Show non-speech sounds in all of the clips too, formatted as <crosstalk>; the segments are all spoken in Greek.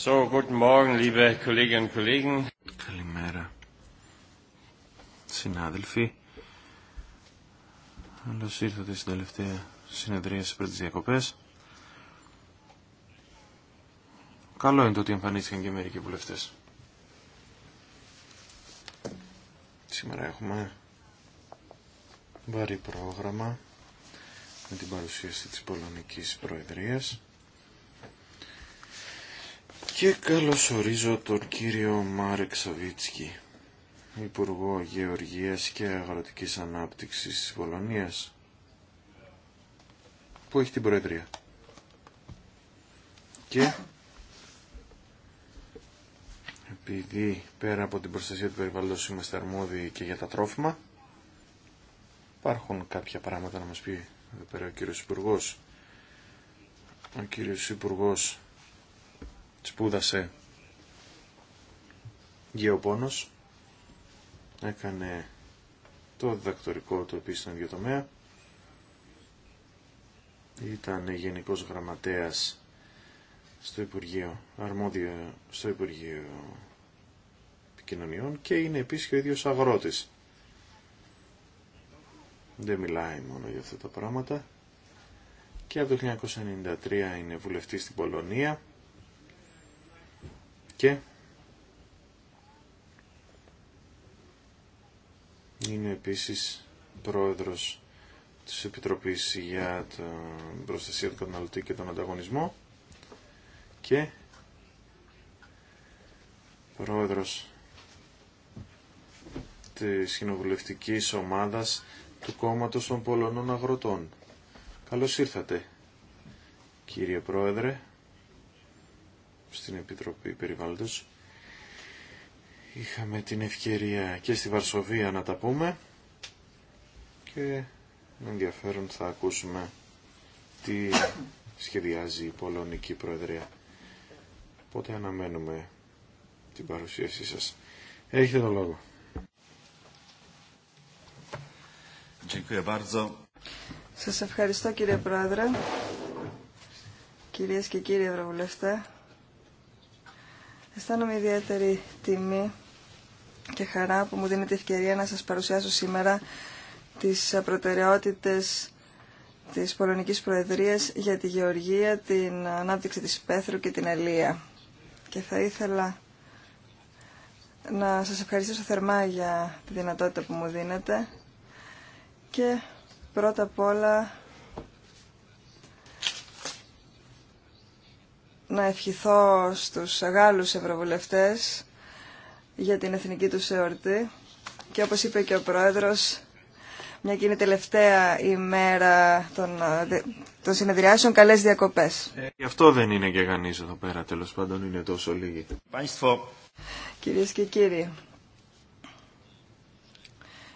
So, guten Morgen, liebe und Kollegen. Καλημέρα, συνάδελφοι. Καλώ ήρθατε στην τελευταία συνεδρία πριν τι διακοπέ. Καλό είναι το ότι εμφανίστηκαν και μερικοί βουλευτέ. Σήμερα έχουμε βαρύ πρόγραμμα με την παρουσίαση της Πολωνικής Προεδρίας και καλωσορίζω τον κύριο Μάρεκ Σαβίτσκι, Υπουργό Γεωργίας και Αγροτικής Ανάπτυξης της Πολωνίας, που έχει την Προεδρία. Και επειδή πέρα από την προστασία του περιβάλλοντος είμαστε αρμόδιοι και για τα τρόφιμα, υπάρχουν κάποια πράγματα να μας πει εδώ πέρα ο κύριος Υπουργός. Ο κύριος Υπουργός σπούδασε γεωπόνος, έκανε το διδακτορικό του επίσης στον ίδιο τομέα, ήταν γενικός γραμματέας στο Υπουργείο, αρμόδιο στο Υπουργείο Επικοινωνιών και είναι επίσης και ο ίδιος αγρότης. Δεν μιλάει μόνο για αυτά τα πράγματα. Και από το 1993 είναι βουλευτής στην Πολωνία και είναι επίσης πρόεδρος της Επιτροπής για την Προστασία του Καταναλωτή και τον Ανταγωνισμό και πρόεδρος της κοινοβουλευτικής ομάδας του κόμματος των Πολωνών Αγροτών. Καλώς ήρθατε, κύριε Πρόεδρε στην Επιτροπή Περιβάλλοντος. Είχαμε την ευκαιρία και στη Βαρσοβία να τα πούμε και με ενδιαφέρον θα ακούσουμε τι σχεδιάζει η Πολωνική Προεδρία. Οπότε αναμένουμε την παρουσίασή σας. Έχετε το λόγο. Σας ευχαριστώ κύριε Πρόεδρε, κυρίες και κύριοι Ευρωβουλευτές Αισθάνομαι ιδιαίτερη τιμή και χαρά που μου δίνετε ευκαιρία να σας παρουσιάσω σήμερα τις προτεραιότητες της Πολωνικής Προεδρίας για τη Γεωργία, την ανάπτυξη της Πέθρου και την Ελία. Και θα ήθελα να σας ευχαριστήσω θερμά για τη δυνατότητα που μου δίνετε και πρώτα απ' όλα να ευχηθώ στους Γάλλους Ευρωβουλευτές για την εθνική τους εορτή και όπως είπε και ο Πρόεδρος, μια και είναι τελευταία ημέρα των, των συνεδριάσεων, καλές διακοπές. Ε, γι' αυτό δεν είναι και κανείς εδώ πέρα, τέλος πάντων είναι τόσο λίγοι. Κυρίες και κύριοι,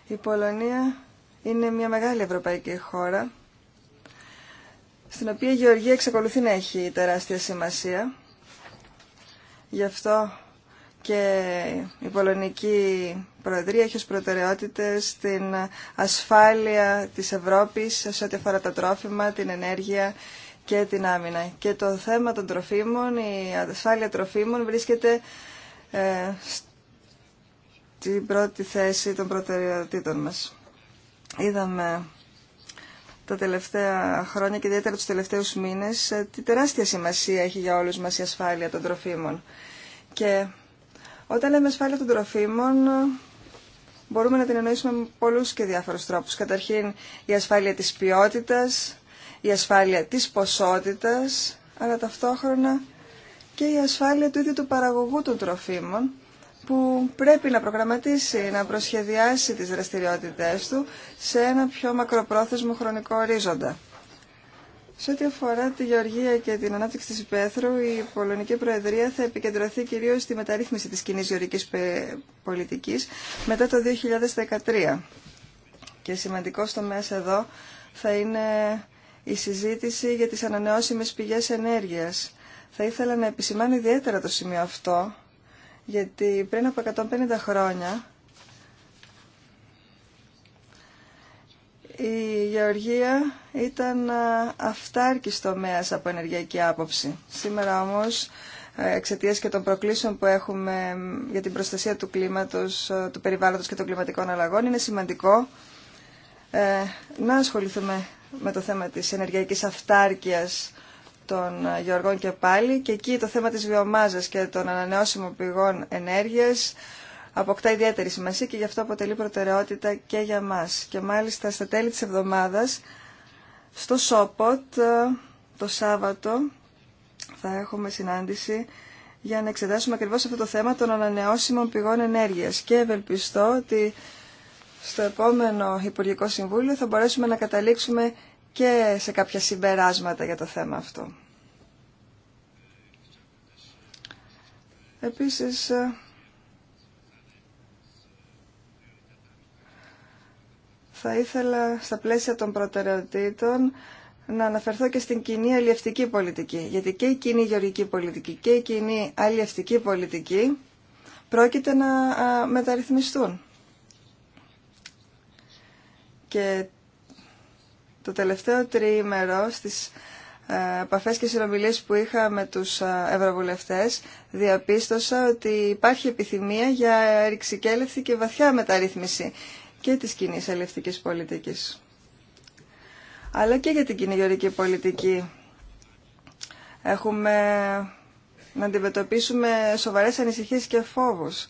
η Πολωνία είναι μια μεγάλη ευρωπαϊκή χώρα στην οποία η γεωργία εξακολουθεί να έχει τεράστια σημασία. Γι' αυτό και η Πολωνική Προεδρία έχει ως προτεραιότητες την ασφάλεια της Ευρώπης σε ό,τι αφορά τα τρόφιμα, την ενέργεια και την άμυνα. Και το θέμα των τροφίμων, η ασφάλεια τροφίμων βρίσκεται ε, στην πρώτη θέση των προτεραιοτήτων μας. Είδαμε τα τελευταία χρόνια και ιδιαίτερα τους τελευταίους μήνες ε, τη τεράστια σημασία έχει για όλους μας η ασφάλεια των τροφίμων. Και όταν λέμε ασφάλεια των τροφίμων ε, μπορούμε να την εννοήσουμε με πολλούς και διάφορους τρόπους. Καταρχήν η ασφάλεια της ποιότητας, η ασφάλεια της ποσότητας, αλλά ταυτόχρονα και η ασφάλεια του ίδιου του παραγωγού των τροφίμων που πρέπει να προγραμματίσει, να προσχεδιάσει τις δραστηριότητές του σε ένα πιο μακροπρόθεσμο χρονικό ορίζοντα. Σε ό,τι αφορά τη γεωργία και την ανάπτυξη της υπαίθρου, η Πολωνική Προεδρία θα επικεντρωθεί κυρίως στη μεταρρύθμιση της κοινή γεωργικής πολιτικής μετά το 2013. Και σημαντικό στο μέσα εδώ θα είναι η συζήτηση για τις ανανεώσιμες πηγές ενέργειας. Θα ήθελα να επισημάνω ιδιαίτερα το σημείο αυτό, γιατί πριν από 150 χρόνια η γεωργία ήταν ε, αυτάρκης τομέας από ενεργειακή άποψη. Σήμερα όμως ε, εξαιτίας και των προκλήσεων που έχουμε για την προστασία του κλίματος, ε, του περιβάλλοντος και των κλιματικών αλλαγών είναι σημαντικό να ασχοληθούμε με το θέμα της ενεργειακής αυτάρκειας των ε, Γεωργών και πάλι και εκεί το θέμα της βιομάζας και των ανανεώσιμων πηγών ενέργειας αποκτά ιδιαίτερη σημασία και γι' αυτό αποτελεί προτεραιότητα και για μας. Και μάλιστα στα τέλη της εβδομάδας στο Σόποτ ε, το Σάββατο θα έχουμε συνάντηση για να εξετάσουμε ακριβώς αυτό το θέμα των ανανεώσιμων πηγών ενέργειας και ευελπιστώ ότι στο επόμενο Υπουργικό Συμβούλιο θα μπορέσουμε να καταλήξουμε και σε κάποια συμπεράσματα για το θέμα αυτό. Επίσης, ε, θα ήθελα στα πλαίσια των προτεραιοτήτων να αναφερθώ και στην κοινή αλλιευτική πολιτική, γιατί και η κοινή γεωργική πολιτική και η κοινή αλλιευτική πολιτική πρόκειται να μεταρρυθμιστούν. Και το τελευταίο τριήμερο στις ε, επαφές και συνομιλίες που είχα με τους ε, ευρωβουλευτές διαπίστωσα ότι υπάρχει επιθυμία για ρηξικέλευθη και βαθιά μεταρρύθμιση και της κοινή ελευτικής πολιτικής αλλά και για την κοινή γεωρική πολιτική. Έχουμε να αντιμετωπίσουμε σοβαρέ ανησυχίε και φόβους.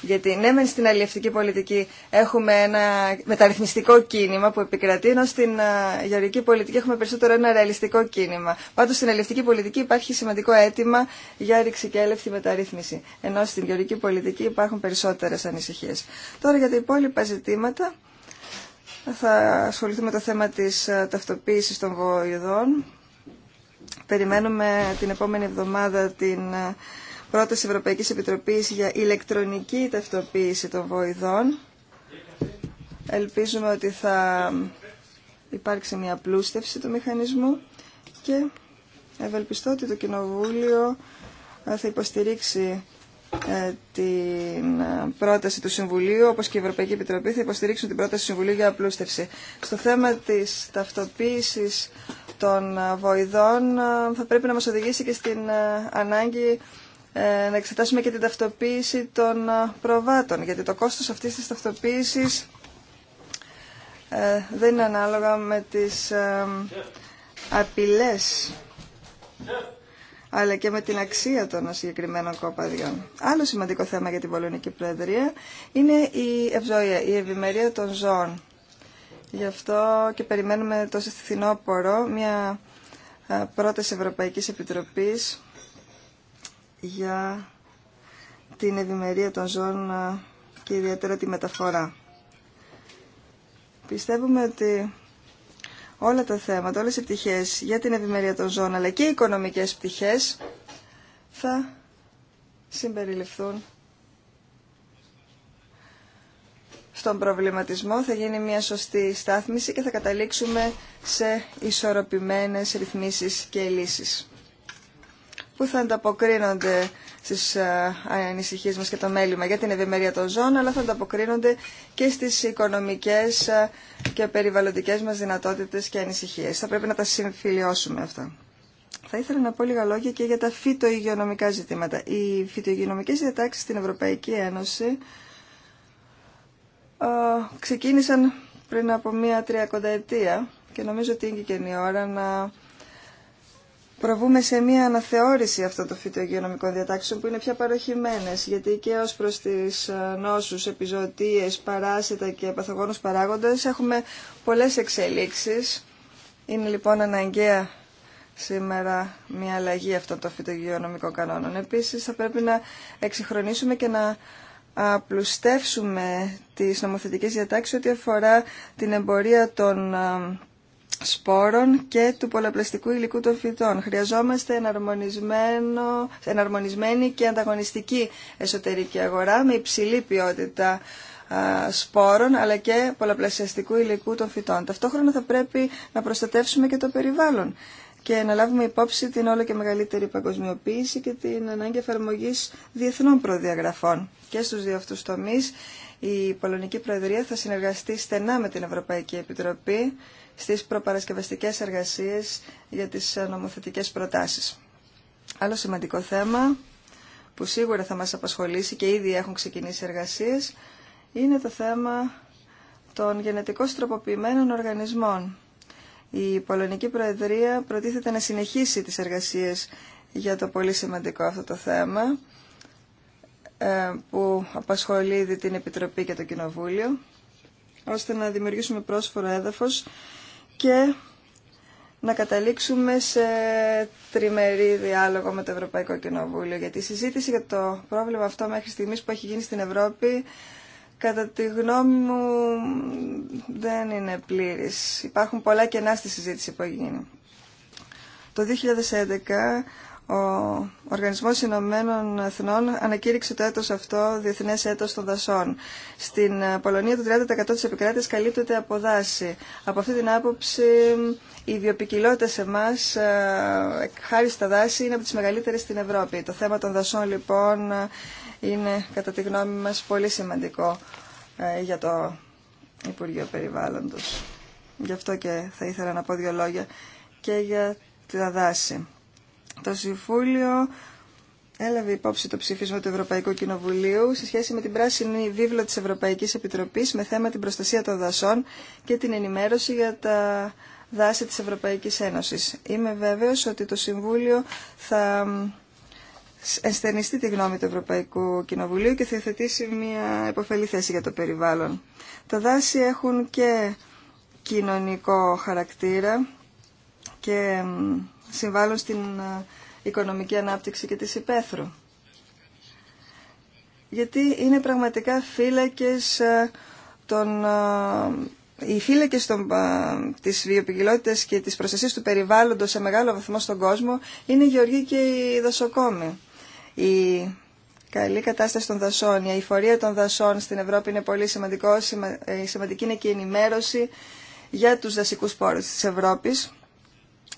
Γιατί ναι μεν στην αλληλευτική πολιτική έχουμε ένα μεταρρυθμιστικό κίνημα που επικρατεί, ενώ στην γεωργική πολιτική έχουμε περισσότερο ένα ρεαλιστικό κίνημα. Πάντω στην αλληλευτική πολιτική υπάρχει σημαντικό αίτημα για ρηξικέλευτη μεταρρύθμιση, ενώ στην γεωργική πολιτική υπάρχουν περισσότερε ανησυχίε. Τώρα για τα υπόλοιπα ζητήματα θα ασχοληθούμε με το θέμα της ταυτοποίησης των βοηδών Περιμένουμε την επόμενη εβδομάδα την ε, πρόταση Ευρωπαϊκής Επιτροπής για ηλεκτρονική ταυτοποίηση των βοηδών. Ελπίζουμε ότι θα υπάρξει μια πλούστευση του μηχανισμού και ευελπιστώ ότι το Κοινοβούλιο ε, θα υποστηρίξει ε, την πρόταση του Συμβουλίου, όπως και η Ευρωπαϊκή Επιτροπή θα υποστηρίξουν την πρόταση του Συμβουλίου για απλούστευση. Στο θέμα της ταυτοποίησης των βοηδών ε, θα πρέπει να μας οδηγήσει και στην ε, ανάγκη ε, να εξετάσουμε και την ταυτοποίηση των προβάτων, γιατί το κόστος αυτής της ταυτοποίησης δεν είναι ανάλογα με τις απειλές αλλά και με την αξία των συγκεκριμένων κοπαδιών. Άλλο σημαντικό θέμα για την Πολωνική Προεδρία είναι η ευζοία, η ευημερία των ζώων. Γι' αυτό και περιμένουμε τόσο Θηνόπορο μια πρόταση Ευρωπαϊκής Επιτροπής για την ευημερία των ζώων και ιδιαίτερα τη μεταφορά. Πιστεύουμε ότι όλα τα θέματα, όλες οι πτυχές για την ευημερία των ζώων αλλά και οι οικονομικές πτυχές θα συμπεριληφθούν στον προβληματισμό, θα γίνει μια σωστή στάθμιση και θα καταλήξουμε σε ισορροπημένες ρυθμίσεις και λύσεις που θα ανταποκρίνονται στις ε, ανησυχίε μας και το μέλημα για την ευημερία των ζώων, αλλά θα ανταποκρίνονται και στις οικονομικές ε, και περιβαλλοντικές μας δυνατότητες και ανησυχίες. Θα πρέπει να τα συμφιλιώσουμε αυτά. Θα ήθελα να πω λίγα λόγια και για τα φυτοϊγειονομικά ζητήματα. Οι φυτοϊγειονομικές διατάξεις στην Ευρωπαϊκή Ένωση ξεκίνησαν πριν από μία τριακονταετία και νομίζω ότι είναι και η ώρα να προβούμε σε μία αναθεώρηση αυτών των φυτογειονομικών διατάξεων που είναι πια παροχημένες γιατί και ως προς τις νόσους, επιζωτίες, παράσιτα και παθογόνους παράγοντες έχουμε πολλές εξελίξεις. Είναι λοιπόν αναγκαία σήμερα μια αλλαγή αυτών των φυτογειονομικών κανόνων. Επίσης θα πρέπει να εξυγχρονίσουμε και να απλουστεύσουμε τις νομοθετικές διατάξεις ό,τι αφορά την εμπορία των σπόρων και του πολλαπλαστικού υλικού των φυτών. Χρειαζόμαστε εναρμονισμένη και ανταγωνιστική εσωτερική αγορά με υψηλή ποιότητα σπόρων αλλά και πολλαπλασιαστικού υλικού των φυτών. Ταυτόχρονα θα πρέπει να προστατεύσουμε και το περιβάλλον και να λάβουμε υπόψη την όλο και μεγαλύτερη παγκοσμιοποίηση και την ανάγκη εφαρμογή διεθνών προδιαγραφών. Και στου δύο αυτού τομείς η Πολωνική Προεδρία θα συνεργαστεί στενά με την Ευρωπαϊκή Επιτροπή στι προπαρασκευαστικές εργασίε για τι νομοθετικέ προτάσει. Άλλο σημαντικό θέμα που σίγουρα θα μας απασχολήσει και ήδη έχουν ξεκινήσει εργασίες είναι το θέμα των γενετικώς τροποποιημένων οργανισμών η Πολωνική Προεδρία προτίθεται να συνεχίσει τις εργασίες για το πολύ σημαντικό αυτό το θέμα ε, που απασχολεί την Επιτροπή και το Κοινοβούλιο ώστε να δημιουργήσουμε πρόσφορο έδαφος και να καταλήξουμε σε τριμερή διάλογο με το Ευρωπαϊκό Κοινοβούλιο. Γιατί η συζήτηση για το πρόβλημα αυτό μέχρι στιγμής που έχει γίνει στην Ευρώπη κατά τη γνώμη μου δεν είναι πλήρης. Υπάρχουν πολλά κενά στη συζήτηση που έγινε. Το 2011 ο Οργανισμός Ηνωμένων Εθνών ανακήρυξε το έτος αυτό Διεθνές Έτος των Δασών. Στην Πολωνία το 30% της επικράτειας καλύπτεται από δάση. Από αυτή την άποψη η βιοπικιλότητα σε εμά, ε, χάρη στα δάση, είναι από τις μεγαλύτερες στην Ευρώπη. Το θέμα των δασών λοιπόν είναι κατά τη γνώμη μας πολύ σημαντικό ε, για το Υπουργείο Περιβάλλοντος. Γι' αυτό και θα ήθελα να πω δύο λόγια και για τα δάση. Το Συμβούλιο έλαβε υπόψη το ψήφισμα του Ευρωπαϊκού Κοινοβουλίου σε σχέση με την πράσινη βίβλο της Ευρωπαϊκής Επιτροπής με θέμα την προστασία των δασών και την ενημέρωση για τα δάση της Ευρωπαϊκής Ένωσης. Είμαι βέβαιος ότι το Συμβούλιο θα ενστερνιστεί τη γνώμη του Ευρωπαϊκού Κοινοβουλίου και θα υιοθετήσει μια υποφελή θέση για το περιβάλλον. Τα δάση έχουν και κοινωνικό χαρακτήρα και συμβάλλουν στην ε, οικονομική ανάπτυξη και τη υπαίθρου. Γιατί είναι πραγματικά φύλακες ε, των... Ε, οι φύλακε τη της και της προστασία του περιβάλλοντο σε μεγάλο βαθμό στον κόσμο είναι οι γεωργοί και οι δασοκόμοι. Η καλή κατάσταση των δασών, η αηφορία των δασών στην Ευρώπη είναι πολύ σημαντικό. Ε, σημαντική είναι και η ενημέρωση για τους δασικούς πόρους της Ευρώπης.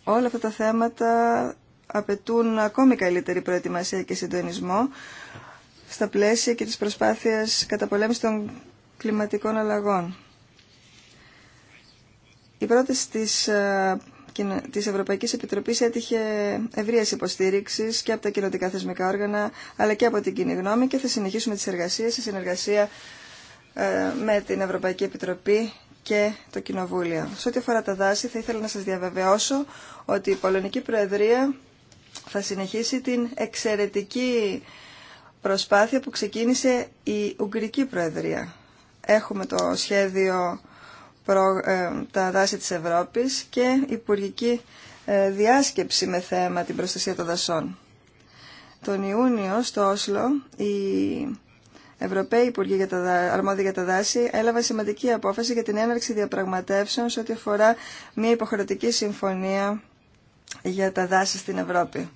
Όλα αυτά τα θέματα απαιτούν ακόμη καλύτερη προετοιμασία και συντονισμό στα πλαίσια και της προσπάθειας καταπολέμησης των κλιματικών αλλαγών. η πρώτη της ε, της Ευρωπαϊκής Επιτροπής έτυχε ευρεία υποστήριξη και από τα κοινωτικά θεσμικά όργανα αλλά και από την κοινή γνώμη και θα συνεχίσουμε τις εργασίες σε συνεργασία ε, με την Ευρωπαϊκή Επιτροπή και το Κοινοβούλιο. Σε ό,τι αφορά τα δάση θα ήθελα να σας διαβεβαιώσω ότι η Πολωνική Προεδρία θα συνεχίσει την εξαιρετική προσπάθεια που ξεκίνησε η Ουγγρική Προεδρία. Έχουμε το σχέδιο ε, τα δάση της Ευρώπης και υπουργική ε, διάσκεψη με θέμα την προστασία των δασών. Τον Ιούνιο στο Όσλο οι Ευρωπαίοι Υπουργοί για τα, Αρμόδιοι για τα Δάση έλαβαν σημαντική απόφαση για την έναρξη διαπραγματεύσεων σε ό,τι αφορά μια υποχρεωτική συμφωνία για τα δάση στην Ευρώπη.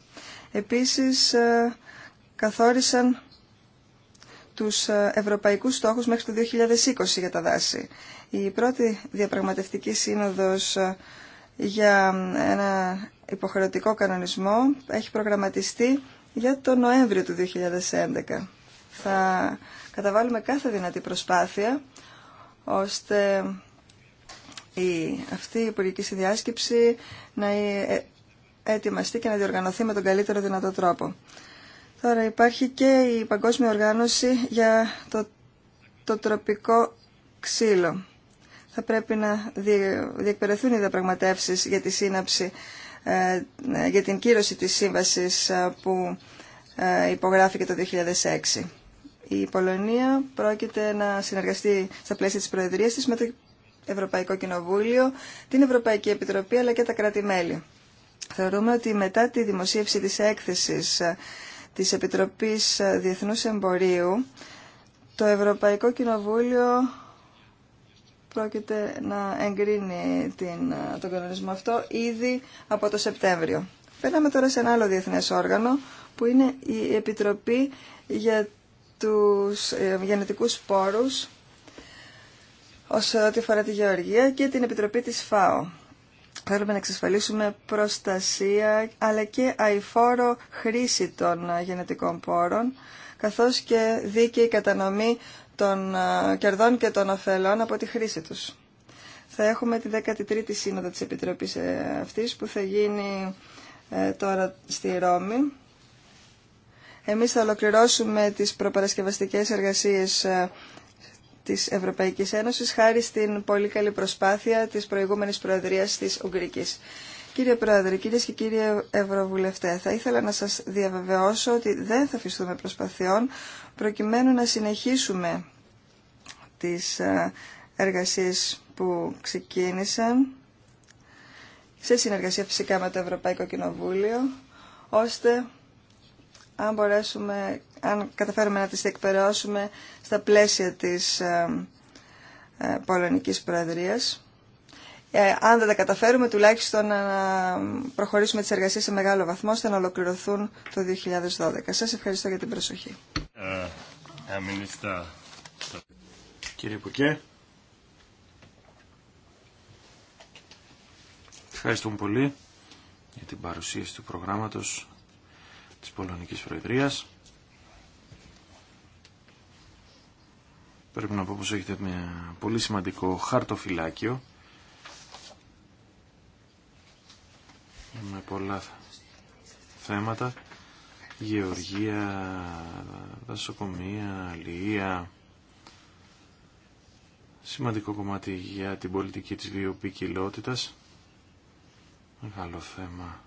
Επίσης ε, καθόρισαν τους ε, ευρωπαϊκούς στόχους μέχρι το 2020 για τα δάση. Η πρώτη διαπραγματευτική σύνοδος ε, για ε, ένα υποχρεωτικό κανονισμό έχει προγραμματιστεί για το Νοέμβριο του 2011. Θα καταβάλουμε κάθε δυνατή προσπάθεια ώστε η, αυτή η υπουργική συνδιάσκεψη να ετοιμαστεί και να διοργανωθεί με τον καλύτερο δυνατό τρόπο. Τώρα υπάρχει και η Παγκόσμια Οργάνωση για το, το τροπικό ξύλο. Θα πρέπει να διεκπαιρεθούν οι διαπραγματεύσει για τη σύναψη, ε, για την κύρωση της σύμβασης ε, που ε, υπογράφηκε το 2006. Η Πολωνία πρόκειται να συνεργαστεί στα πλαίσια της Προεδρίας της με το Ευρωπαϊκό Κοινοβούλιο, την Ευρωπαϊκή Επιτροπή αλλά και τα κράτη-μέλη. Θεωρούμε ότι μετά τη δημοσίευση της έκθεσης της Επιτροπής Διεθνούς Εμπορίου, το Ευρωπαϊκό Κοινοβούλιο πρόκειται να εγκρίνει την, τον κανονισμό αυτό ήδη από το Σεπτέμβριο. Πέναμε τώρα σε ένα άλλο διεθνές όργανο που είναι η Επιτροπή για τους ε, γενετικούς Πόρους ως ό,τι αφορά τη γεωργία και την Επιτροπή της ΦΑΟ. Θέλουμε να εξασφαλίσουμε προστασία αλλά και αηφόρο χρήση των ε, γενετικών πόρων καθώς και δίκαιη κατανομή των ε, κερδών και των ωφελών από τη χρήση τους. Θα έχουμε τη 13η Σύνοδο της Επιτροπής ε, αυτής που θα γίνει τώρα στη Ρώμη. Εμείς θα ολοκληρώσουμε τις προπαρασκευαστικές εργασίες της Ευρωπαϊκής Ένωσης χάρη στην πολύ καλή προσπάθεια της προηγούμενης Προεδρίας της Ουγγρικής. Κύριε Πρόεδρε, κυρίε και κύριοι Ευρωβουλευτέ, θα ήθελα να σας διαβεβαιώσω ότι δεν θα αφιστούμε προσπαθειών προκειμένου να συνεχίσουμε τις ε, εργασίες που ξεκίνησαν σε συνεργασία φυσικά με το Ευρωπαϊκό Κοινοβούλιο, ώστε αν μπορέσουμε αν καταφέρουμε να τις εκπαιρεώσουμε στα πλαίσια της ε, ε, Πολωνικής Προεδρίας. Ε, αν δεν τα καταφέρουμε, τουλάχιστον ε, να προχωρήσουμε τις εργασίες σε μεγάλο βαθμό, ώστε να ολοκληρωθούν το 2012. Σας ευχαριστώ για την προσοχή. Ε, Κύριε Πουκέ. Ευχαριστούμε πολύ για την παρουσίαση του προγράμματος της Πολωνικής Προεδρίας. Πρέπει να πω πως έχετε ένα πολύ σημαντικό χαρτοφυλάκιο με πολλά θέματα γεωργία, δασοκομεία, αλληλεία σημαντικό κομμάτι για την πολιτική της βιοποικιλότητας μεγάλο θέμα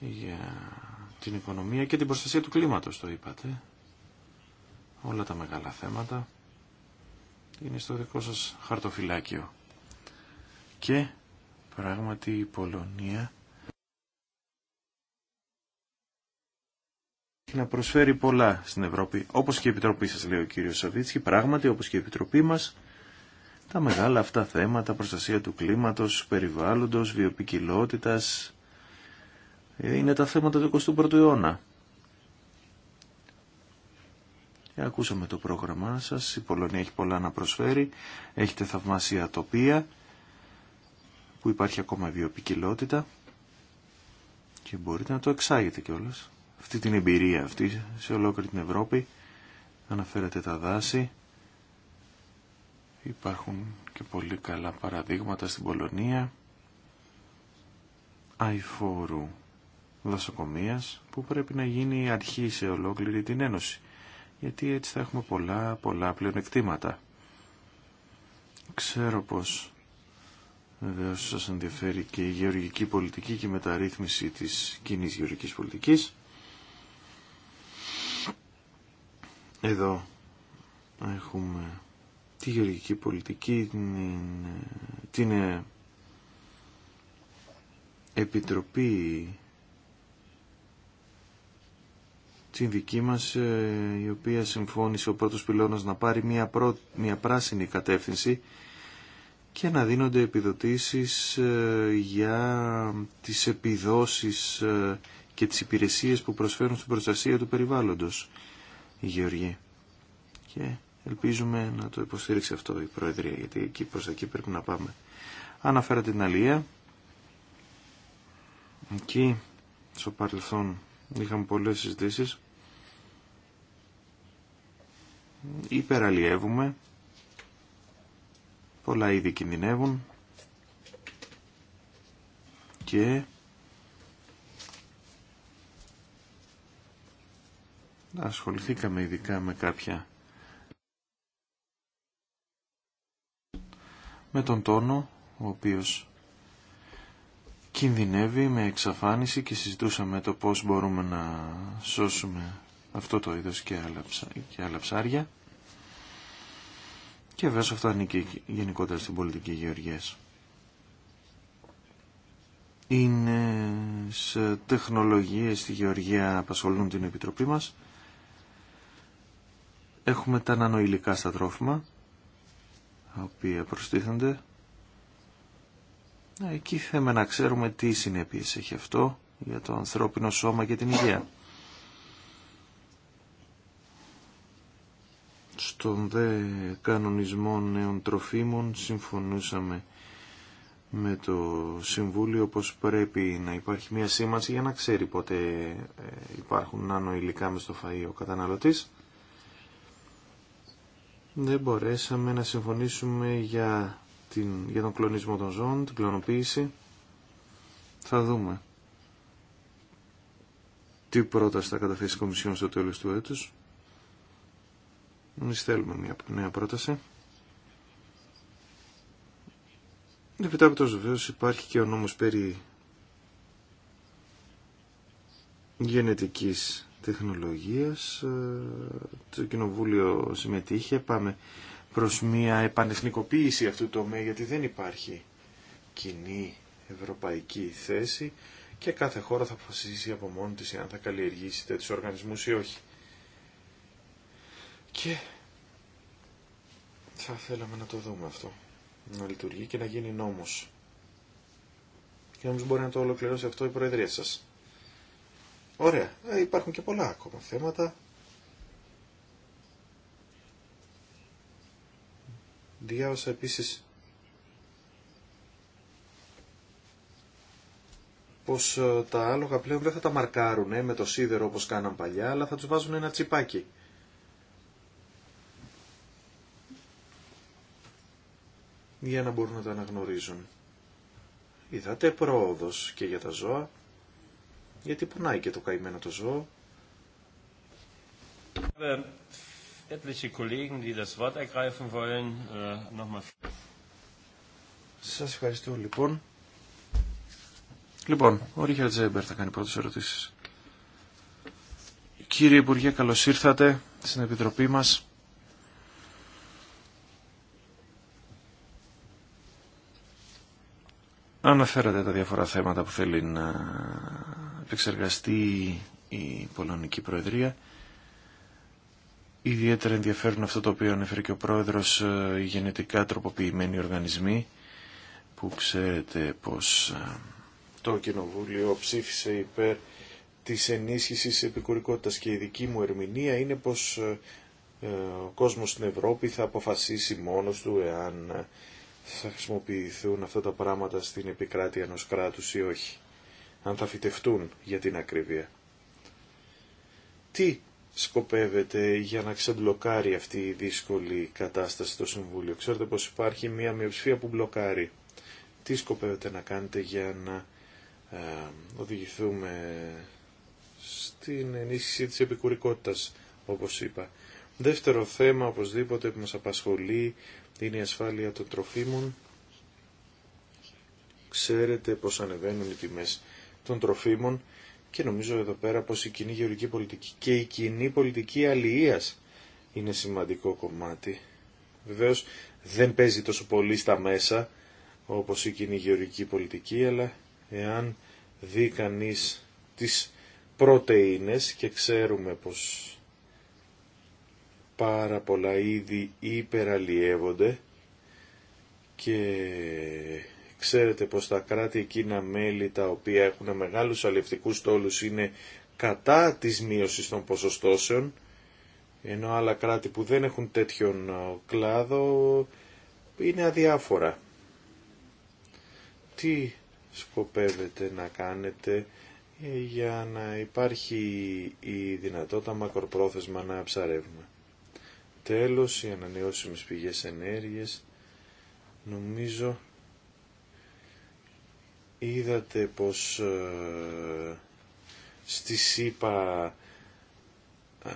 για την οικονομία και την προστασία του κλίματος το είπατε όλα τα μεγάλα θέματα είναι στο δικό σας χαρτοφυλάκιο. Και πράγματι η Πολωνία να προσφέρει πολλά στην Ευρώπη, όπως και η Επιτροπή σας λέει ο κύριος Σαββίτσκι, πράγματι όπως και η Επιτροπή μας, τα μεγάλα αυτά θέματα, προστασία του κλίματος, περιβάλλοντος, βιοπικιλότητας, ε, είναι τα θέματα του 21ου αιώνα. Ακούσαμε το πρόγραμμά σας, η Πολωνία έχει πολλά να προσφέρει, έχετε θαυμάσια τοπία που υπάρχει ακόμα βιοπικιλότητα και μπορείτε να το εξάγετε κιόλα. Αυτή την εμπειρία αυτή σε ολόκληρη την Ευρώπη αναφέρετε τα δάση. Υπάρχουν και πολύ καλά παραδείγματα στην Πολωνία αηφόρου δασοκομείας που πρέπει να γίνει αρχή σε ολόκληρη την Ένωση γιατί έτσι θα έχουμε πολλά, πολλά πλεονεκτήματα. Ξέρω πως βεβαίως σας ενδιαφέρει και η γεωργική πολιτική και η μεταρρύθμιση της κοινή γεωργικής πολιτικής. Εδώ έχουμε τη γεωργική πολιτική, την, την Επιτροπή την δική μας ε, η οποία συμφώνησε ο πρώτος πυλώνας να πάρει μια, μια πράσινη κατεύθυνση και να δίνονται επιδοτήσεις ε, για τις επιδόσεις ε, και τις υπηρεσίες που προσφέρουν στην προστασία του περιβάλλοντος η Γεωργία. Και ελπίζουμε να το υποστήριξει αυτό η Προεδρία, γιατί εκεί προς εκεί πρέπει να πάμε. Αναφέρα την Αλία. Εκεί, στο παρελθόν, είχαμε πολλές συζητήσεις υπεραλλιεύουμε, πολλά είδη κινδυνεύουν και ασχοληθήκαμε ειδικά με κάποια με τον τόνο ο οποίος κινδυνεύει με εξαφάνιση και συζητούσαμε το πώς μπορούμε να σώσουμε αυτό το είδος και άλλα, και ψάρια. Και βέβαια αυτό ανήκει γενικότερα στην πολιτική γεωργίας. Είναι σε τεχνολογίες στη γεωργία απασχολούν την Επιτροπή μας. Έχουμε τα νανοηλικά στα τρόφιμα, τα οποία προστίθενται. Ε, εκεί θέμε να ξέρουμε τι συνέπειες έχει αυτό για το ανθρώπινο σώμα και την υγεία. Στον δε κανονισμό νέων τροφίμων συμφωνούσαμε με το Συμβούλιο πως πρέπει να υπάρχει μια σήμανση για να ξέρει πότε ε, υπάρχουν νάνο υλικά μες στο φαΐ ο καταναλωτής. Δεν μπορέσαμε να συμφωνήσουμε για, την, για τον κλονισμό των ζώων, την κλονοποίηση Θα δούμε τι πρόταση θα καταθέσει η Κομισιόν στο τέλος του έτους. Εμείς θέλουμε μια νέα πρόταση. Επιτάπητος βεβαίως υπάρχει και ο νόμος περί γενετικής τεχνολογίας. Ε, το Κοινοβούλιο συμμετείχε. Πάμε προς μια επανεθνικοποίηση αυτού του τομέα γιατί δεν υπάρχει κοινή ευρωπαϊκή θέση και κάθε χώρα θα αποφασίσει από μόνη της αν θα καλλιεργήσει τέτοιους οργανισμούς ή όχι. Και θα θέλαμε να το δούμε αυτό, να λειτουργεί και να γίνει νόμος. Και όμως μπορεί να το ολοκληρώσει αυτό η Προεδρία σας. Ωραία, ε, υπάρχουν και πολλά ακόμα θέματα. Διάβασα επίσης πως ε, τα άλογα πλέον δεν θα τα μαρκάρουν με το σίδερο όπως κάναν παλιά, αλλά θα τους βάζουν ένα τσιπάκι. για να μπορούν να τα αναγνωρίζουν. Είδατε πρόοδος και για τα ζώα, γιατί πονάει και το καημένο το ζώο. Äh, Σας ευχαριστώ λοιπόν. Λοιπόν, ο Ρίχαρτ Τζέμπερ θα κάνει πρώτες ερωτήσεις. Κύριε Υπουργέ, καλώς ήρθατε στην Επιτροπή μας. Αναφέρατε τα διάφορα θέματα που θέλει να επεξεργαστεί η Πολωνική Προεδρία. Ιδιαίτερα ενδιαφέρουν αυτό το οποίο ανέφερε και ο Πρόεδρος, ε, οι γενετικά τροποποιημένοι οργανισμοί, που ξέρετε πως ε, το Κοινοβούλιο ψήφισε υπέρ της ενίσχυσης επικουρικότητας και η δική μου ερμηνεία είναι πως ε, ο κόσμος στην Ευρώπη θα αποφασίσει μόνος του εάν θα χρησιμοποιηθούν αυτά τα πράγματα στην επικράτεια ενός κράτους ή όχι. Αν θα φυτευτούν για την ακρίβεια. Τι σκοπεύετε για να ξεμπλοκάρει αυτή η δύσκολη κατάσταση στο Συμβούλιο. Ξέρετε πως υπάρχει μια μειοψηφία που μπλοκάρει. Τι σκοπεύετε να κάνετε για να ε, οδηγηθούμε στην ενίσχυση της επικουρικότητας, όπως είπα. Δεύτερο θέμα, οπωσδήποτε, που μας απασχολεί είναι ασφάλεια των τροφίμων. Ξέρετε πως ανεβαίνουν οι τιμές των τροφίμων και νομίζω εδώ πέρα πως η κοινή γεωργική πολιτική και η κοινή πολιτική αλληλείας είναι σημαντικό κομμάτι. Βεβαίως δεν παίζει τόσο πολύ στα μέσα όπως η κοινή γεωργική πολιτική, αλλά εάν δει κανείς τις πρωτεΐνες και ξέρουμε πως πάρα πολλά είδη υπεραλλιεύονται και ξέρετε πως τα κράτη εκείνα μέλη τα οποία έχουν μεγάλους αλληλευτικούς τόλους είναι κατά της μείωσης των ποσοστώσεων ενώ άλλα κράτη που δεν έχουν τέτοιον κλάδο είναι αδιάφορα. Τι σκοπεύετε να κάνετε ε, για να υπάρχει η δυνατότητα μακροπρόθεσμα να ψαρεύουμε τέλος, οι ανανεώσιμες πηγές ενέργειας. Νομίζω είδατε πως ε, στη ΣΥΠΑ ε,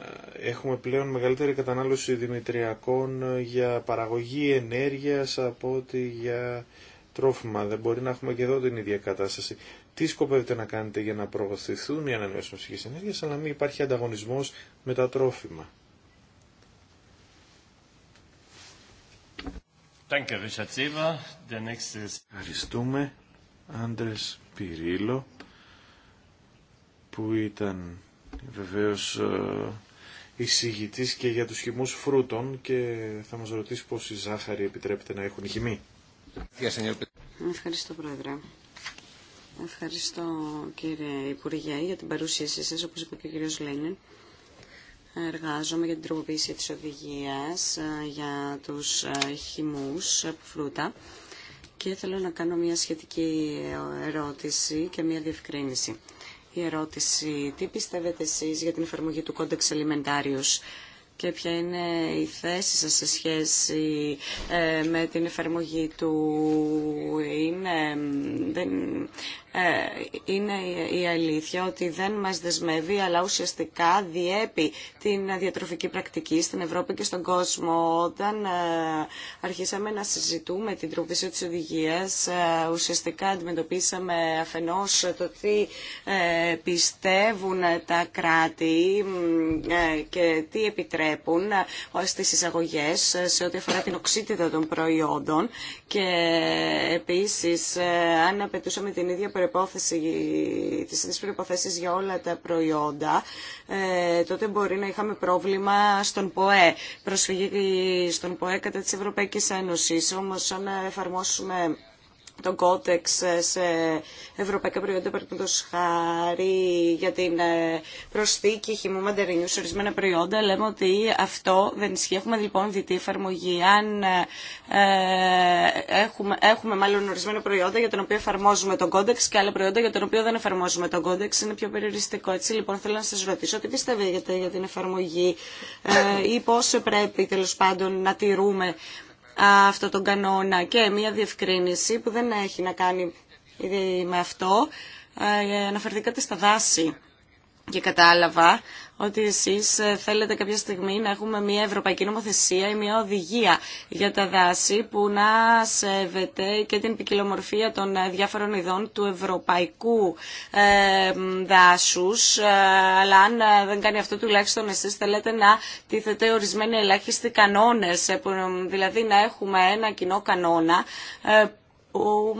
έχουμε πλέον μεγαλύτερη κατανάλωση δημητριακών ε, για παραγωγή ενέργειας από ότι για τρόφιμα. Δεν μπορεί να έχουμε και εδώ την ίδια κατάσταση. Τι σκοπεύετε να κάνετε για να προωθηθούν οι ανανεώσιμες πηγές ενέργειας, αλλά να μην υπάρχει ανταγωνισμός με τα τρόφιμα. Ευχαριστούμε, Άντρες Πυρίλο, που ήταν βεβαίως ε, εισηγητής και για τους χυμούς φρούτων και θα μας ρωτήσει πώς η ζάχαρη επιτρέπεται να έχουν χυμή. Ευχαριστώ, Πρόεδρε. Ευχαριστώ, κύριε Υπουργέ, για την παρουσίασή σας, όπως είπε και ο κύριος Λένιν. Εργάζομαι για την τροποποίηση της οδηγίας ε, για τους ε, χυμούς από ε, φρούτα και θέλω να κάνω μια σχετική ερώτηση και μια διευκρίνηση. Η ερώτηση, τι πιστεύετε εσείς για την εφαρμογή του Κόντεξ Ελιμεντάριους και ποια είναι η θέση σας σε σχέση ε, με την εφαρμογή του. Είναι, δεν, ε, είναι η αλήθεια ότι δεν μας δεσμεύει αλλά ουσιαστικά διέπει την διατροφική πρακτική στην Ευρώπη και στον κόσμο. Όταν ε, αρχίσαμε να συζητούμε την τροφή της οδηγίας ουσιαστικά αντιμετωπίσαμε αφενός το τι πιστεύουν τα κράτη και τι επιτρέπει επιτρέπουν ε, στις εισαγωγές ε, σε ό,τι αφορά την οξύτητα των προϊόντων και ε, επίσης αν απαιτούσαμε την ίδια προϋπόθεση, τις ίδιες προϋποθέσεις για όλα τα προϊόντα τότε μπορεί να είχαμε πρόβλημα στον ΠΟΕ, προσφυγή στον ΠΟΕ κατά της Ευρωπαϊκής Ένωσης. Όμως αν εφαρμόσουμε τον κότεξ σε ευρωπαϊκά προϊόντα, παραδείγματο χάρη για την ε, προσθήκη χυμού μαντερινιού σε ορισμένα προϊόντα, λέμε ότι αυτό δεν ισχύει. Έχουμε λοιπόν διτή εφαρμογή. Αν ε, ε, έχουμε, έχουμε μάλλον ορισμένα προϊόντα για τον οποία εφαρμόζουμε τον κόντεξ και άλλα προϊόντα για τον οποία δεν εφαρμόζουμε τον κόντεξ, είναι πιο περιοριστικό. Έτσι λοιπόν θέλω να σα ρωτήσω τι πιστεύετε για την εφαρμογή ε, ή πώ πρέπει τέλο πάντων να τηρούμε αυτό τον κανόνα και μια διευκρίνηση που δεν έχει να κάνει με αυτό. Ε, αναφερθήκατε στα δάση και κατάλαβα ότι εσείς ε, θέλετε κάποια στιγμή να έχουμε μια ευρωπαϊκή νομοθεσία ή μια οδηγία για τα δάση που να σέβεται και την ποικιλομορφία των ε, διάφορων ειδών του ευρωπαϊκού ε, δάσους. Αλλά αν δεν κάνει αυτό τουλάχιστον εσείς θέλετε να τίθεται ορισμένοι ελάχιστοι κανόνες, δηλαδή να έχουμε ένα κοινό κανόνα που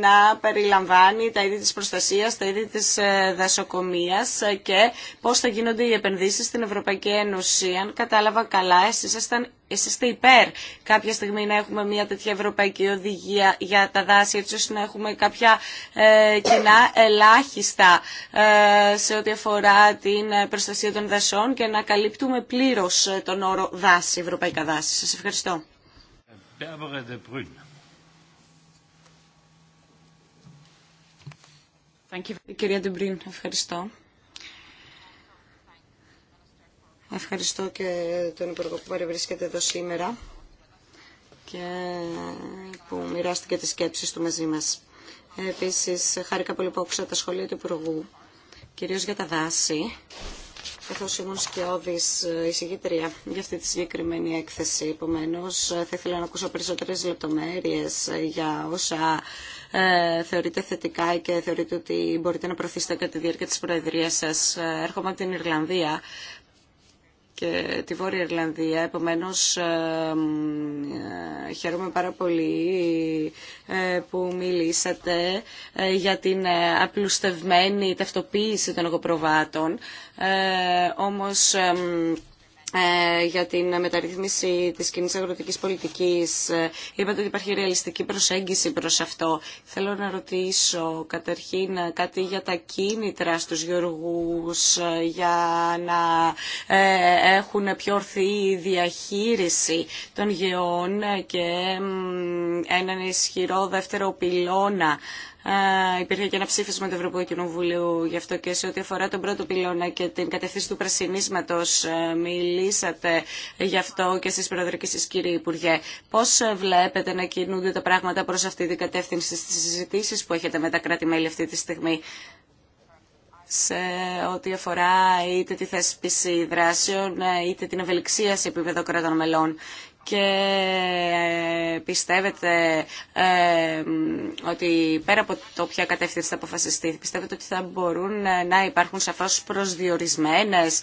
να περιλαμβάνει τα είδη της προστασίας, τα είδη της ε, δασοκομείας ε, και πώς θα γίνονται οι επενδύσεις στην Ευρωπαϊκή Ένωση. Αν κατάλαβα καλά, εσείς ήσασταν είστε υπέρ κάποια στιγμή να έχουμε μια τέτοια ευρωπαϊκή οδηγία για τα δάση, έτσι ώστε να έχουμε κάποια ε, κοινά ελάχιστα σε ό,τι αφορά την προστασία των δασών και να καλύπτουμε πλήρως τον όρο δάση, ευρωπαϊκά δάση. Σας ευχαριστώ. Thank Κυρία Ντεμπρίν, ευχαριστώ. Ευχαριστώ και τον Υπουργό που παρευρίσκεται εδώ σήμερα και που μοιράστηκε τις σκέψεις του μαζί μας. Επίσης, χάρηκα πολύ που άκουσα τα σχολεία του Υπουργού, κυρίως για τα δάση, καθώς ήμουν σκιώδης ε, εισηγήτρια για αυτή τη συγκεκριμένη έκθεση. Επομένως, θα ήθελα να ακούσω περισσότερες λεπτομέρειες ε, για όσα ε, θεωρείτε θετικά και θεωρείτε ότι μπορείτε να προωθήσετε κατά τη διάρκεια της Προεδρίας σας. Ε, έρχομαι από την Ιρλανδία και τη Βόρεια Ιρλανδία. Επομένως, ε, χαίρομαι πάρα πολύ που μιλήσατε για την απλουστευμένη ταυτοποίηση των εγωπροβάτων. Όμως, ε, για την μεταρρύθμιση της κοινή αγροτικής πολιτικής. Ε, είπατε ότι υπάρχει ρεαλιστική προσέγγιση προς αυτό. Θέλω να ρωτήσω καταρχήν ε, κάτι για τα κίνητρα στους γεωργούς για να έχουν πιο ορθή διαχείριση των γεών και έναν ισχυρό δεύτερο πυλώνα υπήρχε και ένα ψήφισμα του Ευρωπαϊκού Κοινοβουλίου γι' αυτό και σε ό,τι αφορά τον πρώτο πυλώνα και την κατευθύνση του πρασινίσματος ε, μιλήσατε γι' αυτό και στις προεδρικές σας κύριε Υπουργέ. Πώς ε, βλέπετε να κινούνται τα πράγματα προς αυτή την κατεύθυνση στις συζητήσεις που έχετε με τα κράτη-μέλη αυτή τη στιγμή σε ό,τι αφορά είτε τη θέσπιση δράσεων ε, είτε την ευελιξία σε επίπεδο κρατών μελών και ε, πιστεύετε ε, ότι πέρα από το ποια κατεύθυνση θα αποφασιστεί, πιστεύετε ότι θα μπορούν ε, να υπάρχουν σαφώς προσδιορισμένες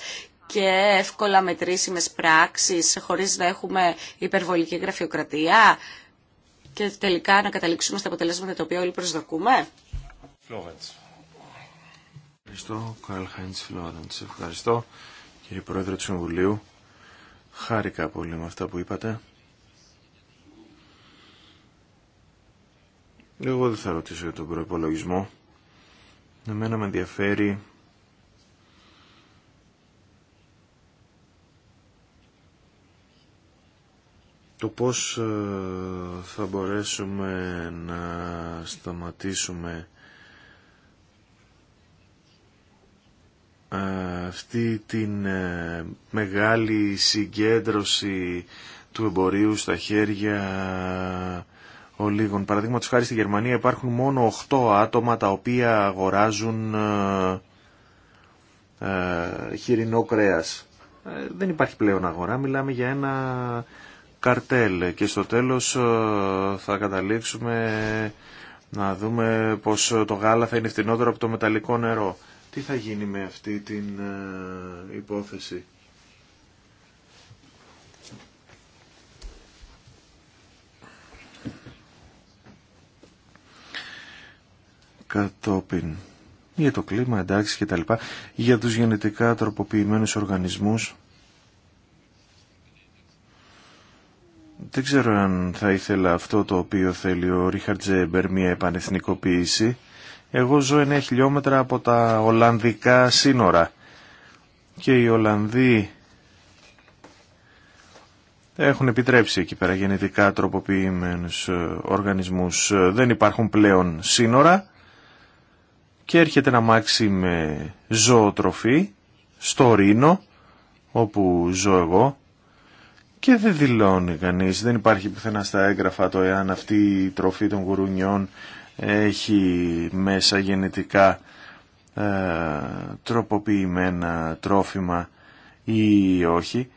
και εύκολα μετρήσιμες πράξεις χωρίς να έχουμε υπερβολική γραφειοκρατία και τελικά να καταλήξουμε στα αποτελέσματα τα οποία όλοι προσδοκούμε. Ευχαριστώ, Καρλ Χάιντς Ευχαριστώ, κύριε Πρόεδρε του Συμβουλίου. Χάρηκα πολύ με αυτά που είπατε. Εγώ δεν θα ρωτήσω για τον προπολογισμό. Εμένα με ενδιαφέρει το πώς ε, θα μπορέσουμε να σταματήσουμε αυτή την ε, μεγάλη συγκέντρωση του εμπορίου στα χέρια ολίγων. Παραδείγματος χάρη στη Γερμανία υπάρχουν μόνο 8 άτομα τα οποία αγοράζουν ε, ε, χοιρινό κρέας. Δεν υπάρχει πλέον αγορά, μιλάμε για ένα καρτέλ και στο τέλος θα καταλήξουμε να δούμε πως το γάλα θα είναι φτηνότερο από το μεταλλικό νερό. Τι θα γίνει με αυτή την ε, υπόθεση. Κατόπιν για το κλίμα εντάξει και τα λοιπά, για τους γενετικά τροποποιημένους οργανισμούς. Δεν ξέρω αν θα ήθελα αυτό το οποίο θέλει ο Ρίχαρτ Τζέμπερ, μια επανεθνικοποίηση. Εγώ ζω 9 χιλιόμετρα από τα Ολλανδικά σύνορα και οι Ολλανδοί έχουν επιτρέψει εκεί πέρα γενετικά τροποποιημένους ε, οργανισμούς. Ε, δεν υπάρχουν πλέον σύνορα και έρχεται να μάξει με ζωοτροφή στο Ρήνο όπου ζω εγώ και δεν δηλώνει κανείς, δεν υπάρχει πουθενά στα έγγραφα το εάν αυτή η τροφή των γουρουνιών έχει μέσα γενετικά ε, τροποποιημένα τρόφιμα ή όχι.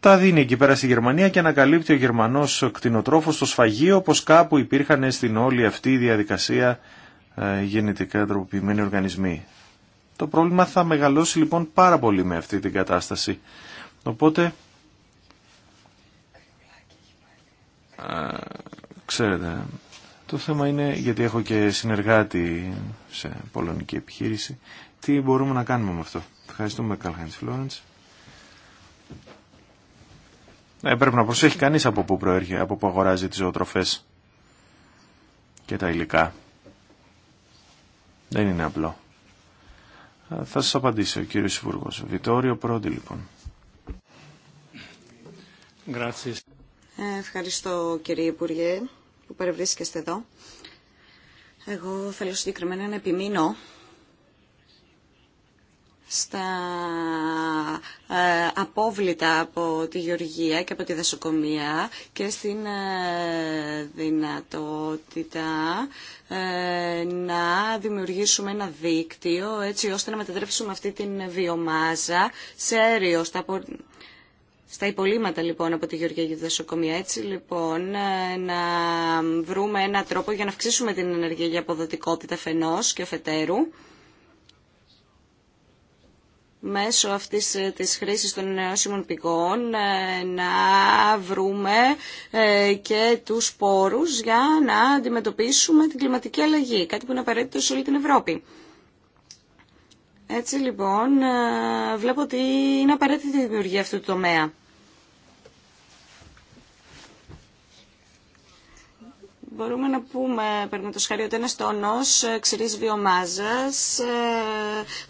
Τα δίνει εκεί πέρα στη Γερμανία και ανακαλύπτει ο Γερμανός κτηνοτρόφος στο σφαγείο πως κάπου υπήρχαν στην όλη αυτή η διαδικασία ε, γενετικά τροποποιημένοι αυτη διαδικασια γενετικα τροποποιημενοι οργανισμοι Το πρόβλημα θα μεγαλώσει λοιπόν πάρα πολύ με αυτή την κατάσταση. Οπότε, ε, ξέρετε, το θέμα είναι, γιατί έχω και συνεργάτη σε πολωνική επιχείρηση, τι μπορούμε να κάνουμε με αυτό. Ευχαριστούμε, Καλχάνης Φλόρεντς. Ε, πρέπει να προσέχει κανείς από πού προέρχεται, από πού αγοράζει τις ζωοτροφές και τα υλικά. Δεν είναι απλό. Ε, θα σας απαντήσει ο κύριος Υπουργός. Βιτόριο Πρόντι, λοιπόν. Ε, ευχαριστώ, κύριε Υπουργέ που παρευρίσκεστε εδώ. Εγώ θέλω συγκεκριμένα να επιμείνω στα ε, απόβλητα από τη γεωργία και από τη δασοκομεία και στην ε, δυνατότητα ε, να δημιουργήσουμε ένα δίκτυο έτσι ώστε να μετατρέψουμε αυτή την βιομάζα σε αέριο στα υπολείμματα λοιπόν από τη Γεωργία για τη δασοκομεία. Έτσι λοιπόν ε, να βρούμε ένα τρόπο για να αυξήσουμε την ενεργειακή αποδοτικότητα φενός και φετέρου μέσω αυτής ε, της χρήσης των νεώσιμων πηγών ε, να βρούμε και τους πόρους για να αντιμετωπίσουμε την κλιματική αλλαγή, κάτι που είναι απαραίτητο σε όλη την Ευρώπη. Έτσι λοιπόν ε, βλέπω ότι είναι απαραίτητη η δημιουργία αυτού του τομέα. μπορούμε να πούμε, παίρνουμε το σχάρι, ότι ένας τόνος ε, ξηρής βιομάζας ε,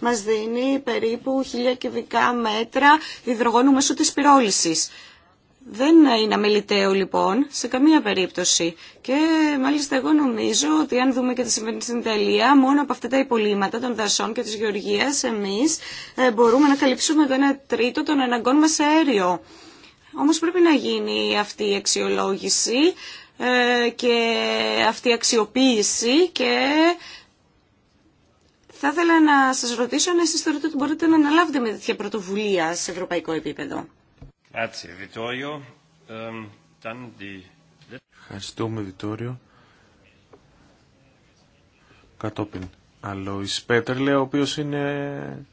μας δίνει περίπου χίλια κυβικά μέτρα υδρογόνου μέσω της πυρόλησης. Δεν είναι αμεληταίο λοιπόν σε καμία περίπτωση. Και μάλιστα εγώ νομίζω ότι αν δούμε και τι συμβαίνει στην Ιταλία, μόνο από αυτά τα υπολείμματα των δασών και της γεωργίας εμείς ε, μπορούμε να καλύψουμε το 1 τρίτο των αναγκών μας αέριο. Όμως πρέπει να γίνει αυτή η αξιολόγηση ε, και αυτή η αξιοποίηση και θα ήθελα να σας ρωτήσω αν εσείς θεωρείτε ότι μπορείτε να αναλάβετε με τέτοια πρωτοβουλία σε ευρωπαϊκό επίπεδο. Ehm, Ευχαριστούμε, Βιτόριο. Κατόπιν, Αλόης Πέτερλε, ο οποίος είναι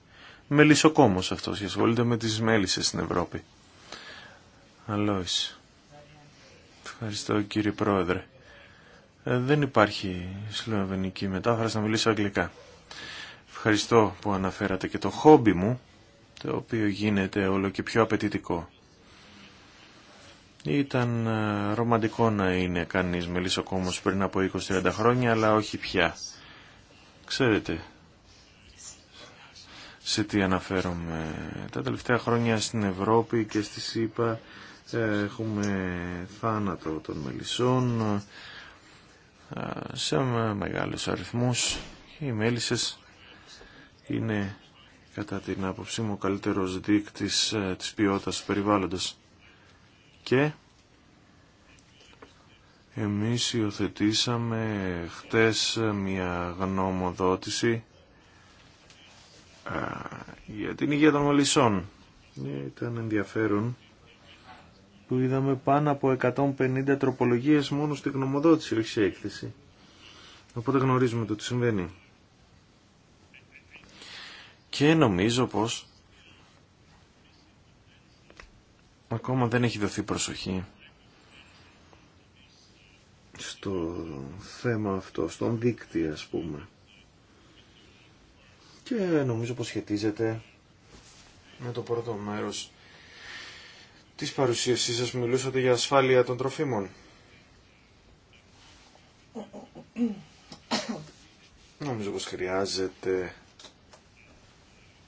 μελισσοκόμος αυτός και ασχολείται με τις μέλισσες στην Ευρώπη. Αλόης. Ευχαριστώ, κύριε Πρόεδρε. Ε, δεν υπάρχει σλοβενική μετάφραση, να μιλήσω αγγλικά. Ευχαριστώ που αναφέρατε και το χόμπι μου, το οποίο γίνεται όλο και πιο απαιτητικό. Ήταν ε, ρομαντικό να είναι κανείς μελισσοκόμος πριν από 20-30 χρόνια, αλλά όχι πια. Ξέρετε σε τι αναφέρομαι. Τα τελευταία χρόνια στην Ευρώπη και στη ΣΥΠΑ ε, έχουμε θάνατο των μελισσών ε, σε μεγάλους αριθμούς. Οι μέλισσες είναι κατά την άποψή μου ο καλύτερος δείκτης της ποιότητας του περιβάλλοντος και εμείς υιοθετήσαμε χτες μια γνωμοδότηση για την υγεία των μολυσσών. Ήταν ενδιαφέρον που είδαμε πάνω από 150 τροπολογίες μόνο στη γνωμοδότηση, όχι σε έκθεση. Οπότε γνωρίζουμε το τι συμβαίνει. Και νομίζω πως ακόμα δεν έχει δοθεί προσοχή στο θέμα αυτό, στον δίκτυ ας πούμε. Και νομίζω πως σχετίζεται με το πρώτο μέρος της παρουσίασής σας μιλούσατε για ασφάλεια των τροφίμων. Νομίζω πως χρειάζεται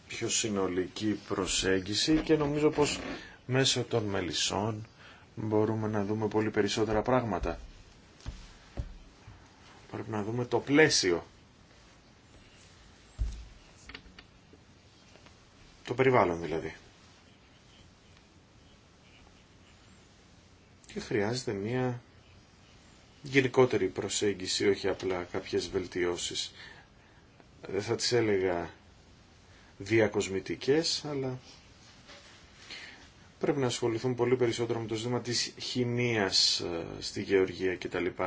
πιο συνολική προσέγγιση και νομίζω πως μέσω των μελισσών μπορούμε να δούμε πολύ περισσότερα πράγματα. Πρέπει να δούμε το πλαίσιο. Το περιβάλλον δηλαδή. Και χρειάζεται μία γενικότερη προσέγγιση, όχι απλά κάποιες βελτιώσεις. Δεν θα τις έλεγα διακοσμητικές, αλλά πρέπει να ασχοληθούν πολύ περισσότερο με το ζήτημα της χημείας ε, στη γεωργία κτλ. <laughs>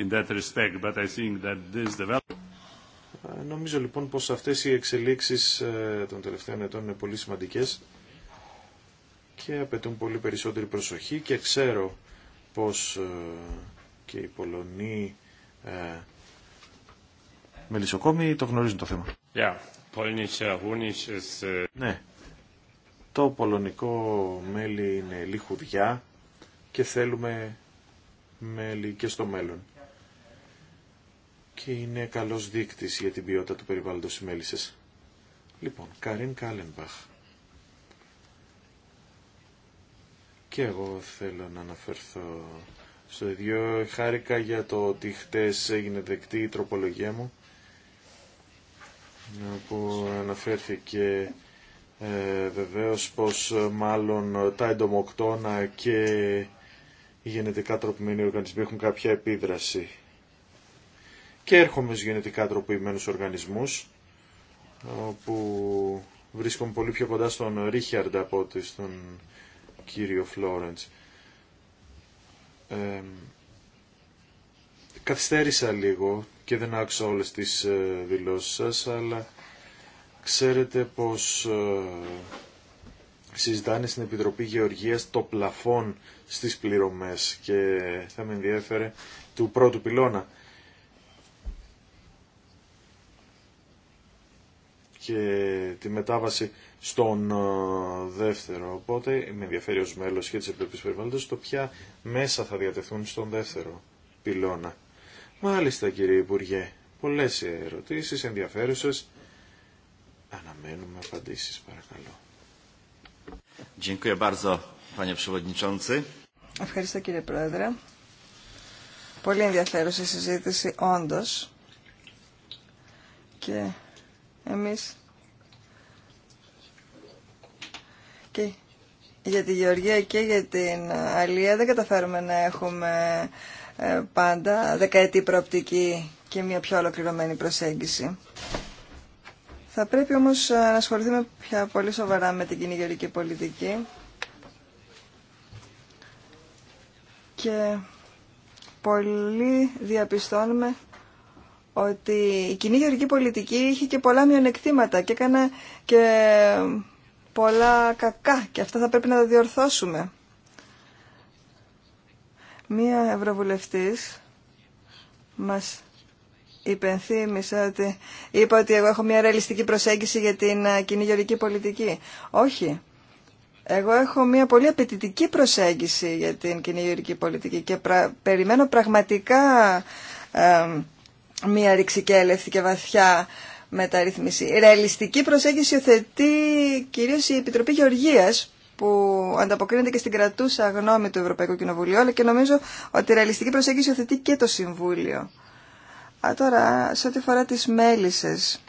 In that respect, but I think that this development... Ε, νομίζω λοιπόν πως αυτές οι εξελίξεις ε, των τελευταίων ετών είναι πολύ σημαντικές και απαιτούν πολύ περισσότερη προσοχή και ξέρω πως και οι Πολωνοί μελισσοκόμοι το γνωρίζουν το θέμα. Yeah. Uh, uh- ναι, το πολωνικό μέλι είναι λιχουδιά και θέλουμε μέλι και στο μέλλον. Και είναι καλός δείκτης για την ποιότητα του περιβάλλοντος μέλισσες. Λοιπόν, Καρίν Κάλενμπαχ. Και εγώ θέλω να αναφερθώ στο ίδιο. Χάρηκα για το ότι χτες έγινε δεκτή η τροπολογία μου που αναφέρθηκε ε, βεβαίως πως ε, μάλλον ε, τα εντομοκτώνα και οι γενετικά τροπημένοι οργανισμοί έχουν κάποια επίδραση. Και έρχομαι στους γενετικά τροπημένους οργανισμούς, όπου βρίσκομαι πολύ πιο κοντά στον Ρίχιαρντ από ότι στον κύριο Φλόρεντς. Ε, καθυστέρησα λίγο και δεν άκουσα όλες τις δηλώσεις σας, αλλά Ξέρετε πως ε, συζητάνε στην Επιτροπή Γεωργίας το πλαφόν στις πληρωμές και θα με ενδιέφερε του πρώτου πυλώνα. και τη μετάβαση στον ε, δεύτερο. Οπότε με ενδιαφέρει ως μέλος και της Επιτροπής Περιβάλλοντος το ποια μέσα θα διατεθούν στον δεύτερο πυλώνα. Μάλιστα κύριε Υπουργέ, πολλές ερωτήσεις ενδιαφέρουσες Αναμένουμε απαντήσει, παρακαλώ. Ευχαριστώ κύριε Πρόεδρε. Πολύ ενδιαφέρουσα συζήτηση όντω. και εμείς και για τη Γεωργία και για την Αλία δεν καταφέρουμε να έχουμε ε, πάντα δεκαετή προοπτική και μια πιο ολοκληρωμένη προσέγγιση. Θα πρέπει όμως να ασχοληθούμε πια πολύ σοβαρά με την κυνηγερική πολιτική και πολύ διαπιστώνουμε ότι η κοινή γεωργική πολιτική είχε και πολλά μειονεκτήματα και έκανε και πολλά κακά και αυτά θα πρέπει να τα διορθώσουμε. Μία Ευρωβουλευτής μας υπενθύμησα ότι είπα ότι εγώ έχω μια ρεαλιστική προσέγγιση για την ε, κοινή γεωρική πολιτική. Όχι. Εγώ έχω μια πολύ απαιτητική προσέγγιση για την κοινή γεωρική πολιτική και περιμένω πραγματικά ε, μια ρηξικέλευτη και βαθιά μεταρρύθμιση. Η ρεαλιστική προσέγγιση οθετεί κυρίως η Επιτροπή Γεωργίας που ανταποκρίνεται και στην κρατούσα γνώμη του Ευρωπαϊκού Κοινοβουλίου, αλλά και νομίζω ότι η ρεαλιστική προσέγγιση οθετεί και το Συμβούλιο. Α, τώρα, σε ό,τι φορά τις μέλισσες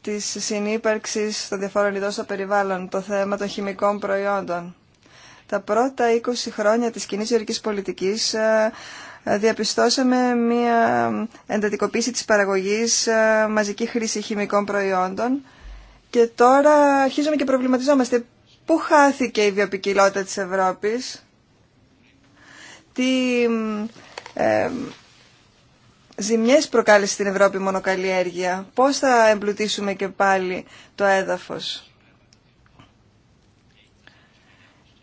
της συνύπαρξης των διαφόρων ειδών στο περιβάλλον, το θέμα των χημικών προϊόντων. Τα πρώτα 20 χρόνια της κοινή γεωρικής πολιτικής ε, ε, διαπιστώσαμε μια εντατικοποίηση της παραγωγής, ε, μαζική χρήση χημικών προϊόντων και τώρα αρχίζουμε και προβληματιζόμαστε. Πού χάθηκε η βιοπικιλότητα της Ευρώπης, τι ζημιές προκάλεσε στην Ευρώπη μόνο μονοκαλλιέργεια. Πώς θα εμπλουτίσουμε και πάλι το έδαφος.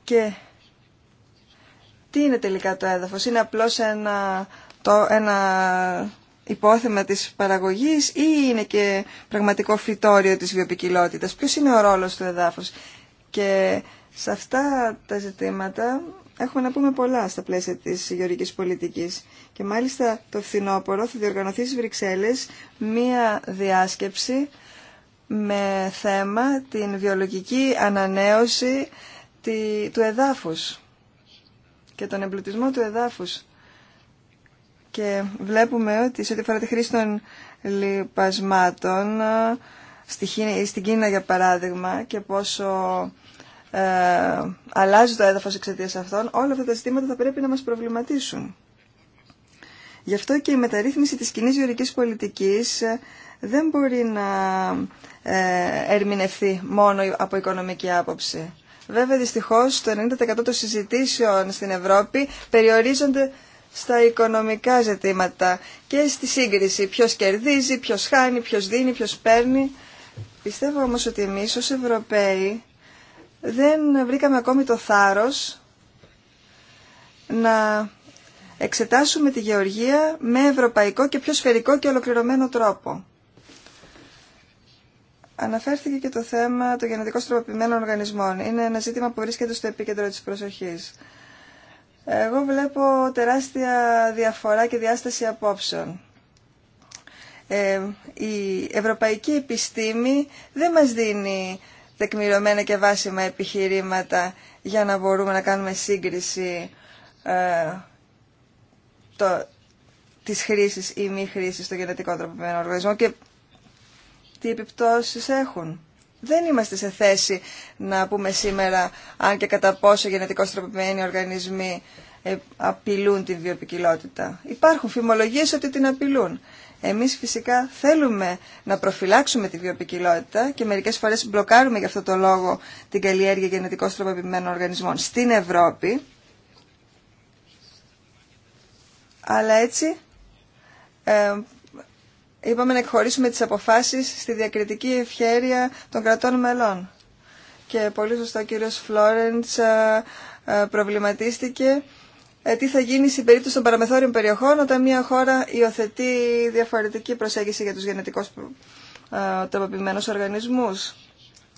Και τι είναι τελικά το έδαφος. Είναι απλώς ένα, το, ένα υπόθεμα της παραγωγής ή είναι και πραγματικό φυτόριο της βιοπικιλότητας. Ποιο είναι ο ρόλος του εδάφους. Και σε αυτά τα ζητήματα Έχουμε να πούμε πολλά στα πλαίσια τη γεωργική πολιτική. Και μάλιστα το φθινόπωρο θα διοργανωθεί στι Βρυξέλλε μία διάσκεψη με θέμα την βιολογική ανανέωση του εδάφους και τον εμπλουτισμό του εδάφους. Και βλέπουμε ότι σε ό,τι αφορά τη χρήση των λιπασμάτων, στην Κίνα για παράδειγμα, και πόσο ε, αλλάζει το έδαφος εξαιτίας αυτών, όλα αυτά τα ζητήματα θα πρέπει να μας προβληματίσουν. Γι' αυτό και η μεταρρύθμιση της κοινή γεωρικής πολιτικής ε, δεν μπορεί να ε, ερμηνευθεί μόνο από οικονομική άποψη. Βέβαια, δυστυχώς, το 90% των συζητήσεων στην Ευρώπη περιορίζονται στα οικονομικά ζητήματα και στη σύγκριση. Ποιος κερδίζει, ποιος χάνει, ποιος δίνει, ποιος παίρνει. Πιστεύω όμως ότι εμείς ως Ευρωπαίοι δεν βρήκαμε ακόμη το θάρρος να εξετάσουμε τη γεωργία με ευρωπαϊκό και πιο σφαιρικό και ολοκληρωμένο τρόπο. Αναφέρθηκε και το θέμα των γενετικώς τροποποιημένων οργανισμών. Είναι ένα ζήτημα που βρίσκεται στο επίκεντρο της προσοχής. Εγώ βλέπω τεράστια διαφορά και διάσταση απόψεων. Ε, η ευρωπαϊκή επιστήμη δεν μας δίνει τεκμηριωμένα και βάσιμα επιχειρήματα για να μπορούμε να κάνουμε σύγκριση ε, το, της χρήσης ή μη χρήσης των γενετικών τροποποιημένων οργανισμό και τι επιπτώσεις έχουν. Δεν είμαστε σε θέση να πούμε σήμερα αν και κατά πόσο γενετικώ τροποποιημένοι οργανισμοί ε, απειλούν την βιοπικιλότητα. Υπάρχουν φημολογίες ότι την απειλούν. Εμείς φυσικά θέλουμε να προφυλάξουμε τη βιοπικιλότητα και μερικές φορές μπλοκάρουμε για αυτό το λόγο την καλλιέργεια γενετικώς τροποποιημένων οργανισμών στην Ευρώπη. Αλλά έτσι ε, είπαμε να εκχωρήσουμε τις αποφάσεις στη διακριτική ευχέρεια των κρατών μελών. Και πολύ σωστά ο κύριος Φλόρεντς ε, ε, προβληματίστηκε ε, τι θα γίνει στην περίπτωση των παραμεθόριων περιοχών όταν μια χώρα υιοθετεί διαφορετική προσέγγιση για τους γενετικώς ε, τροποποιημένους οργανισμούς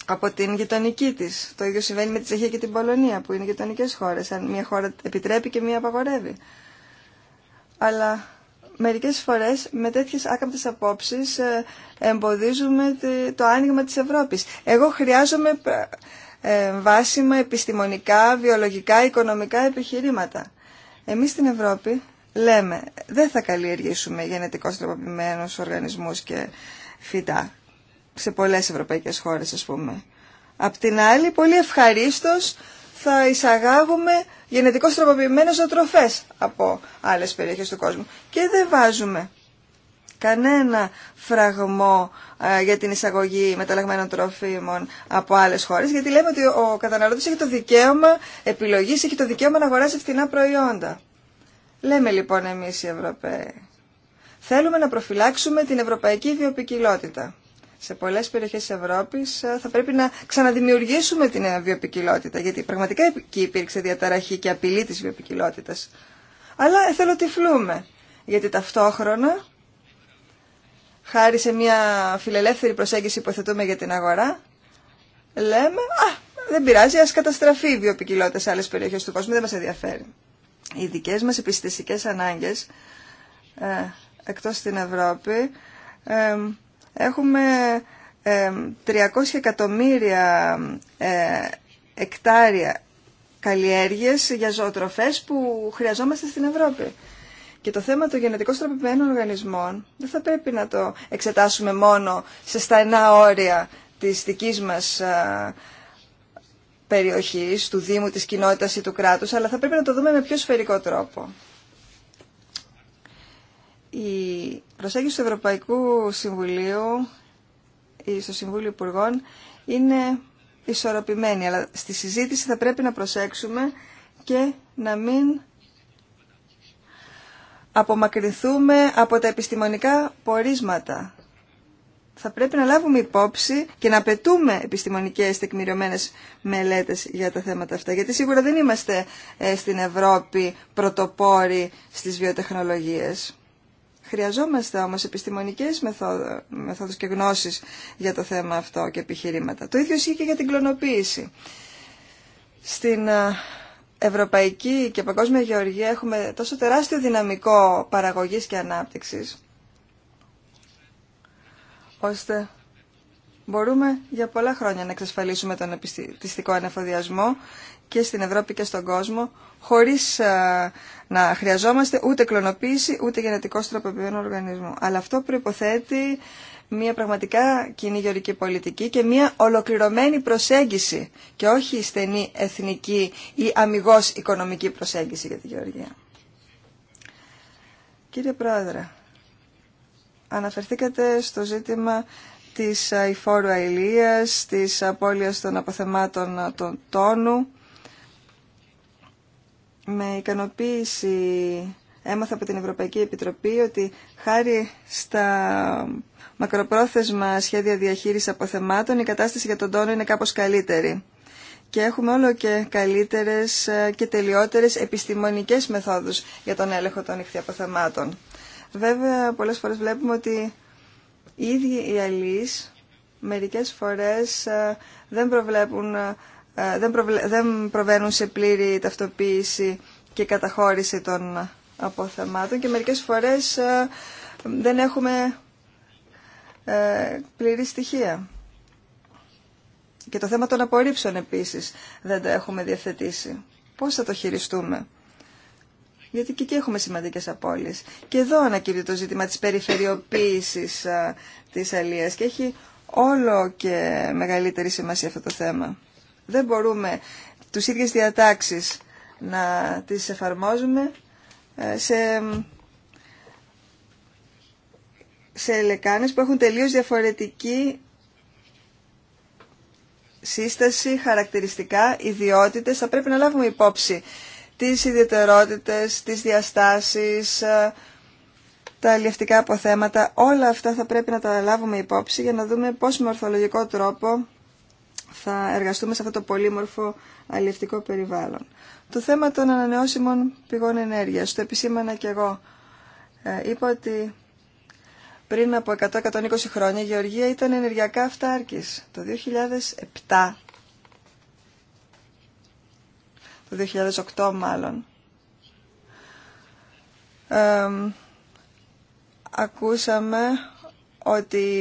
από την γειτονική της. Το ίδιο συμβαίνει με τη Τσεχία και την Πολωνία που είναι γειτονικέ χώρες. Αν μια χώρα επιτρέπει και μια απαγορεύει. Αλλά μερικές φορές με τέτοιες άκαμπτες απόψεις ε, εμποδίζουμε το άνοιγμα της Ευρώπης. Εγώ χρειάζομαι βάσιμα επιστημονικά, βιολογικά, οικονομικά επιχειρήματα. Εμείς στην Ευρώπη λέμε δεν θα καλλιεργήσουμε γενετικώ τροποποιημένους οργανισμούς και φυτά σε πολλές ευρωπαϊκές χώρες α πούμε. Απ' την άλλη πολύ ευχαρίστως θα εισαγάγουμε γενετικώ τροποποιημένε ζωοτροφέ από άλλες περιοχές του κόσμου και δεν βάζουμε κανένα φραγμό ε, για την εισαγωγή μεταλλαγμένων τροφίμων από άλλε χώρε, γιατί λέμε ότι ο καταναλωτή έχει το δικαίωμα επιλογή, έχει το δικαίωμα να αγοράσει φθηνά προϊόντα. Λέμε λοιπόν εμεί οι Ευρωπαίοι. Θέλουμε να προφυλάξουμε την ευρωπαϊκή βιοπικιλότητα. Σε πολλές περιοχές της Ευρώπης ε, θα πρέπει να ξαναδημιουργήσουμε την βιοπικιλότητα, γιατί πραγματικά εκεί υπήρξε διαταραχή και απειλή της βιοπικιλότητας. Αλλά θέλω τυφλούμε, γιατί ταυτόχρονα χάρη σε μια φιλελεύθερη προσέγγιση που εθετούμε για την αγορά, λέμε «Α, δεν πειράζει, ας καταστραφεί η βιοπικιλότητα σε άλλες περιοχές του κόσμου, δεν μας ενδιαφέρει». Οι δικές μας επιστησικές ανάγκες, ε, εκτός στην Ευρώπη, ε, έχουμε ε, 300 εκατομμύρια ε, εκτάρια καλλιέργειες για ζωοτροφές που χρειαζόμαστε στην Ευρώπη. Και το θέμα των γενετικώς τροπημένων οργανισμών δεν θα πρέπει να το εξετάσουμε μόνο σε στενά όρια της δικής μας περιοχής, του Δήμου, της κοινότητας ή του κράτους, αλλά θα πρέπει να το δούμε με πιο σφαιρικό τρόπο. Η προσέγγιση του Ευρωπαϊκού Συμβουλίου ή στο Συμβούλιο Υπουργών είναι ισορροπημένη, αλλά στη συζήτηση θα πρέπει να προσέξουμε και να μην απομακρυνθούμε από τα επιστημονικά πορίσματα. Θα πρέπει να λάβουμε υπόψη και να απαιτούμε επιστημονικές τεκμηριωμένες μελέτες για τα θέματα αυτά. Γιατί σίγουρα δεν είμαστε ε, στην Ευρώπη πρωτοπόροι στις βιοτεχνολογίες. Χρειαζόμαστε όμως επιστημονικές μεθόδου, μεθόδους και γνώσεις για το θέμα αυτό και επιχειρήματα. Το ίδιο ισχύει και για την κλωνοποίηση. Στην ε, ευρωπαϊκή και παγκόσμια γεωργία έχουμε τόσο τεράστιο δυναμικό παραγωγής και ανάπτυξης, ώστε μπορούμε για πολλά χρόνια να εξασφαλίσουμε τον επιστηστικό ανεφοδιασμό και στην Ευρώπη και στον κόσμο, χωρίς ε, να χρειαζόμαστε ούτε κλωνοποίηση ούτε γενετικό τροποποιημένο οργανισμό. Αλλά αυτό προϋποθέτει μια πραγματικά κοινή γεωρική πολιτική και μια ολοκληρωμένη προσέγγιση και όχι στενή εθνική ή αμυγός οικονομική προσέγγιση για τη γεωργία. Κύριε Πρόεδρε, αναφερθήκατε στο ζήτημα της αηφόρου αηλίας, της απώλειας των αποθεμάτων των τόνου. Με ικανοποίηση έμαθα από την Ευρωπαϊκή Επιτροπή ότι χάρη στα μακροπρόθεσμα σχέδια διαχείρισης αποθεμάτων η κατάσταση για τον τόνο είναι κάπως καλύτερη. Και έχουμε όλο και καλύτερες και τελειότερες επιστημονικές μεθόδους για τον έλεγχο των ηχθιαποθεμάτων. Βέβαια, πολλές φορές βλέπουμε ότι οι ίδιοι οι αλείς μερικές φορές ε, δεν, προβλέπουν, ε, δεν, δεν προβαίνουν σε πλήρη ταυτοποίηση και καταχώρηση των και μερικές φορές ε, δεν έχουμε ε, πλήρη στοιχεία. Και το θέμα των απορρίψεων επίσης δεν τα έχουμε διευθετήσει. Πώς θα το χειριστούμε. Γιατί και εκεί έχουμε σημαντικές απώλειες. Και εδώ ανακύπτει το ζήτημα της περιφερειοποίησης ε, της αλίας και έχει όλο και μεγαλύτερη σημασία αυτό το θέμα. Δεν μπορούμε τους ίδιες διατάξεις να τις εφαρμόζουμε ε, σε, σε λεκάνες που έχουν τελείως διαφορετική σύσταση, χαρακτηριστικά, ιδιότητες. Θα πρέπει να λάβουμε υπόψη τις ιδιαιτερότητες, τις διαστάσεις, ε, τα αλληλευτικά αποθέματα. Όλα αυτά θα πρέπει να τα λάβουμε υπόψη για να δούμε πώς με ορθολογικό τρόπο θα εργαστούμε σε αυτό το πολύμορφο αλληλευτικό περιβάλλον. Το θέμα των ανανεώσιμων πηγών ενέργειας, το επισήμανα και εγώ. Ε, είπα ότι πριν από 100-120 χρόνια η Γεωργία ήταν ενεργειακά αυτάρκης. Το 2007, το 2008 μάλλον, ακούσαμε ότι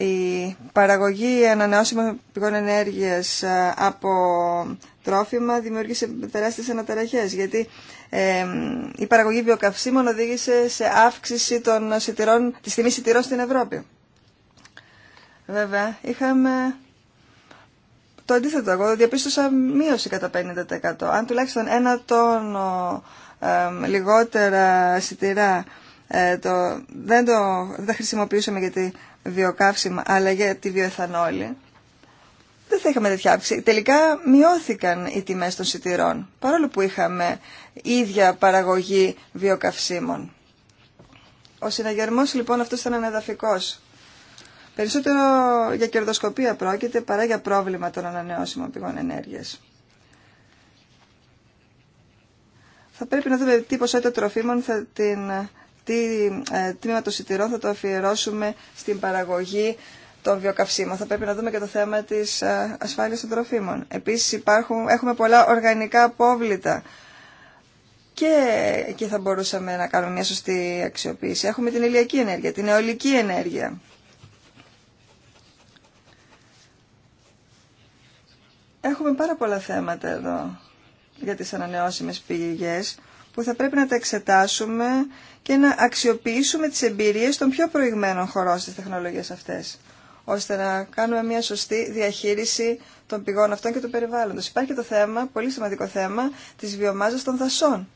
η παραγωγή ανανεώσιμων πηγών ενέργειας ε, από τρόφιμα δημιούργησε τεράστιες αναταραχές γιατί ε, η παραγωγή βιοκαυσίμων οδήγησε σε αύξηση των σιτηρών, της τιμής σιτηρών στην Ευρώπη. Βέβαια, είχαμε το αντίθετο. Εγώ διαπίστωσα μείωση κατά 50%. Αν τουλάχιστον ένα τόνο ε, λιγότερα σιτηρά το, δεν, το, δεν τα χρησιμοποιούσαμε γιατί βιοκαύσιμα αλλά για τη βιοεθανόλη, δεν θα είχαμε τέτοια αύξηση. Τελικά μειώθηκαν οι τιμές των σιτηρών, παρόλο που είχαμε ίδια παραγωγή βιοκαυσίμων. Ο συναγερμός λοιπόν αυτό ήταν ανεδαφικός. Περισσότερο για κερδοσκοπία πρόκειται παρά για πρόβλημα των ανανεώσιμων πηγών ενέργειας. Θα πρέπει να δούμε τι ποσότητα τροφίμων θα την τι ε, τμήμα των σιτηρών θα το αφιερώσουμε στην παραγωγή των βιοκαυσίμων. Θα πρέπει να δούμε και το θέμα της ε, ασφάλειας των τροφίμων. Επίσης υπάρχουν, έχουμε πολλά οργανικά απόβλητα και εκεί θα μπορούσαμε να κάνουμε μια σωστή αξιοποίηση. Έχουμε την ηλιακή ενέργεια, την αιωλική ενέργεια. Έχουμε πάρα πολλά θέματα εδώ για τις ανανεώσιμες πηγές που θα πρέπει να τα εξετάσουμε και να αξιοποιήσουμε τις εμπειρίες των πιο προηγμένων χωρών στις τεχνολογίες αυτές, ώστε να κάνουμε μια σωστή διαχείριση των πηγών αυτών και του περιβάλλοντος. Υπάρχει και το θέμα, πολύ σημαντικό θέμα, της βιομάζας των δασών.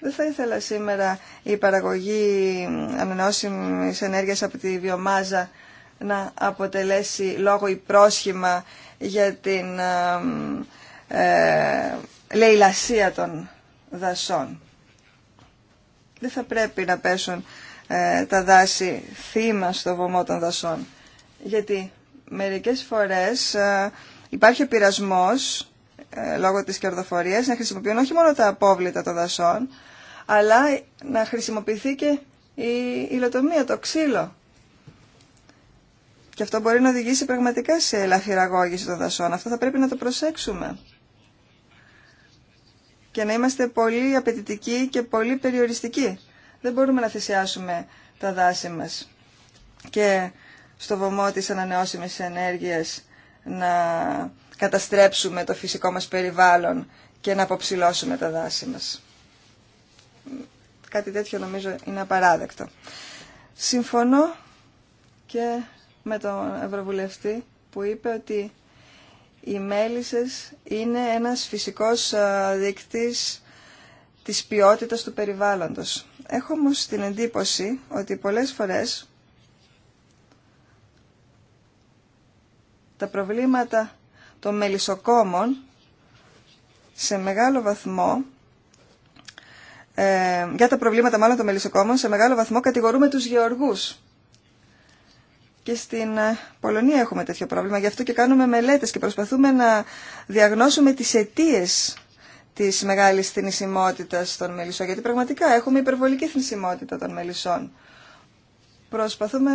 Δεν θα ήθελα σήμερα η παραγωγή ανανεώσιμης ενέργειας από τη βιομάζα να αποτελέσει λόγο ή πρόσχημα για την ε, ε λαιλασία των δασών. Δεν θα πρέπει να πέσουν ε, τα δάση θύμα στο βωμό των δασών. Γιατί μερικές φορές ε, υπάρχει πειρασμός ε, λόγω της κερδοφορίας να χρησιμοποιούν όχι μόνο τα απόβλητα των δασών, αλλά να χρησιμοποιηθεί και η υλοτομία, το ξύλο. Και αυτό μπορεί να οδηγήσει πραγματικά σε ελαφυραγώγηση των δασών. Αυτό θα πρέπει να το προσέξουμε και να είμαστε πολύ απαιτητικοί και πολύ περιοριστικοί. Δεν μπορούμε να θυσιάσουμε τα δάση μας και στο βωμό της ανανεώσιμης ενέργειας να καταστρέψουμε το φυσικό μας περιβάλλον και να αποψηλώσουμε τα δάση μας. Κάτι τέτοιο νομίζω είναι απαράδεκτο. Συμφωνώ και με τον Ευρωβουλευτή που είπε ότι οι μέλισσες είναι ένας φυσικός ε, δείκτης της ποιότητας του περιβάλλοντος. Έχω όμως την εντύπωση ότι πολλές φορές τα προβλήματα των μελισσοκόμων σε μεγάλο βαθμό ε, για τα προβλήματα μάλλον των μελισσοκόμων σε μεγάλο βαθμό κατηγορούμε τους γεωργούς και στην ε, Πολωνία έχουμε τέτοιο πρόβλημα. Γι' αυτό και κάνουμε μελέτες και προσπαθούμε να διαγνώσουμε τις αιτίε της μεγάλης θνησιμότητας των μελισσών. Γιατί πραγματικά έχουμε υπερβολική θνησιμότητα των μελισσών. Προσπαθούμε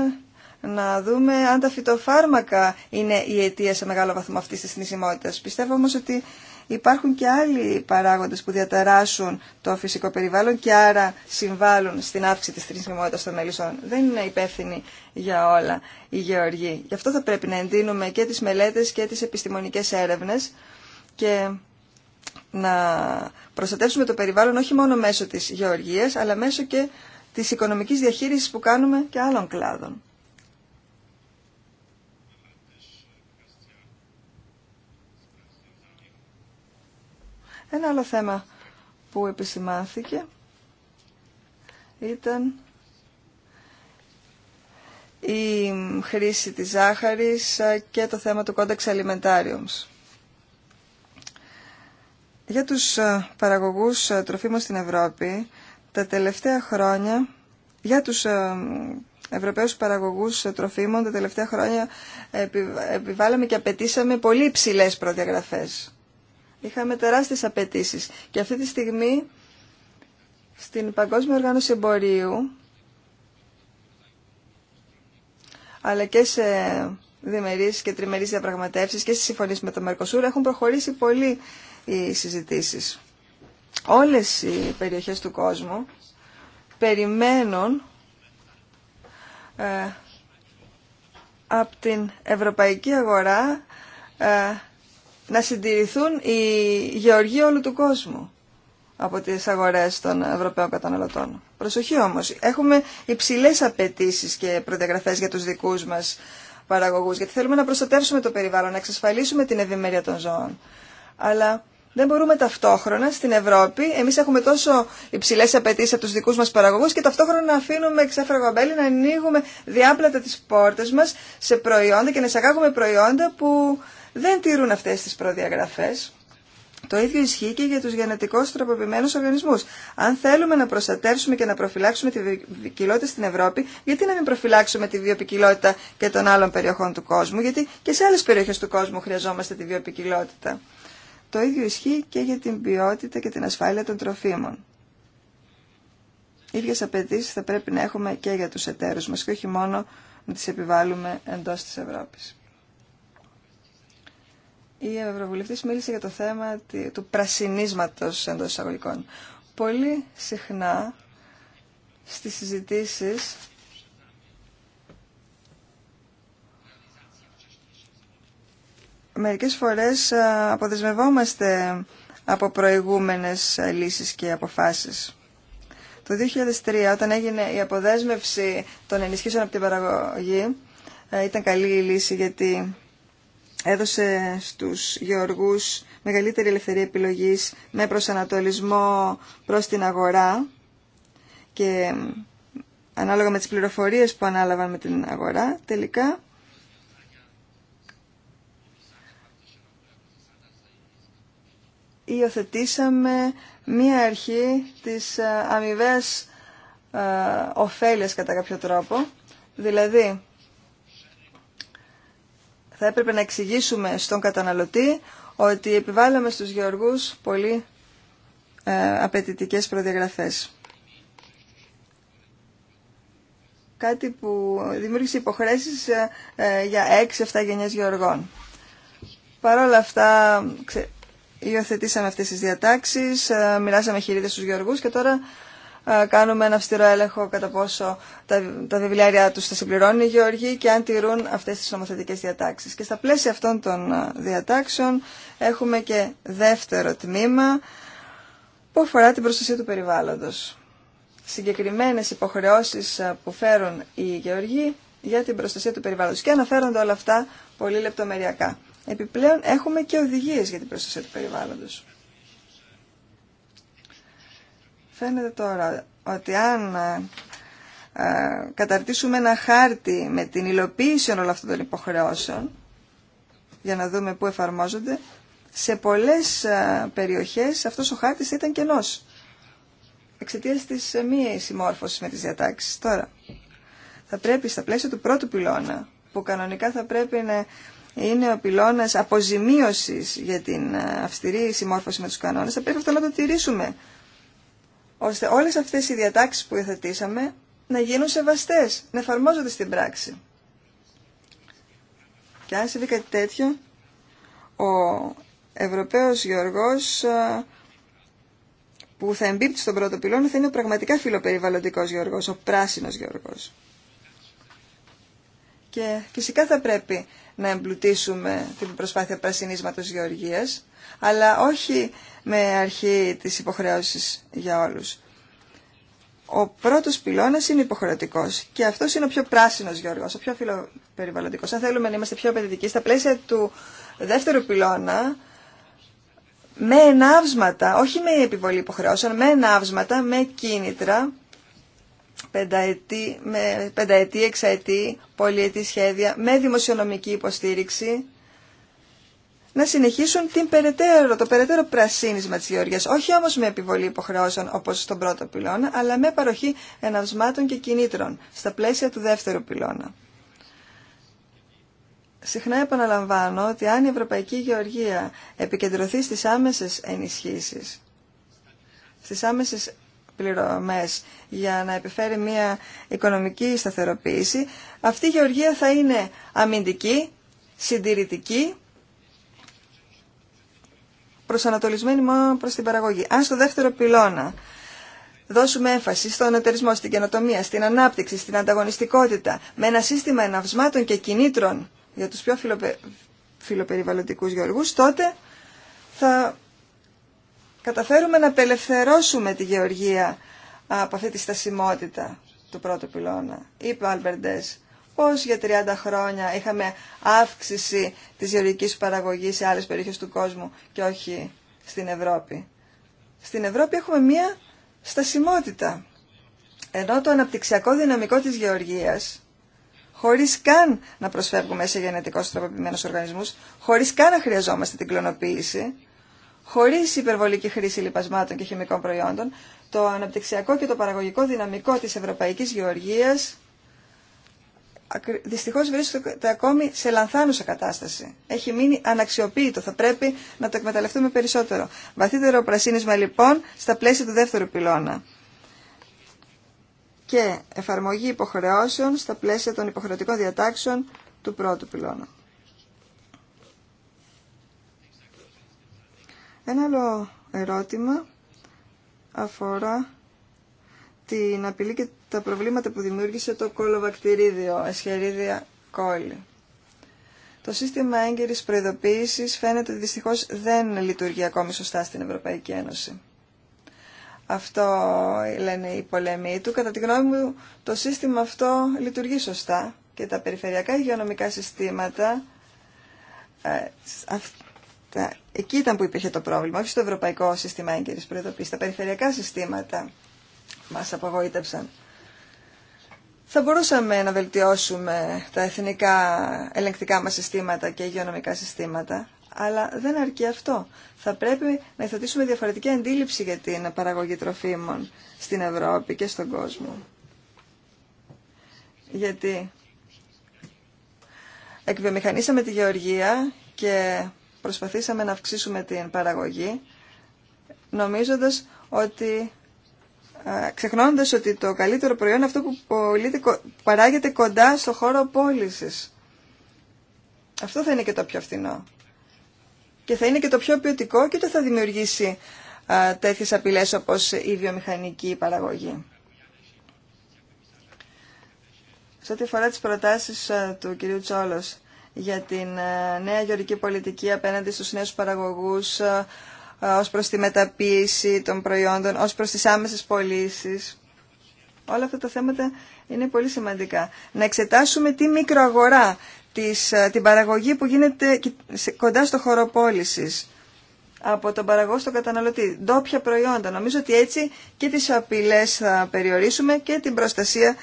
να δούμε αν τα φυτοφάρμακα είναι η αιτία σε μεγάλο βαθμό αυτής της θνησιμότητας. Πιστεύω όμως ότι υπάρχουν και άλλοι παράγοντες που διαταράσσουν το φυσικό περιβάλλον και άρα συμβάλλουν στην αύξηση της θρησιμότητας των μελισσών. Δεν είναι υπεύθυνοι για όλα οι γεωργοί. Γι' αυτό θα πρέπει να εντείνουμε και τις μελέτες και τις επιστημονικές έρευνες και να προστατεύσουμε το περιβάλλον όχι μόνο μέσω της γεωργίας αλλά μέσω και της οικονομικής διαχείρισης που κάνουμε και άλλων κλάδων. Ένα άλλο θέμα που επισημάθηκε ήταν η χρήση της ζάχαρης και το θέμα του κόντεξ alimentariums. Για τους ε, παραγωγούς ε, τροφίμων στην Ευρώπη, τα τελευταία χρόνια, για τους ε, Ευρωπαίους παραγωγούς τροφίμων, τα τελευταία χρόνια επιβάλαμε και απαιτήσαμε πολύ ψηλές προδιαγραφές είχαμε τεράστιες απαιτήσεις. Και αυτή τη στιγμή στην Παγκόσμια Οργάνωση Εμπορίου αλλά και σε διμερείς και τριμερείς διαπραγματεύσεις και στις συμφωνίες με το Μερκοσούρ έχουν προχωρήσει πολύ οι συζητήσεις. Όλες οι περιοχές του κόσμου περιμένουν ε, από την ευρωπαϊκή αγορά ε, να συντηρηθούν οι γεωργοί όλου του κόσμου από τις αγορές των Ευρωπαίων καταναλωτών. Προσοχή όμως, έχουμε υψηλές απαιτήσει και προδιαγραφές για τους δικούς μας παραγωγούς, γιατί θέλουμε να προστατεύσουμε το περιβάλλον, να εξασφαλίσουμε την ευημερία των ζώων. Αλλά δεν μπορούμε ταυτόχρονα στην Ευρώπη, εμείς έχουμε τόσο υψηλές απαιτήσει από τους δικούς μας παραγωγούς και ταυτόχρονα να αφήνουμε ξέφραγο μπέλη, να ανοίγουμε διάπλατα τις πόρτες μας σε προϊόντα και να εισαγάγουμε προϊόντα που δεν τηρούν αυτές τις προδιαγραφές. Το ίδιο ισχύει και για τους γενετικώς τροποποιημένους οργανισμούς. Αν θέλουμε να προστατεύσουμε και να προφυλάξουμε τη βιοποικιλότητα στην Ευρώπη, γιατί να μην προφυλάξουμε τη βιοποικιλότητα και των άλλων περιοχών του κόσμου, γιατί και σε άλλες περιοχές του κόσμου χρειαζόμαστε τη βιοποικιλότητα. Το ίδιο ισχύει και για την ποιότητα και την ασφάλεια των τροφίμων. Ίδιες απαιτήσει θα πρέπει να έχουμε και για τους εταίρους μα και όχι μόνο να τι επιβάλλουμε εντός της Ευρώπης η Ευρωβουλευτή μίλησε για το θέμα του πρασινίσματος εντός εισαγωγικών. Πολύ συχνά στι συζητήσεις μερικές φορές ε, αποδεσμευόμαστε από προηγούμενες ε, λύσεις και αποφάσεις. Το 2003, όταν έγινε η αποδέσμευση των ενισχύσεων από την παραγωγή, ε, ήταν καλή η λύση γιατί έδωσε στους γεωργούς μεγαλύτερη ελευθερία επιλογής με προσανατολισμό προς την αγορά και ανάλογα με τις πληροφορίες που ανάλαβαν με την αγορά τελικά υιοθετήσαμε μία αρχή της ε, αμοιβές ε, ωφέλειας κατά κάποιο τρόπο δηλαδή θα έπρεπε να εξηγήσουμε στον καταναλωτή ότι επιβάλλαμε στους γεωργούς πολύ ε, απαιτητικές προδιαγραφές. Κάτι που δημιούργησε υποχρέσεις ε, ε, για 6-7 γενιές γεωργών. Παρ' όλα αυτά, ξε... υιοθετήσαμε αυτές τις διατάξεις, ε, μοιράσαμε χειρίδες στους γεωργούς και τώρα ε, κάνουμε ένα αυστηρό έλεγχο κατά πόσο τα, τα βιβλιάρια τους θα συμπληρώνουν οι γεωργοί και αν τηρούν αυτές τις νομοθετικές διατάξεις. Και στα πλαίσια αυτών των ε, διατάξεων έχουμε και δεύτερο τμήμα που αφορά την προστασία του περιβάλλοντος. Συγκεκριμένες υποχρεώσεις ε, που φέρουν οι γεωργοί για την προστασία του περιβάλλοντος και αναφέρονται όλα αυτά πολύ λεπτομεριακά. Επιπλέον έχουμε και οδηγίες για την προστασία του περιβάλλοντος. Φαίνεται τώρα ότι αν ε, ε, καταρτήσουμε ένα χάρτη με την υλοποίηση όλων αυτών των υποχρεώσεων, για να δούμε πού εφαρμόζονται, σε πολλές ε, περιοχές αυτός ο χάρτης ήταν κενός. Εξαιτίας της μη συμμόρφωσης με τις διατάξεις. Τώρα, θα πρέπει στα πλαίσια του πρώτου πυλώνα, που κανονικά θα πρέπει να είναι ο πυλώνας αποζημίωσης για την αυστηρή συμμόρφωση με τους κανόνες, θα πρέπει αυτό να το τηρήσουμε ώστε όλες αυτές οι διατάξεις που υιοθετήσαμε να γίνουν σεβαστές, να εφαρμόζονται στην πράξη. Και αν συμβεί κάτι τέτοιο, ο Ευρωπαίος Γεωργός που θα εμπίπτει στον πρώτο πυλώνα θα είναι ο πραγματικά φιλοπεριβαλλοντικός Γεωργός, ο πράσινος Γεωργός. Και φυσικά θα πρέπει να εμπλουτίσουμε την προσπάθεια πρασινίσματος γεωργίας, αλλά όχι με αρχή της υποχρέωσης για όλους. Ο πρώτος πυλώνας είναι υποχρεωτικός και αυτός είναι ο πιο πράσινος γεωργός, ο πιο φιλοπεριβαλλοντικός. Αν θέλουμε να είμαστε πιο απαιτητικοί, στα πλαίσια του δεύτερου πυλώνα, με ενάυσματα, όχι με επιβολή υποχρεώσεων, με ενάυσματα, με κίνητρα, πενταετή, με πενταετή, εξαετή, πολυετή σχέδια με δημοσιονομική υποστήριξη να συνεχίσουν την περαιτέρω, το περαιτέρω πρασίνισμα της Γεωργίας. Όχι όμως με επιβολή υποχρεώσεων όπως στον πρώτο πυλώνα, αλλά με παροχή εναυσμάτων και κινήτρων στα πλαίσια του δεύτερου πυλώνα. Συχνά επαναλαμβάνω ότι αν η Ευρωπαϊκή Γεωργία επικεντρωθεί στις άμεσες ενισχύσεις, στις άμεσες πληρωμές για να επιφέρει μια οικονομική σταθεροποίηση, αυτή η γεωργία θα είναι αμυντική, συντηρητική, προσανατολισμένη μόνο προς την παραγωγή. Αν στο δεύτερο πυλώνα δώσουμε έμφαση στον εταιρισμό, στην καινοτομία, στην ανάπτυξη, στην ανταγωνιστικότητα, με ένα σύστημα εναυσμάτων και κινήτρων για τους πιο φιλοπε... φιλοπεριβαλλοντικούς γεωργούς, τότε θα καταφέρουμε να απελευθερώσουμε τη γεωργία από αυτή τη στασιμότητα του πρώτου πυλώνα. Είπε ο Αλμπερντές πώς για 30 χρόνια είχαμε αύξηση της γεωργικής παραγωγής σε άλλες περιοχές του κόσμου και όχι στην Ευρώπη. Στην Ευρώπη έχουμε μία στασιμότητα. Ενώ το αναπτυξιακό δυναμικό της γεωργίας, χωρίς καν να προσφεύγουμε σε γενετικώς τροποποιημένους οργανισμούς, χωρίς καν να χρειαζόμαστε την κλωνοποίηση, Χωρί υπερβολική χρήση λοιπασμάτων και χημικών προϊόντων, το αναπτυξιακό και το παραγωγικό δυναμικό της Ευρωπαϊκής Γεωργίας δυστυχώ βρίσκεται ακόμη σε λανθάνουσα κατάσταση. Έχει μείνει αναξιοποίητο. Θα πρέπει να το εκμεταλλευτούμε περισσότερο. Βαθύτερο πρασίνισμα λοιπόν στα πλαίσια του δεύτερου πυλώνα και εφαρμογή υποχρεώσεων στα πλαίσια των υποχρεωτικών διατάξεων του πρώτου πυλώνα. Ένα άλλο ερώτημα αφορά την απειλή και τα προβλήματα που δημιούργησε το κολοβακτηρίδιο, ασχερίδια κόλλη. Το σύστημα έγκυρης προειδοποίησης φαίνεται ότι δυστυχώς δεν λειτουργεί ακόμη σωστά στην Ευρωπαϊκή Ένωση. Αυτό λένε οι πολέμοι του. Κατά τη γνώμη μου το σύστημα αυτό λειτουργεί σωστά και τα περιφερειακά υγειονομικά συστήματα ε, Εκεί ήταν που υπήρχε το πρόβλημα, όχι στο ευρωπαϊκό σύστημα έγκαιρης προειδοποίησης. Τα περιφερειακά συστήματα μας απογοήτευσαν. Θα μπορούσαμε να βελτιώσουμε τα εθνικά ελεγκτικά μας συστήματα και υγειονομικά συστήματα, αλλά δεν αρκεί αυτό. Θα πρέπει να εθωτήσουμε διαφορετική αντίληψη για την παραγωγή τροφίμων στην Ευρώπη και στον κόσμο. Γιατί εκβιομηχανίσαμε τη γεωργία και προσπαθήσαμε να αυξήσουμε την παραγωγή νομίζοντας ότι ξεχνώντας ότι το καλύτερο προϊόν είναι αυτό που παράγεται κοντά στο χώρο πώλησης. Αυτό θα είναι και το πιο φθηνό. Και θα είναι και το πιο ποιοτικό και το θα δημιουργήσει τέτοιες απειλές όπως η βιομηχανική παραγωγή. Σε ό,τι αφορά τις προτάσεις του κυρίου Τσόλος, για την ε, νέα γεωρική πολιτική απέναντι στους νέους παραγωγούς ε, ε, ως προς τη μεταποίηση των προϊόντων, ως προς τις άμεσες πωλήσει. Όλα αυτά τα θέματα είναι πολύ σημαντικά. Να εξετάσουμε τη μικροαγορά, της, την παραγωγή που γίνεται κοντά στο χώρο πώλησης από τον παραγωγό στον καταναλωτή. Ντόπια προϊόντα. Νομίζω ότι έτσι και τις απειλές θα περιορίσουμε και την προστασία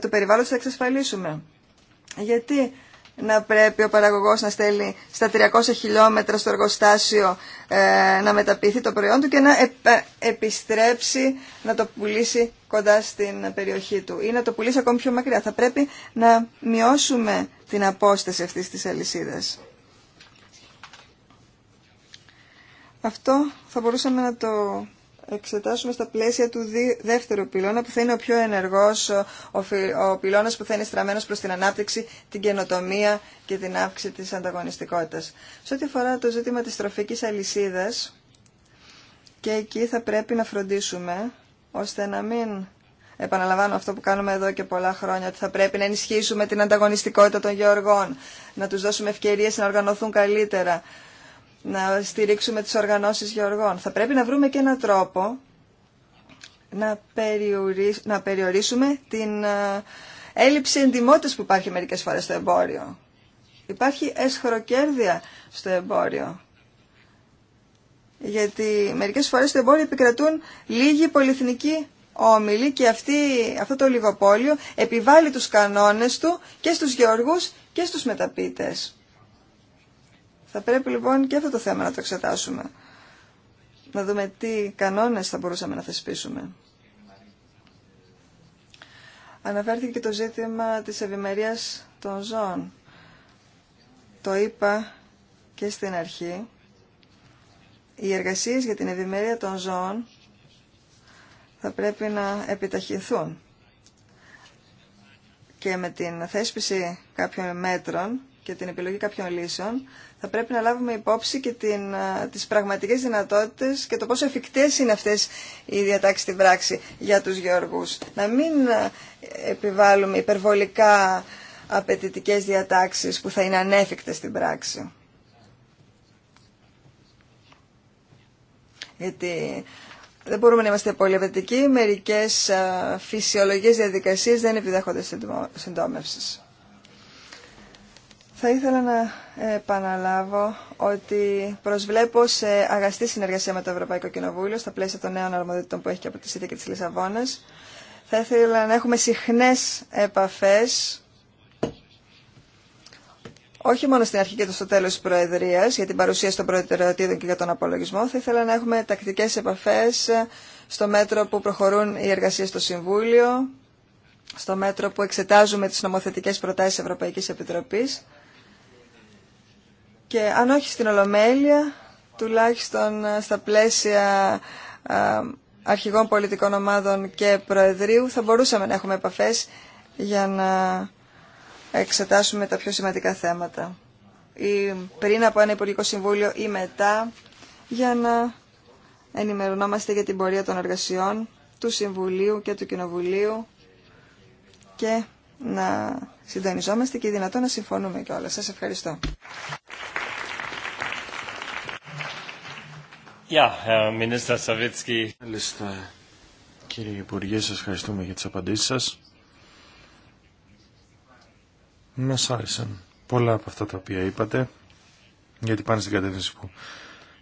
του περιβάλλοντος θα εξασφαλίσουμε. Γιατί να πρέπει ο παραγωγός να στέλνει στα 300 χιλιόμετρα στο εργοστάσιο ε, να μεταποιηθεί το προϊόν του και να ε, επιστρέψει να το πουλήσει κοντά στην περιοχή του ή να το πουλήσει ακόμη πιο μακριά. Θα πρέπει να μειώσουμε την απόσταση αυτής της αλυσίδας. Αυτό θα μπορούσαμε να το εξετάσουμε στα πλαίσια του δεύτερου πυλώνα που θα είναι ο πιο ενεργός, ο πυλώνας που θα είναι στραμμένος προς την ανάπτυξη, την καινοτομία και την αύξηση της ανταγωνιστικότητας. Σε ό,τι αφορά το ζήτημα της τροφικής αλυσίδας, και εκεί θα πρέπει να φροντίσουμε ώστε να μην επαναλαμβάνω αυτό που κάνουμε εδώ και πολλά χρόνια, ότι θα πρέπει να ενισχύσουμε την ανταγωνιστικότητα των γεωργών, να τους δώσουμε ευκαιρίες να οργανωθούν καλύτερα, να στηρίξουμε τις οργανώσεις γεωργών. Θα πρέπει να βρούμε και έναν τρόπο να, να περιορίσουμε την ε, έλλειψη εντιμότητας που υπάρχει μερικές φορές στο εμπόριο. Υπάρχει εσχροκέρδεια στο εμπόριο. Γιατί μερικές φορές στο εμπόριο επικρατούν λίγοι πολυεθνικοί όμιλοι και αυτό το λιγοπόλιο επιβάλλει τους κανόνες του και στους γεωργούς και στους μεταπίτες. Θα πρέπει λοιπόν και αυτό το θέμα να το εξετάσουμε. Να δούμε τι κανόνες θα μπορούσαμε να θεσπίσουμε. Αναφέρθηκε και το ζήτημα της ευημερία των ζώων. Το είπα και στην αρχή. Οι εργασίες για την ευημερία των ζώων θα πρέπει να επιταχυνθούν. Και με την θέσπιση κάποιων μέτρων και την επιλογή κάποιων λύσεων θα πρέπει να λάβουμε υπόψη και την, τις πραγματικές δυνατότητες και το πόσο εφικτές είναι αυτές οι διατάξεις στην πράξη για τους γεωργούς. Να μην επιβάλλουμε υπερβολικά απαιτητικέ διατάξεις που θα είναι ανέφικτες στην πράξη. Γιατί δεν μπορούμε να είμαστε πολύ απαιτητικοί, μερικές φυσιολογικές διαδικασίες δεν επιδέχονται συντόμευσης. Θα ήθελα να επαναλάβω ότι προσβλέπω σε αγαστή συνεργασία με το Ευρωπαϊκό Κοινοβούλιο στα πλαίσια των νέων αρμοδιότητων που έχει και από τη Συνθήκη της Λισαβόνας. Θα ήθελα να έχουμε συχνές επαφές, όχι μόνο στην αρχή και στο τέλο τη Προεδρία για την παρουσίαση των προτεραιοτήτων και για τον απολογισμό. Θα ήθελα να έχουμε τακτικέ επαφέ στο μέτρο που προχωρούν οι εργασίε στο Συμβούλιο, στο μέτρο που εξετάζουμε τι νομοθετικέ προτάσει Ευρωπαϊκή Επιτροπή και αν όχι στην Ολομέλεια, τουλάχιστον ε, στα πλαίσια ε, αρχηγών πολιτικών ομάδων και προεδρίου θα μπορούσαμε να έχουμε επαφές για να εξετάσουμε τα πιο σημαντικά θέματα. Ή πριν από ένα Υπουργικό Συμβούλιο ή μετά για να ενημερωνόμαστε για την πορεία των εργασιών του Συμβουλίου και του Κοινοβουλίου και να συντονιζόμαστε και δυνατόν να συμφωνούμε κιόλας. Σας ευχαριστώ. Uh, Μάλιστα, κύριε Υπουργέ, σας ευχαριστούμε για τις απαντήσεις σας. Μα άρεσαν πολλά από αυτά τα οποία είπατε, γιατί πάνε στην κατεύθυνση που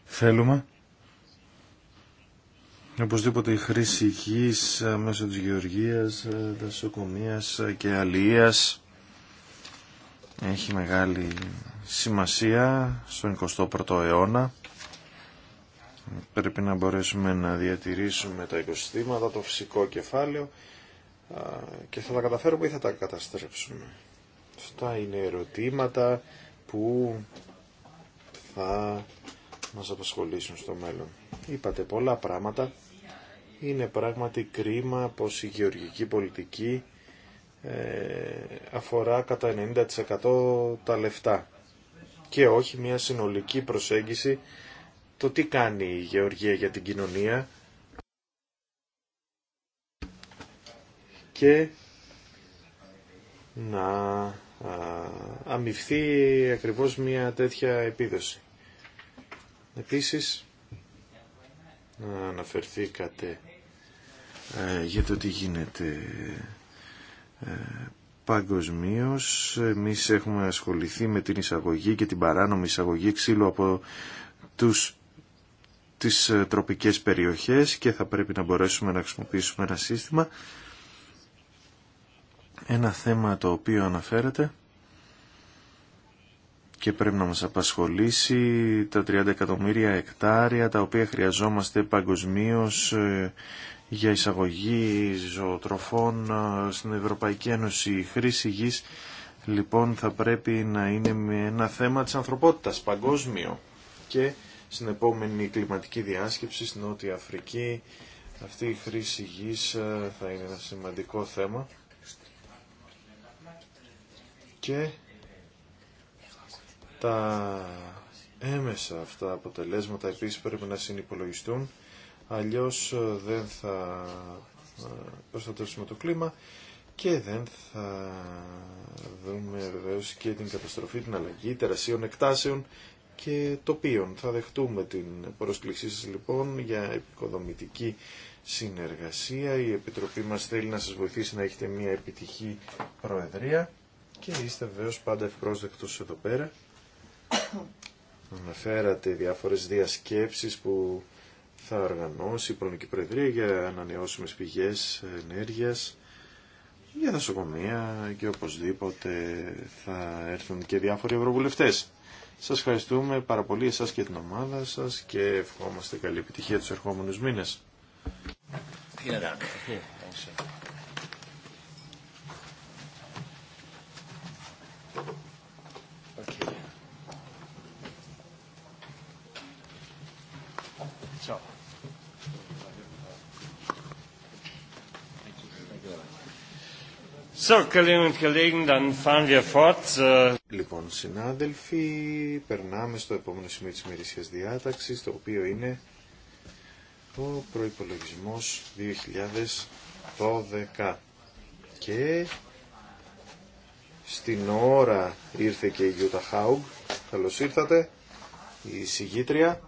θέλουμε. Οπωσδήποτε η χρήση γης ε, μέσω της γεωργίας, ε, δασοκομείας και αλληλείας έχει μεγάλη σημασία στον 21ο αιώνα Πρέπει να μπορέσουμε να διατηρήσουμε τα οικοσυστήματα, το φυσικό κεφάλαιο και θα τα καταφέρουμε ή θα τα καταστρέψουμε. Αυτά είναι ερωτήματα που θα μας απασχολήσουν στο μέλλον. Είπατε πολλά πράγματα. Είναι πράγματι κρίμα πως η γεωργική πολιτική ε, αφορά κατά 90% τα λεφτά και όχι μια συνολική προσέγγιση το τι κάνει η Γεωργία για την κοινωνία και να αμυφθεί ακριβώς μια τέτοια επίδοση. Επίσης, να αναφερθήκατε ε, για το τι γίνεται ε, Παγκοσμίω, εμεί έχουμε ασχοληθεί με την εισαγωγή και την παράνομη εισαγωγή ξύλου από τους τις ε, τροπικές περιοχές και θα πρέπει να μπορέσουμε να χρησιμοποιήσουμε ένα σύστημα. Ένα θέμα το οποίο αναφέρεται και πρέπει να μας απασχολήσει τα 30 εκατομμύρια εκτάρια τα οποία χρειαζόμαστε παγκοσμίω ε, για εισαγωγή ζωοτροφών ε, στην Ευρωπαϊκή Ένωση. Η χρήση γης λοιπόν θα πρέπει να είναι ένα θέμα της ανθρωπότητας παγκόσμιο και στην επόμενη κλιματική διάσκεψη στην Νότια Αφρική. Αυτή η χρήση γης ε, θα είναι ένα σημαντικό θέμα. Και τα έμεσα αυτά αποτελέσματα επίσης πρέπει να συνυπολογιστούν, αλλιώς ε, δεν θα ε, προστατεύσουμε το κλίμα και δεν θα δούμε βεβαίω και την καταστροφή, την αλλαγή τερασίων εκτάσεων και τοπίων. Θα δεχτούμε την πρόσκλησή σας λοιπόν για επικοδομητική συνεργασία. Η Επιτροπή μας θέλει να σας βοηθήσει να έχετε μια επιτυχή προεδρία και είστε βεβαίως πάντα ευπρόσδεκτος εδώ πέρα. Αναφέρατε διάφορες διασκέψεις που θα οργανώσει η Προνική Προεδρία για ανανεώσιμες πηγές ενέργειας, για σοκομεία και οπωσδήποτε θα έρθουν και διάφοροι ευρωβουλευτές. Σας ευχαριστούμε πάρα πολύ εσάς και την ομάδα σας και ευχόμαστε καλή επιτυχία τους ερχόμενους μήνες. Äh. λοιπόν, συνάδελφοι, περνάμε στο επόμενο σημείο της ημερησίας διάταξης, το οποίο είναι ο προϋπολογισμός 2012. Και στην ώρα ήρθε και η Γιούτα Χάουγ, καλώς ήρθατε, η συγγήτρια,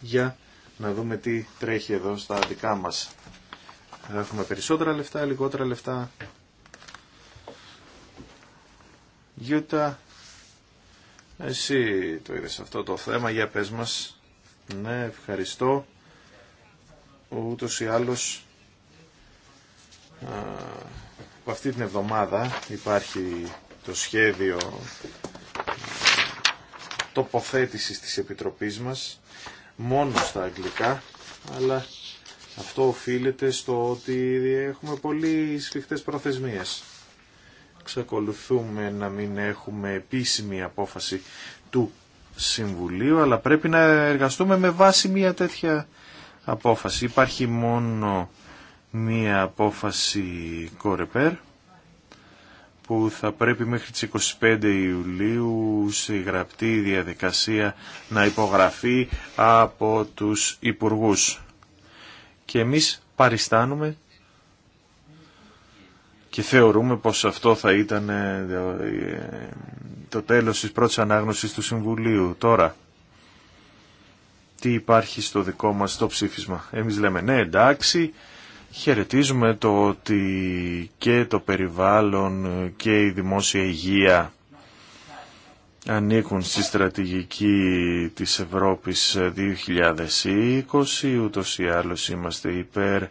για να δούμε τι τρέχει εδώ στα δικά μας έχουμε περισσότερα λεφτά, λιγότερα λεφτά. Γιούτα, εσύ το είδες αυτό το θέμα, για πες μας. Ναι, ευχαριστώ. Ούτως ή άλλως, από αυτή την εβδομάδα υπάρχει το σχέδιο τοποθέτησης της Επιτροπής μας, μόνο στα αγγλικά, αλλά αυτό οφείλεται στο ότι έχουμε πολύ σφιχτές προθεσμίες. Ξεκολουθούμε να μην έχουμε επίσημη απόφαση του Συμβουλίου, αλλά πρέπει να εργαστούμε με βάση μια τέτοια απόφαση. Υπάρχει μόνο μια απόφαση κορεπέρ που θα πρέπει μέχρι τις 25 Ιουλίου σε γραπτή διαδικασία να υπογραφεί από τους Υπουργούς και εμείς παριστάνουμε και θεωρούμε πως αυτό θα ήταν ε, το τέλος της πρώτης ανάγνωσης του Συμβουλίου. Τώρα, τι υπάρχει στο δικό μας το ψήφισμα. Εμείς λέμε ναι εντάξει, χαιρετίζουμε το ότι και το περιβάλλον και η δημόσια υγεία ανήκουν στη στρατηγική της Ευρώπης 2020, ούτως ή άλλως είμαστε υπέρ ε,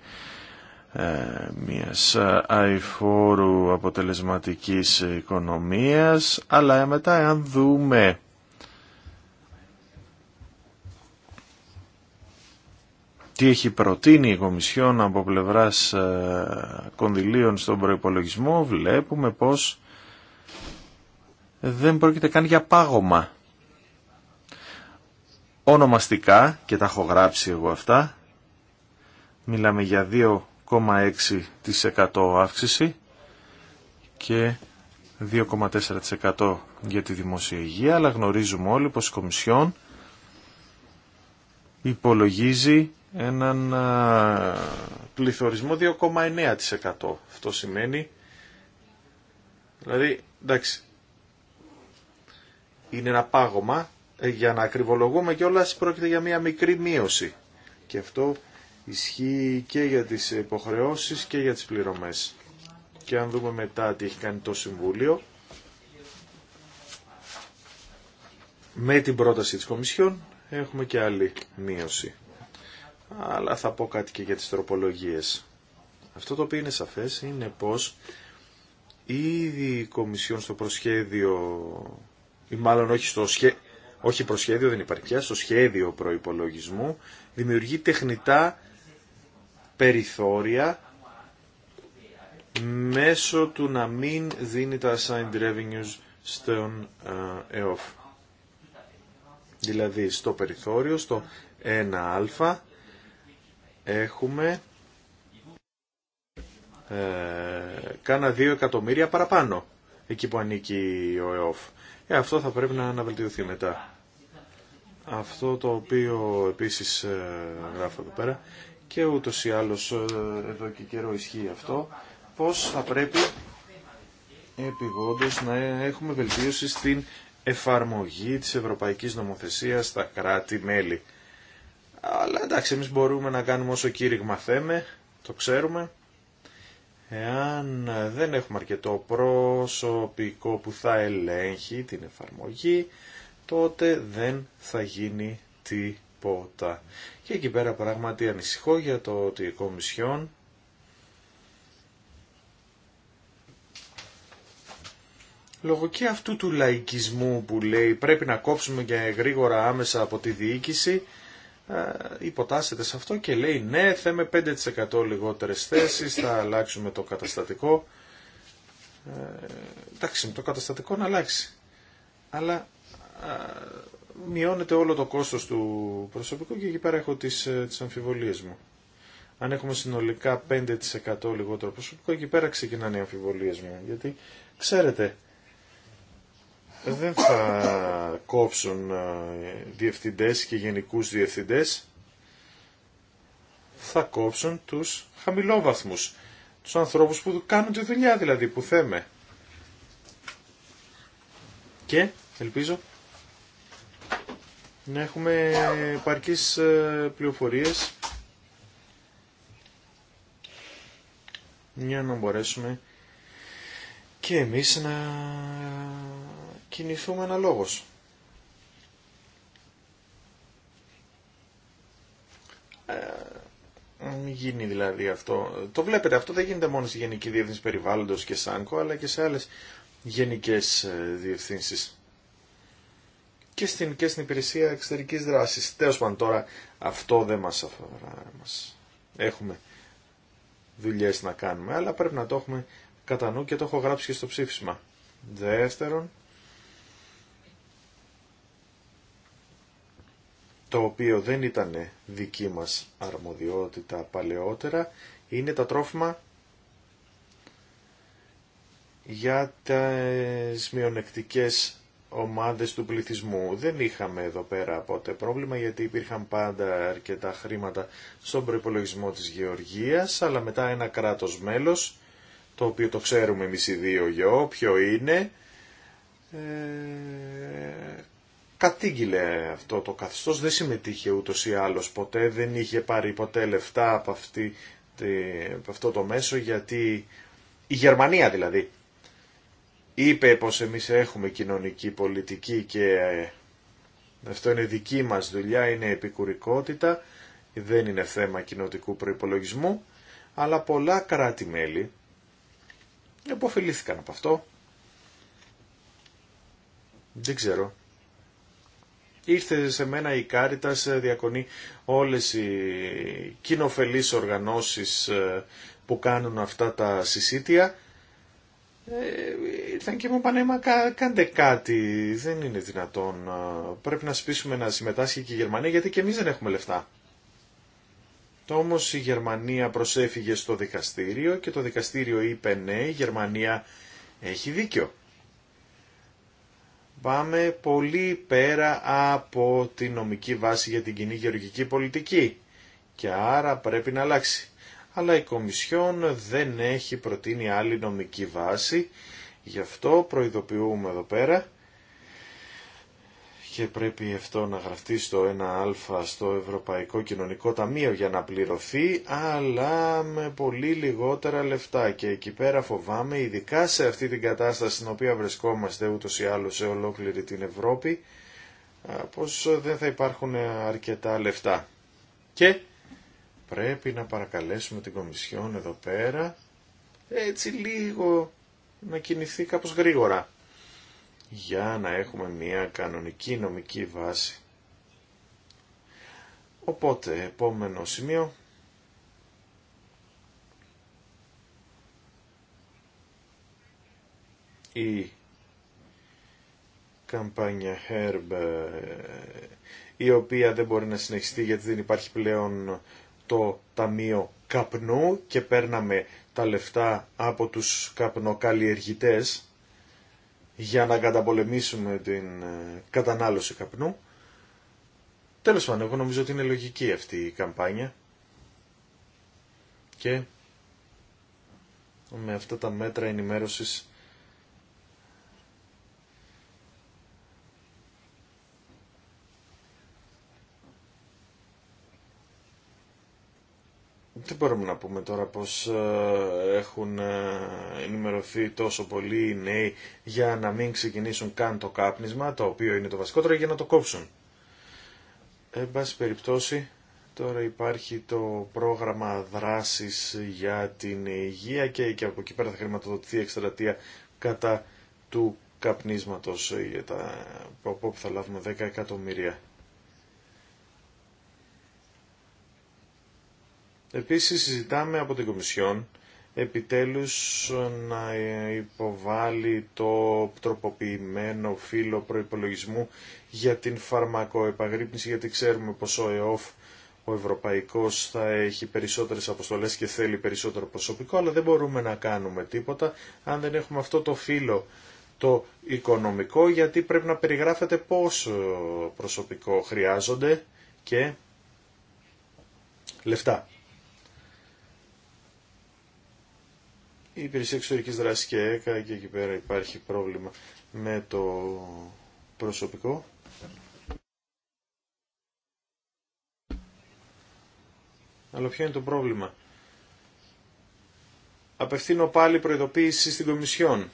μιας αηφόρου αποτελεσματικής οικονομίας, αλλά μετά αν δούμε τι έχει προτείνει η Κομισιόν από πλευράς ε, κονδυλίων στον προϋπολογισμό, βλέπουμε πως δεν πρόκειται καν για πάγωμα. Ονομαστικά, και τα έχω γράψει εγώ αυτά, μιλάμε για 2,6% αύξηση και 2,4% για τη δημόσια υγεία, αλλά γνωρίζουμε όλοι πως η Κομισιόν υπολογίζει έναν πληθωρισμό 2,9%. Αυτό σημαίνει, δηλαδή, εντάξει, είναι ένα πάγωμα ε, για να ακριβολογούμε κιόλα πρόκειται για μια μικρή μείωση. Και αυτό ισχύει και για τις υποχρεώσεις και για τις πληρωμές. Και αν δούμε μετά τι έχει κάνει το Συμβούλιο, με την πρόταση της Κομισιόν έχουμε και άλλη μείωση. Αλλά θα πω κάτι και για τις τροπολογίες. Αυτό το οποίο είναι σαφές είναι πως ήδη η Κομισιόν στο προσχέδιο ή μάλλον όχι, στο σχέ... όχι προσχέδιο, δεν υπάρχει πια, στο σχέδιο προϋπολογισμού, δημιουργεί τεχνητά περιθώρια μέσω του να μην δίνει τα assigned revenues στον ε, ΕΟΦ. Δηλαδή στο περιθώριο, στο 1α έχουμε ε, κάνα 2 εκατομμύρια παραπάνω εκεί που ανήκει ο ΕΟΦ. Ε, αυτό θα πρέπει να αναβελτιωθεί μετά. Αυτό το οποίο επίσης ε, γράφω εδώ πέρα και ούτως ή άλλως ε, εδώ και καιρό ισχύει αυτό, πώς θα πρέπει επιγόντως να έχουμε βελτίωση στην εφαρμογή της ευρωπαϊκής νομοθεσίας στα κράτη-μέλη. Αλλά εντάξει, εμείς μπορούμε να κάνουμε όσο κήρυγμα θέμε, το ξέρουμε. Εάν δεν έχουμε αρκετό προσωπικό που θα ελέγχει την εφαρμογή, τότε δεν θα γίνει τίποτα. Και εκεί πέρα πράγματι ανησυχώ για το ότι η Κομισιόν Λόγω και αυτού του λαϊκισμού που λέει πρέπει να κόψουμε και γρήγορα άμεσα από τη διοίκηση, ε, υποτάσσεται σε αυτό και λέει ναι θέμε 5% λιγότερες θέσεις, θα αλλάξουμε το καταστατικό. Ε, εντάξει, το καταστατικό να αλλάξει. Αλλά μειώνετε μειώνεται όλο το κόστος του προσωπικού και εκεί πέρα έχω τις, ε, τις αμφιβολίες μου. Αν έχουμε συνολικά 5% λιγότερο προσωπικό, εκεί πέρα ξεκινάνε οι αμφιβολίες μου. Γιατί ξέρετε, δεν θα κόψουν ε, διευθυντές και γενικούς διευθυντές, θα κόψουν τους χαμηλόβαθμους, τους ανθρώπους που κάνουν τη δουλειά δηλαδή που θέμε. Και ελπίζω να έχουμε επαρκείς ε, πληροφορίες για να μπορέσουμε και εμείς να κινηθούμε αναλόγως. Ε, Μην γίνει δηλαδή αυτό. Το βλέπετε, αυτό δεν γίνεται μόνο στη Γενική Διεύθυνση Περιβάλλοντος και ΣΑΝΚΟ, αλλά και σε άλλες γενικές ε, διευθύνσεις. Και στην, και στην υπηρεσία εξωτερικής δράσης. Τέλος πάντων τώρα αυτό δεν μας αφορά. Μας. Έχουμε δουλειές να κάνουμε, αλλά πρέπει να το έχουμε κατά νου και το έχω γράψει και στο ψήφισμα. Δεύτερον, το οποίο δεν ήταν δική μας αρμοδιότητα παλαιότερα, είναι τα τρόφιμα για τις μειονεκτικές ομάδες του πληθυσμού. Δεν είχαμε εδώ πέρα πότε πρόβλημα γιατί υπήρχαν πάντα αρκετά χρήματα στον προϋπολογισμό της Γεωργίας, αλλά μετά ένα κράτος μέλος, το οποίο το ξέρουμε εμείς οι δύο γιο, ποιο είναι, ε, κατήγγειλε αυτό το καθεστώς, δεν συμμετείχε ούτως ή άλλως ποτέ, δεν είχε πάρει ποτέ λεφτά από, αυτή, από αυτό το μέσο γιατί η Γερμανία δηλαδή είπε πως εμείς έχουμε κοινωνική πολιτική και ε, αυτό είναι δική μας δουλειά, είναι επικουρικότητα, δεν είναι θέμα αυτο το προϋπολογισμού, αλλά πολλά κράτη-μέλη εποφελήθηκαν από αυτό. Δεν ξέρω Ήρθε σε μένα η Κάριτας, διακονεί όλες οι κοινοφελείς οργανώσεις ε, που κάνουν αυτά τα συσίτια. Ε, ήρθαν και μου είπαν, μα κάντε κάτι, δεν είναι δυνατόν, ε, πρέπει να σπίσουμε να συμμετάσχει και η Γερμανία γιατί και εμείς δεν έχουμε λεφτά. Όμως η Γερμανία προσέφυγε στο δικαστήριο και το δικαστήριο είπε ναι, η Γερμανία έχει δίκιο πάμε πολύ πέρα από τη νομική βάση για την κοινή γεωργική πολιτική και άρα πρέπει να αλλάξει. Αλλά η Κομισιόν δεν έχει προτείνει άλλη νομική βάση, γι' αυτό προειδοποιούμε εδώ πέρα και πρέπει αυτό να γραφτεί στο 1α στο Ευρωπαϊκό Κοινωνικό Ταμείο για να πληρωθεί, αλλά με πολύ λιγότερα λεφτά. Και εκεί πέρα φοβάμαι, ειδικά σε αυτή την κατάσταση στην οποία βρισκόμαστε ούτως ή άλλως σε ολόκληρη την Ευρώπη, πως δεν θα υπάρχουν αρκετά λεφτά. Και πρέπει να παρακαλέσουμε την Κομισιόν εδώ πέρα, έτσι λίγο να κινηθεί κάπως γρήγορα για να έχουμε μια κανονική νομική βάση. Οπότε, επόμενο σημείο. Η καμπάνια HERB, ε, η οποία δεν μπορεί να συνεχιστεί γιατί δεν υπάρχει πλέον το Ταμείο Καπνού και παίρναμε τα λεφτά από τους καπνοκαλλιεργητές για να καταπολεμήσουμε την ε, κατανάλωση καπνού. Τέλος πάντων, εγώ νομίζω ότι είναι λογική αυτή η καμπάνια και με αυτά τα μέτρα ενημέρωσης Δεν μπορούμε να πούμε τώρα πως ε, έχουν ε, ενημερωθεί τόσο πολλοί οι νέοι για να μην ξεκινήσουν καν το κάπνισμα, το οποίο είναι το βασικότερο, για να το κόψουν. Εν πάση περιπτώσει, τώρα υπάρχει το πρόγραμμα δράσης για την υγεία και, και από εκεί πέρα θα χρηματοδοτηθεί εκστρατεία κατά του καπνίσματος, ε, για τα, από θα λάβουμε 10 εκατομμύρια Επίσης συζητάμε από την Κομισιόν επιτέλους να υποβάλει το τροποποιημένο φύλλο προϋπολογισμού για την φαρμακοεπαγρύπνηση, γιατί ξέρουμε πως ο ΕΟΦ, ο Ευρωπαϊκός, θα έχει περισσότερες αποστολές και θέλει περισσότερο προσωπικό, αλλά δεν μπορούμε να κάνουμε τίποτα αν δεν έχουμε αυτό το φύλλο το οικονομικό, γιατί πρέπει να περιγράφεται πόσο προσωπικό χρειάζονται και λεφτά. η υπηρεσία εξωτερική δράσης και ΕΚΑ και εκεί πέρα υπάρχει πρόβλημα με το προσωπικό. Αλλά ποιο είναι το πρόβλημα. Απευθύνω πάλι προειδοποίηση στην Κομισιόν.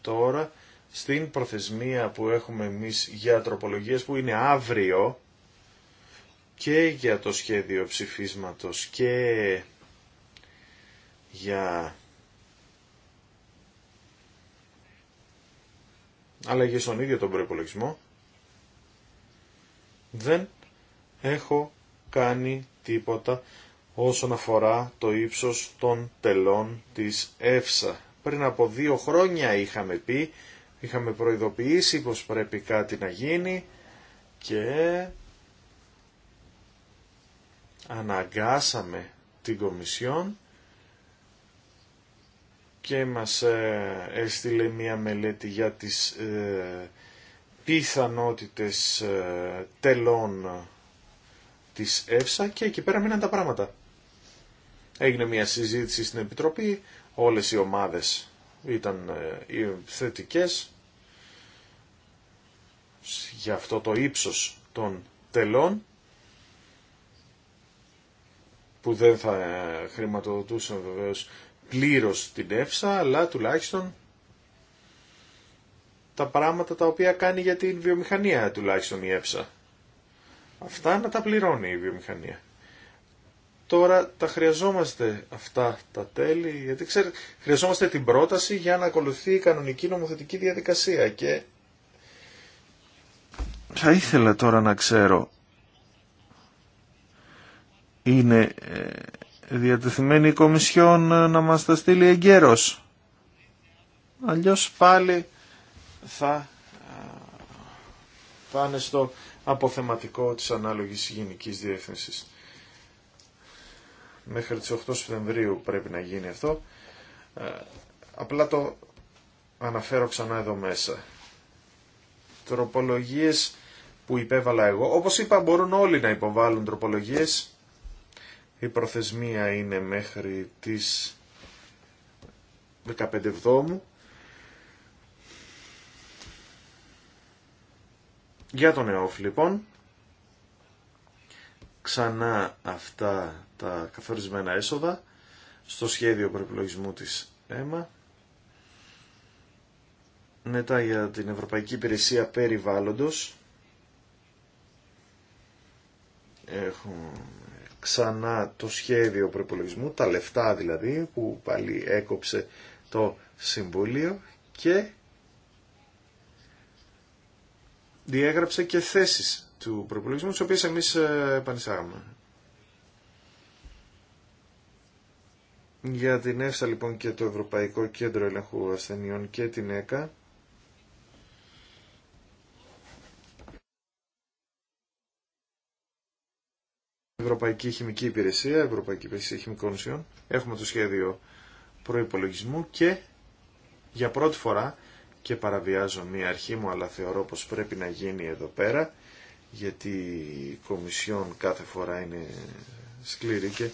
Τώρα, στην προθεσμία που έχουμε εμείς για τροπολογίες που είναι αύριο και για το σχέδιο ψηφίσματος και για και στον ίδιο τον προϋπολογισμό, δεν έχω κάνει τίποτα όσον αφορά το ύψος των τελών της ΕΦΣΑ. Πριν από δύο χρόνια είχαμε πει, είχαμε προειδοποιήσει πως πρέπει κάτι να γίνει και αναγκάσαμε την Κομισιόν και μας ε, έστειλε μία μελέτη για τις ε, πιθανότητες ε, τελών της ΕΦΣΑ και εκεί πέρα μείναν τα πράγματα. Έγινε μία συζήτηση στην Επιτροπή, όλες οι ομάδες ήταν θετικές για αυτό το ύψος των τελών που δεν θα χρηματοδοτούσαν βεβαίως Πλήρω την ΕΦΣΑ, αλλά τουλάχιστον τα πράγματα τα οποία κάνει για την βιομηχανία τουλάχιστον η ΕΦΣΑ. Αυτά να τα πληρώνει η βιομηχανία. Τώρα τα χρειαζόμαστε αυτά τα τέλη, γιατί ξέρετε, χρειαζόμαστε την πρόταση για να ακολουθεί η κανονική νομοθετική διαδικασία και... Θα ήθελα τώρα να ξέρω, είναι ε, διατεθειμένη η Κομισιόν ε, να μας τα στείλει εγκαίρως. Αλλιώς πάλι θα ε, πάνε στο αποθεματικό της ανάλογης γενικής διεύθυνσης. Μέχρι τις 8 Σεπτεμβρίου πρέπει να γίνει αυτό. Ε, απλά το αναφέρω ξανά εδώ μέσα. Τροπολογίες που υπέβαλα εγώ. Όπως είπα μπορούν όλοι να υποβάλουν τροπολογίες η προθεσμία είναι μέχρι τις 15 Εβδόμου. Για τον ΕΟΦ λοιπόν, ξανά αυτά τα καθορισμένα έσοδα στο σχέδιο προεπιλογισμού της ΕΜΑ. Μετά για την Ευρωπαϊκή Υπηρεσία Περιβάλλοντος. Έχουμε ξανά το σχέδιο προπολογισμού, τα λεφτά δηλαδή που πάλι έκοψε το Συμβούλιο και διέγραψε και θέσεις του προπολογισμού τις οποίες εμείς ε, επανεισάγαμε. Για την ΕΦΣΑ λοιπόν και το Ευρωπαϊκό Κέντρο Ελέγχου Ασθενειών και την ΕΚΑ Ευρωπαϊκή Χημική Υπηρεσία, Ευρωπαϊκή Υπηρεσία Χημικών Ουσιών. Έχουμε το σχέδιο προϋπολογισμού και για πρώτη φορά και παραβιάζω μία αρχή μου αλλά θεωρώ πως πρέπει να γίνει εδώ πέρα γιατί η Κομισιόν κάθε φορά είναι σκληρή και ε,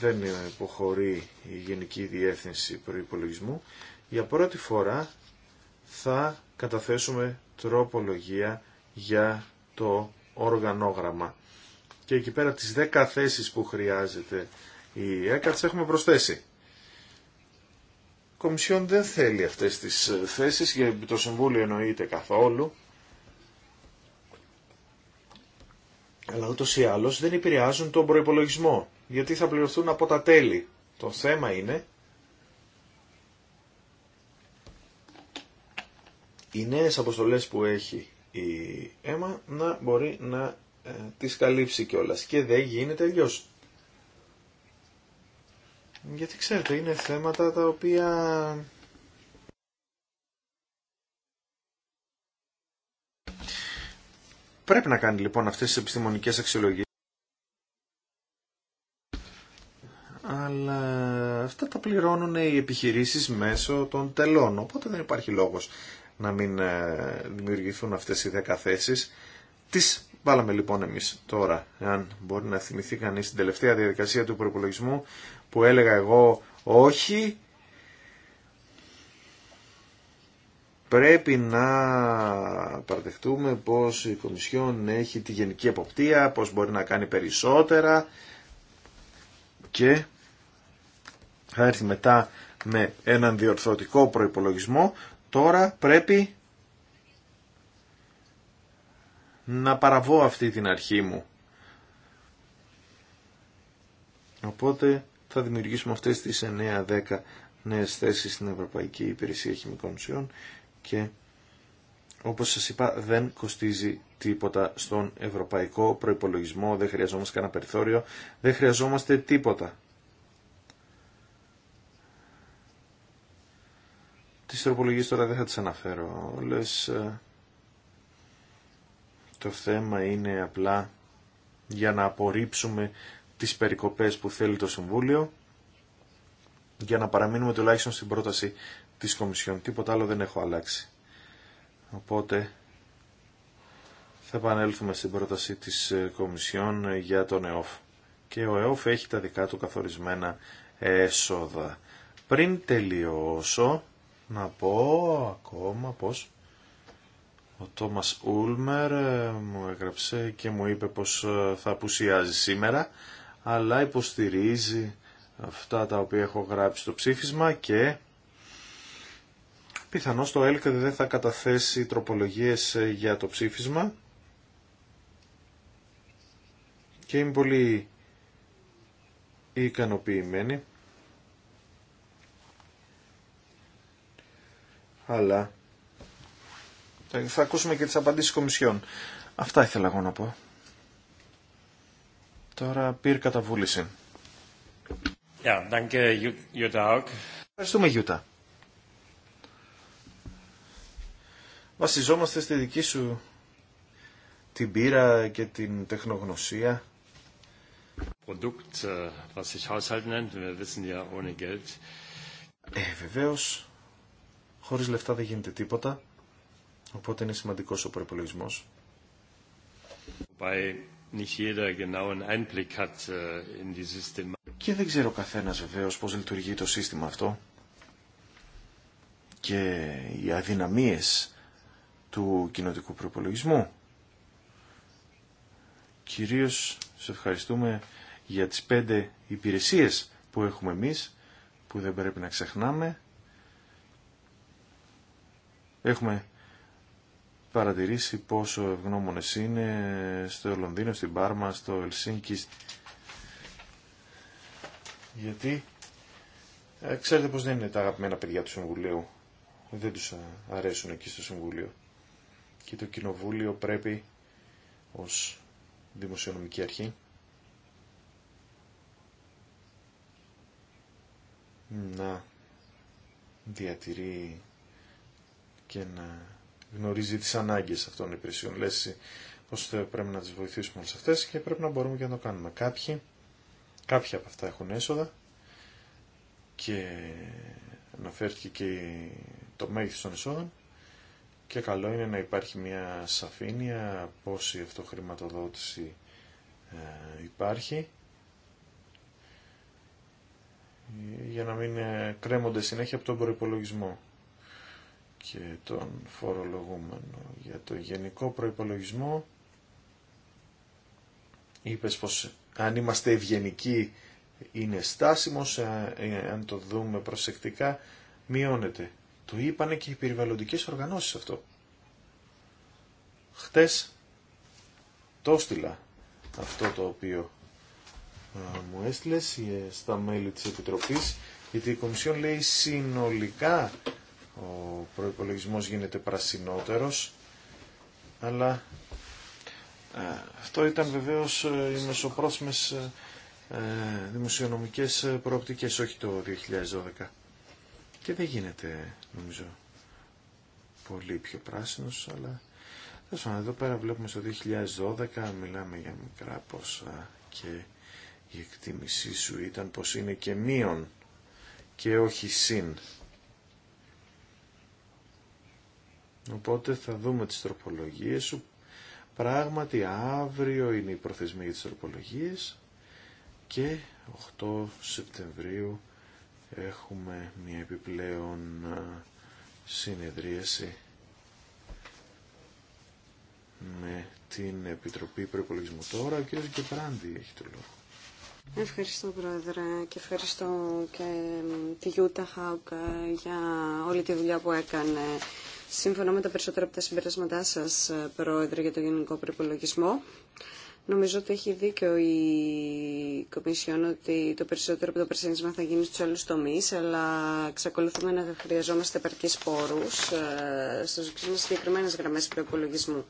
δεν υποχωρεί η Γενική Διεύθυνση Προϋπολογισμού. Για πρώτη φορά θα καταθέσουμε τροπολογία για το οργανόγραμμα και εκεί πέρα τις 10 θέσεις που χρειάζεται η ΕΚΑ έχουμε προσθέσει. Η Κομισιόν δεν θέλει αυτές τις ε, θέσεις για το Συμβούλιο εννοείται καθόλου. Αλλά ούτως ή άλλως δεν επηρεάζουν τον προϋπολογισμό γιατί θα πληρωθούν από τα τέλη. Το θέμα είναι οι νέες αποστολές που έχει η αίμα να μπορεί να ε, τις καλύψει κιόλας και δεν γίνεται αλλιώ. Γιατί ξέρετε, είναι θέματα τα οποία Πρέπει να κάνει λοιπόν αυτές τις επιστημονικές αξιολογίες. Αλλά αυτά τα πληρώνουν οι επιχειρήσεις μέσω των τελών. Οπότε δεν υπάρχει λόγος να μην ε, δημιουργηθούν αυτές οι δέκα θέσεις. Τις Βάλαμε λοιπόν εμείς τώρα, αν μπορεί να θυμηθεί κανείς την τελευταία διαδικασία του προπολογισμού που έλεγα εγώ όχι, πρέπει να παραδεχτούμε πως η Κομισιόν έχει τη γενική εποπτεία, πως μπορεί να κάνει περισσότερα και θα έρθει μετά με έναν διορθωτικό προϋπολογισμό. Τώρα πρέπει να παραβώ αυτή την αρχή μου. Οπότε θα δημιουργήσουμε αυτές τις 9-10 νέες θέσεις στην Ευρωπαϊκή Υπηρεσία Χημικών Ουσιών και όπως σας είπα δεν κοστίζει τίποτα στον ευρωπαϊκό προϋπολογισμό, δεν χρειαζόμαστε κανένα περιθώριο, δεν χρειαζόμαστε τίποτα. Τις τροπολογίες τώρα δεν θα τις αναφέρω όλες, το θέμα είναι απλά για να απορρίψουμε τις περικοπές που θέλει το Συμβούλιο για να παραμείνουμε τουλάχιστον στην πρόταση της Κομισιόν. Τίποτα άλλο δεν έχω αλλάξει. Οπότε θα επανέλθουμε στην πρόταση της ε, Κομισιόν ε, για τον ΕΟΦ. Και ο ΕΟΦ έχει τα δικά του καθορισμένα έσοδα. Πριν τελειώσω να πω ακόμα πως ο Τόμας Ούλμερ ε, μου έγραψε και μου είπε πως ε, θα απουσιάζει σήμερα, αλλά υποστηρίζει αυτά τα οποία έχω γράψει στο ψήφισμα και πιθανώς το ΕΛΚ δεν θα καταθέσει τροπολογίες ε, για το ψήφισμα και είμαι πολύ ικανοποιημένη αλλά θα ακούσουμε και τις απαντήσεις κομισιών. Αυτά ήθελα εγώ να πω. Τώρα πήρ κατά βούληση. Ευχαριστούμε Γιούτα. Βασιζόμαστε στη δική σου την πείρα και την τεχνογνωσία. Produkt, äh, was nennt, wir wissen ε, χωρίς λεφτά δεν γίνεται τίποτα. Οπότε είναι σημαντικός ο προπολογισμό. Äh, και δεν ξέρω καθένας βεβαίως πώς λειτουργεί το σύστημα αυτό και οι αδυναμίες του κοινοτικού προπολογισμού. Κυρίως σε ευχαριστούμε για τις πέντε υπηρεσίες που έχουμε εμείς, που δεν πρέπει να ξεχνάμε. Έχουμε παρατηρήσει πόσο ευγνώμονες είναι στο Λονδίνο, στην Πάρμα, στο Ελσίνκι. Γιατί ε, ξέρετε πως δεν είναι τα αγαπημένα παιδιά του Συμβουλίου. Δεν τους ε, αρέσουν εκεί στο Συμβούλιο. Και το Κοινοβούλιο πρέπει ως δημοσιονομική αρχή να διατηρεί και να γνωρίζει τις ανάγκες αυτών των υπηρεσιών. Λες πως πρέπει να τις βοηθήσουμε όλες αυτές και πρέπει να μπορούμε και να το κάνουμε. Κάποιοι, κάποια από αυτά έχουν έσοδα και αναφέρθηκε και το μέγεθος των εσόδων και καλό είναι να υπάρχει μια σαφήνεια πόση αυτοχρηματοδότηση ε, υπάρχει για να μην ε, κρέμονται συνέχεια από τον προπολογισμό και τον φορολογούμενο. Για το γενικό προϋπολογισμό είπες πως αν είμαστε ευγενικοί είναι στάσιμος, ε, ε, αν το δούμε προσεκτικά μειώνεται. Το είπανε και οι περιβαλλοντικές οργανώσεις αυτό. Χτες το έστειλα αυτό το οποίο ε, μου έστειλε στα μέλη της Επιτροπής, γιατί η Κομισιόν λέει συνολικά ο προπολογισμό γίνεται πρασινότερος, αλλά ε, αυτό ήταν βεβαίως ε, οι μεσοπρόθεσμες ε, δημοσιονομικές προοπτικές, όχι το 2012. Και δεν γίνεται, νομίζω, πολύ πιο πράσινος, αλλά... Εδώ πέρα βλέπουμε στο 2012, μιλάμε για μικρά ποσά και η εκτίμησή σου ήταν πως είναι και μείον και όχι συν. Οπότε θα δούμε τις τροπολογίες σου. Πράγματι αύριο είναι η προθεσμία για τις τροπολογίες και 8 Σεπτεμβρίου έχουμε μια επιπλέον συνεδρίαση με την Επιτροπή Προϋπολογισμού Τώρα ο κ. Κεπράντη έχει το λόγο. Ευχαριστώ Πρόεδρε και ευχαριστώ και τη Γιούτα Χάουκα για όλη τη δουλειά που έκανε Σύμφωνα με τα περισσότερα από τα συμπεράσματά σα, ε, Πρόεδρε, για το Γενικό Προπολογισμό, Νομίζω ότι έχει δίκιο η Κομισιόν ότι το περισσότερο από το περσίνισμα θα γίνει στους άλλους τομείς, αλλά εξακολουθούμε να χρειαζόμαστε επαρκεί πόρους ε, στους συγκεκριμένε γραμμές προπολογισμού.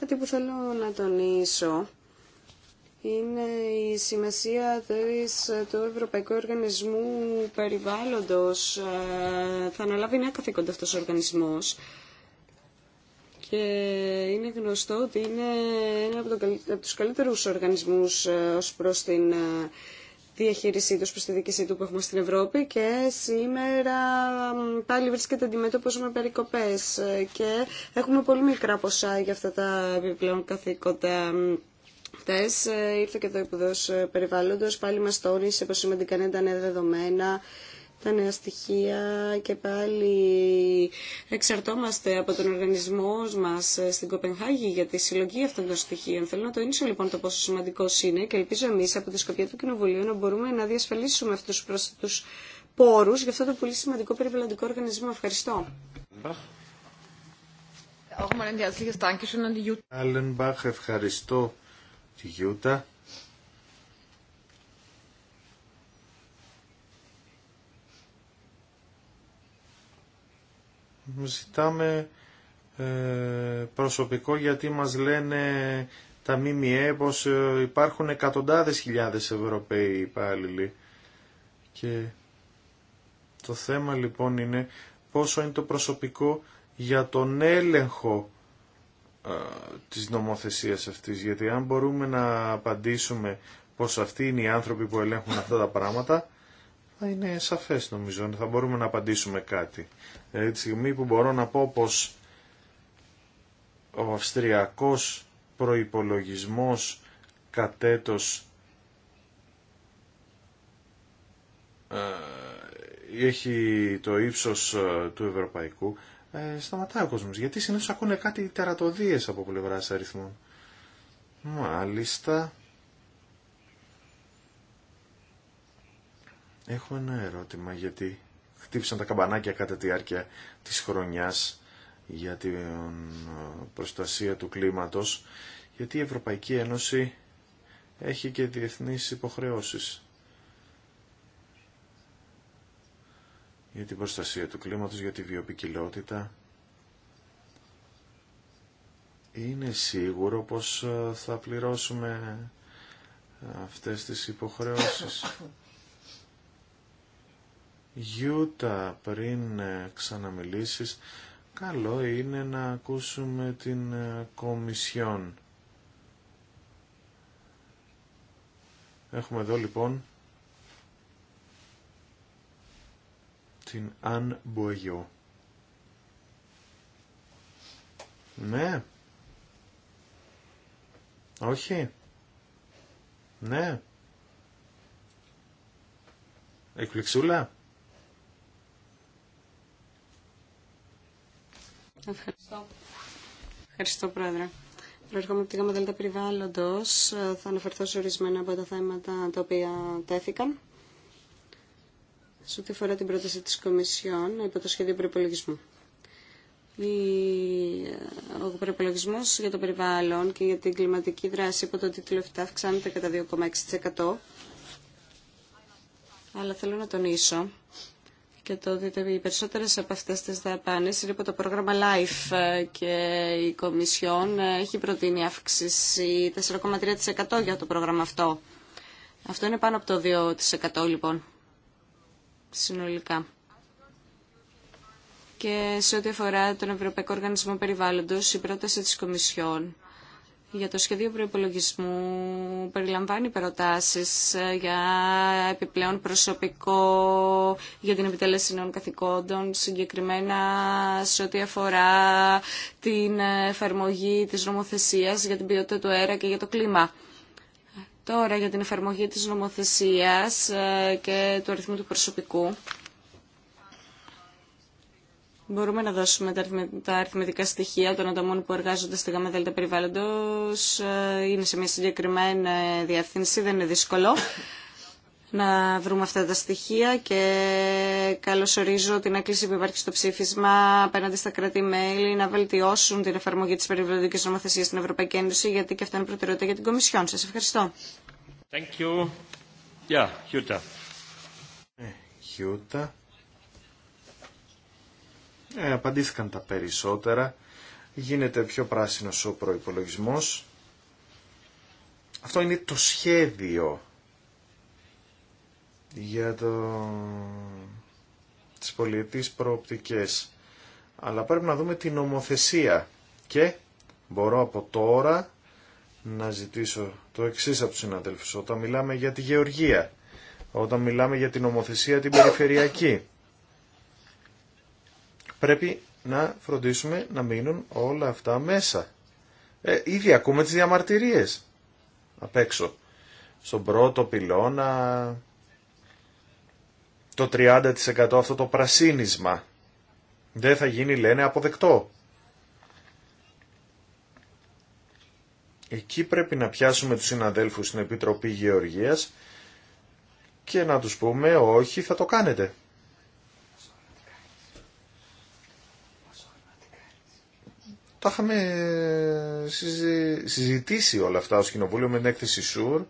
Κάτι που θέλω να τονίσω είναι η σημασία της, του Ευρωπαϊκού Οργανισμού Περιβάλλοντος. Ε, θα αναλάβει νέα καθήκοντα αυτός ο οργανισμός. Και είναι γνωστό ότι είναι ένα από, το, από τους καλύτερους οργανισμούς ε, ως προς την ε, διαχείρισή του, προς τη δίκησή του που έχουμε στην Ευρώπη και σήμερα πάλι βρίσκεται αντιμέτωπος με περικοπές και έχουμε πολύ μικρά ποσά για αυτά τα επιπλέον καθήκοντα Χτες ε, ήρθε και το Υπουργό ε, περιβαλλοντό, πάλι μα τόνισε πως σημαντικά είναι τα νέα δεδομένα, τα νέα στοιχεία και πάλι εξαρτόμαστε από τον οργανισμό μα ε, στην Κοπενχάγη για τη συλλογή αυτών των στοιχείων. Θέλω να τονίσω λοιπόν το πόσο σημαντικό είναι και ελπίζω εμεί από τη Σκοπιά του Κοινοβουλίου να μπορούμε να διασφαλίσουμε αυτού τους πρόσθετου πόρου για αυτό το πολύ σημαντικό περιβαλλοντικό οργανισμό. Ευχαριστώ. ευχαριστώ τη Γιούτα. Ζητάμε ε, προσωπικό γιατί μας λένε τα ΜΜΕ πως ε, υπάρχουν εκατοντάδες χιλιάδες Ευρωπαίοι υπάλληλοι. Και το θέμα λοιπόν είναι πόσο είναι το προσωπικό για τον έλεγχο ε, της νομοθεσίας αυτής. Γιατί αν μπορούμε να απαντήσουμε πως αυτοί είναι οι άνθρωποι που ελέγχουν αυτά τα πράγματα, θα είναι σαφές νομίζω, θα μπορούμε να απαντήσουμε κάτι. Δηλαδή τη στιγμή που μπορώ να πω πως ο αυστριακός προϋπολογισμός κατέτος ε, έχει το ύψος ε, του ευρωπαϊκού, ε, σταματάει ο κόσμος. Γιατί συνήθως ακούνε κάτι τερατοδίες από πλευράς αριθμών. Μάλιστα. Έχω ένα ερώτημα γιατί χτύπησαν τα καμπανάκια κατά τη διάρκεια της χρονιάς για την ε, προστασία του κλίματος, γιατί η Ευρωπαϊκή Ένωση έχει και διεθνείς υποχρεώσεις. για την προστασία του κλίματος, για τη βιοπικιλότητα. Είναι σίγουρο πως ε, θα πληρώσουμε ε, αυτές τις υποχρεώσεις. Γιούτα, πριν ε, ξαναμιλήσεις, καλό είναι να ακούσουμε την Κομισιόν. Έχουμε εδώ λοιπόν την Αν Μποεγιό. Ναι. Όχι. Ναι. Εκπληξούλα. Ευχαριστώ. Ευχαριστώ, Πρόεδρε. Προέρχομαι από τη ΓΑΜΑ Περιβάλλοντος. Θα αναφερθώ σε ορισμένα από τα θέματα τα οποία τέθηκαν σε ό,τι αφορά την πρόταση της Κομισιόν υπό το σχέδιο προπολογισμού. Ο προπολογισμό για το περιβάλλον και για την κλιματική δράση υπό το τίτλο 7 αυξάνεται κατά 2,6%. Αλλά θέλω να τονίσω και το ότι οι περισσότερε από αυτέ τι δαπάνε είναι υπό το πρόγραμμα LIFE και η Κομισιόν έχει προτείνει αύξηση 4,3% για το πρόγραμμα αυτό. Αυτό είναι πάνω από το 2% λοιπόν συνολικά. Και σε ό,τι αφορά τον Ευρωπαϊκό Οργανισμό Περιβάλλοντος, η πρόταση της Κομισιόν για το σχέδιο προϋπολογισμού περιλαμβάνει προτάσεις ε, για επιπλέον προσωπικό, για την επιτέλεση νέων καθηκόντων, συγκεκριμένα σε ό,τι αφορά την εφαρμογή της νομοθεσίας για την ποιότητα του αέρα και για το κλίμα. Τώρα για την εφαρμογή της νομοθεσίας ε, και του αριθμού του προσωπικού. Μπορούμε να δώσουμε τα αριθμητικά στοιχεία των ανταμών που εργάζονται στη ΓΑΜΑ περιβάλλοντος. Ε, είναι σε μια συγκεκριμένη ε, διεύθυνση, δεν είναι δύσκολο να βρούμε αυτά τα στοιχεία και καλωσορίζω την έκκληση που υπάρχει στο ψήφισμα απέναντι στα κράτη-μέλη να βελτιώσουν την εφαρμογή της περιβαλλοντικής νομοθεσίας στην Ευρωπαϊκή Ένωση γιατί και αυτά είναι προτεραιότητα για την Κομισιόν. Σας ευχαριστώ. Thank you. Yeah, Χιούτα. Ε, ε, απαντήθηκαν τα περισσότερα. Γίνεται πιο πράσινος ο προϋπολογισμός. Αυτό είναι το σχέδιο για το... τις πολιετής προοπτικές. Αλλά πρέπει να δούμε την νομοθεσία και μπορώ από τώρα να ζητήσω το εξής από τους συναδέλφους. Όταν μιλάμε για τη γεωργία, όταν μιλάμε για την νομοθεσία την περιφερειακή, πρέπει να φροντίσουμε να μείνουν όλα αυτά μέσα. Ε, ήδη ακούμε τις διαμαρτυρίες απ' έξω. Στον πρώτο πυλώνα το 30% αυτό το πρασίνισμα. Δεν θα γίνει λένε αποδεκτό. Εκεί πρέπει να πιάσουμε τους συναδέλφους στην Επιτροπή Γεωργίας και να τους πούμε όχι θα το κάνετε. Τα είχαμε συζητήσει όλα αυτά ως κοινοβούλιο με την έκθεση ΣΟΥΡ,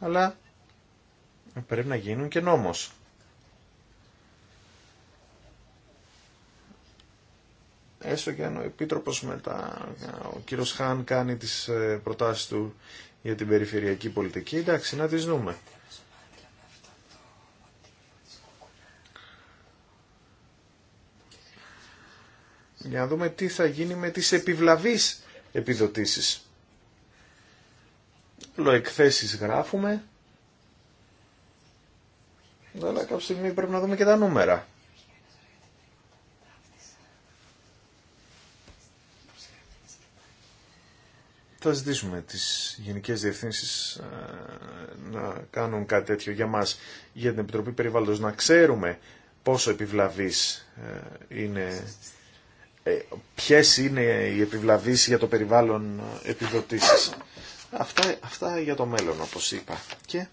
αλλά πρέπει να γίνουν και νόμος. έστω και αν ο Επίτροπος μετά, ο κύριος Χάν κάνει τις ε, προτάσεις του για την περιφερειακή πολιτική, εντάξει, να τις δούμε. Για να δούμε τι θα γίνει με τις επιβλαβείς επιδοτήσεις. Λοεκθέσεις γράφουμε, αλλά κάποια στιγμή πρέπει να δούμε και τα νούμερα. θα ζητήσουμε τις Γενικές Διευθύνσεις ε, να κάνουν κάτι τέτοιο για μας, για την Επιτροπή Περιβάλλοντος, να ξέρουμε πόσο επιβλαβής ε, είναι, ε, ποιες είναι οι επιβλαβείς για το περιβάλλον επιδοτήσεις. Αυτά, αυτά για το μέλλον, όπως είπα. Και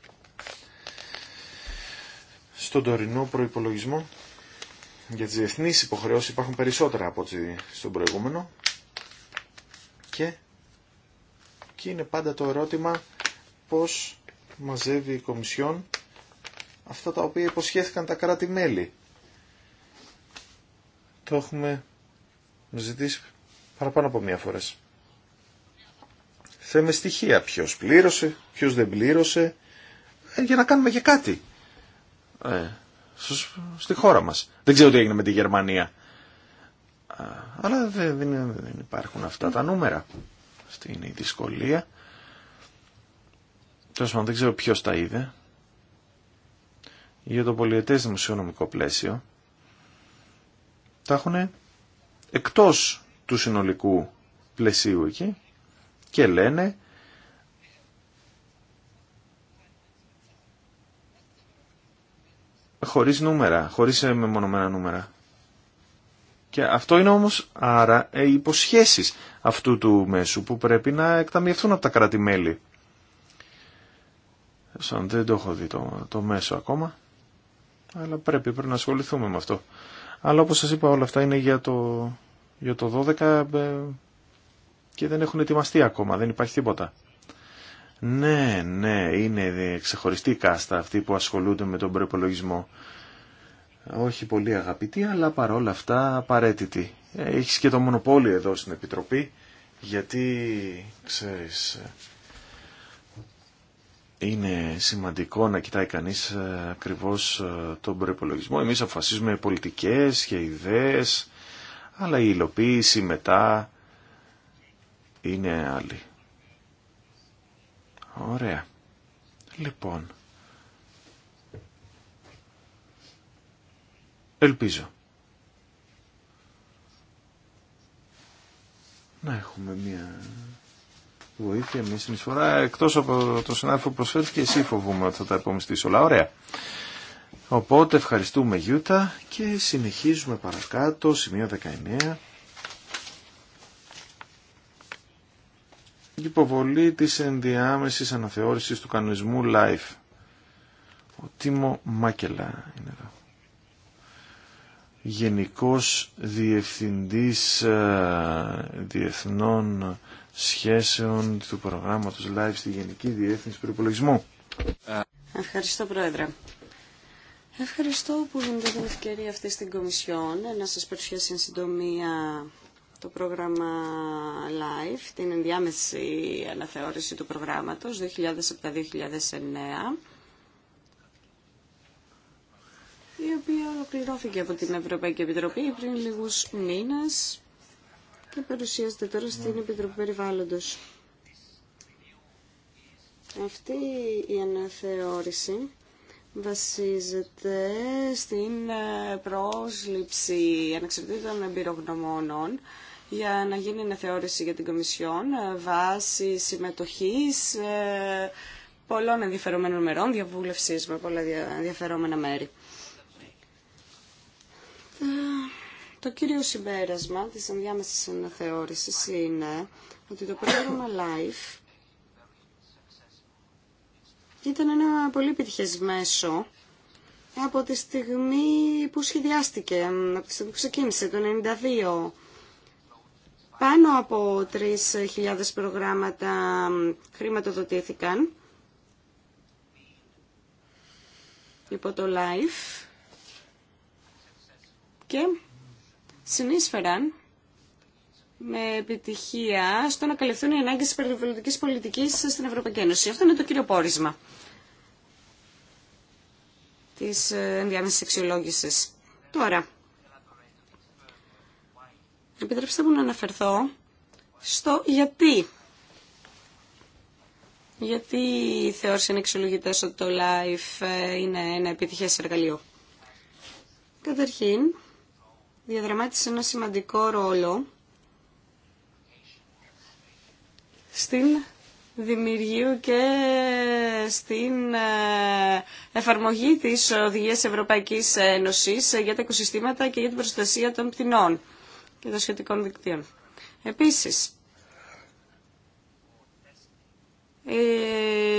στον τωρινό προϋπολογισμό για τις διεθνείς υποχρεώσεις υπάρχουν περισσότερα από ό,τι στον προηγούμενο και και είναι πάντα το ερώτημα πώς μαζεύει η Κομισιόν αυτά τα οποία υποσχέθηκαν τα κράτη-μέλη. Το έχουμε ζητήσει παραπάνω από μία φορές. Θέμε στοιχεία. Ποιος πλήρωσε, ποιος δεν πλήρωσε, ε, για να κάνουμε και κάτι. Ε, στη χώρα μας. Δεν ξέρω τι έγινε με τη Γερμανία. Αλλά δεν, δεν υπάρχουν αυτά τα νούμερα. Αυτή είναι η δυσκολία. Τέλο πάντων, δεν ξέρω ποιο τα είδε. Για το πολιετές δημοσιονομικό πλαίσιο τα έχουν εκτός του συνολικού πλαισίου εκεί και λένε χωρίς νούμερα, χωρίς μεμονωμένα νούμερα. Και αυτό είναι όμως άρα οι ε, υποσχέσεις αυτού του μέσου που πρέπει να εκταμιευθούν από τα κράτη-μέλη. Δεν το έχω δει το, το μέσο ακόμα, αλλά πρέπει, να ασχοληθούμε με αυτό. Αλλά όπως σας είπα όλα αυτά είναι για το, για το 12 ε, και δεν έχουν ετοιμαστεί ακόμα, δεν υπάρχει τίποτα. Ναι, ναι, είναι ξεχωριστή κάστα αυτοί που ασχολούνται με τον προπολογισμό όχι πολύ αγαπητή, αλλά παρόλα αυτά απαραίτητη. Έχεις και το μονοπόλιο εδώ στην Επιτροπή, γιατί, ξέρεις, είναι σημαντικό να κοιτάει κανείς ε, ακριβώς ε, τον προπολογισμό. Εμείς αποφασίζουμε πολιτικές και ιδέες, αλλά η υλοποίηση μετά είναι άλλη. Ωραία. Λοιπόν, Ελπίζω. Να έχουμε μια βοήθεια, μια συνεισφορά. Εκτός από το συνάδελφο που προσφέρθηκε, εσύ φοβούμαι ότι θα τα επομιστείς όλα. Ωραία. Οπότε ευχαριστούμε Γιούτα και συνεχίζουμε παρακάτω, σημείο 19. Υποβολή της ενδιάμεσης αναθεώρησης του κανονισμού LIFE. Ο Τίμο Μάκελα είναι εδώ. Γενικός Διευθυντής ε, Διεθνών Σχέσεων του προγράμματος Live στη Γενική Διεύθυνση Προπολογισμού. Ευχαριστώ Πρόεδρε. Ευχαριστώ που δίνετε την ευκαιρία αυτή στην Κομισιόν να σας παρουσιάσει εν συντομία το πρόγραμμα LIFE, την ενδιάμεση αναθεώρηση του προγράμματος 2007-2009 η οποία ολοκληρώθηκε από την Ευρωπαϊκή Επιτροπή πριν λίγους μήνες και παρουσιάζεται τώρα στην Επιτροπή Περιβάλλοντος. Αυτή η αναθεώρηση βασίζεται στην ε, πρόσληψη ανεξαρτήτων εμπειρογνωμόνων για να γίνει αναθεώρηση για την Κομισιόν ε, βάσει συμμετοχής ε, πολλών ενδιαφερομένων μερών, διαβούλευσης με πολλά ενδιαφερόμενα μέρη. Ε, το κύριο συμπέρασμα της ενδιάμεσης αναθεώρησης είναι ότι το πρόγραμμα LIFE ήταν ένα πολύ επιτυχές μέσο από τη στιγμή που σχεδιάστηκε, από τη στιγμή που ξεκίνησε, το 1992. Πάνω από 3.000 προγράμματα χρηματοδοτήθηκαν υπό το LIFE και συνείσφεραν με επιτυχία στο να καλυφθούν οι ανάγκες της περιβαλλοντικής πολιτικής στην Ευρωπαϊκή Ένωση. Αυτό είναι το κύριο πόρισμα της ε, ενδιάμεσης αξιολόγηση. Τώρα, επιτρέψτε μου να αναφερθώ στο γιατί. Γιατί θεώρησαν οι ότι το LIFE ε, είναι ένα επιτυχές εργαλείο. Καταρχήν, διαδραμάτισε ένα σημαντικό ρόλο στην δημιουργία και στην ε, εφαρμογή της Οδηγίας Ευρωπαϊκής Ένωσης για τα οικοσυστήματα και για την προστασία των πτηνών και των σχετικών δικτύων. Επίσης,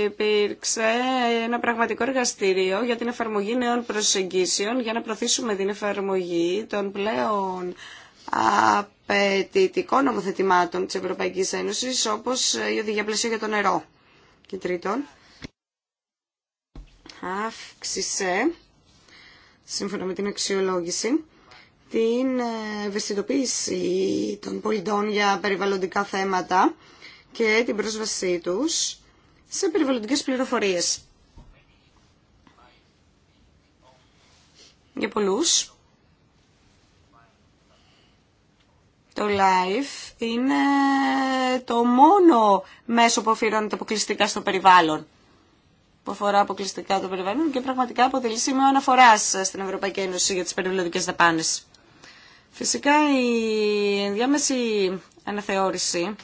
υπήρξε ένα πραγματικό εργαστήριο για την εφαρμογή νέων προσεγγίσεων για να προωθήσουμε την εφαρμογή των πλέον απαιτητικών νομοθετημάτων της Ευρωπαϊκής Ένωσης όπως η οδηγία πλαισίου για το νερό. Και τρίτον, αύξησε, σύμφωνα με την αξιολόγηση, την ευαισθητοποίηση των πολιτών για περιβαλλοντικά θέματα και την πρόσβασή τους σε περιβαλλοντικές πληροφορίες. Για πολλούς, το live είναι το μόνο μέσο που αφιερώνεται αποκλειστικά στο περιβάλλον που αφορά αποκλειστικά το περιβάλλον και πραγματικά αποτελεί σημείο αναφορά στην Ευρωπαϊκή Ένωση για τι περιβαλλοντικέ δαπάνε. Φυσικά η διάμεση αναθεώρηση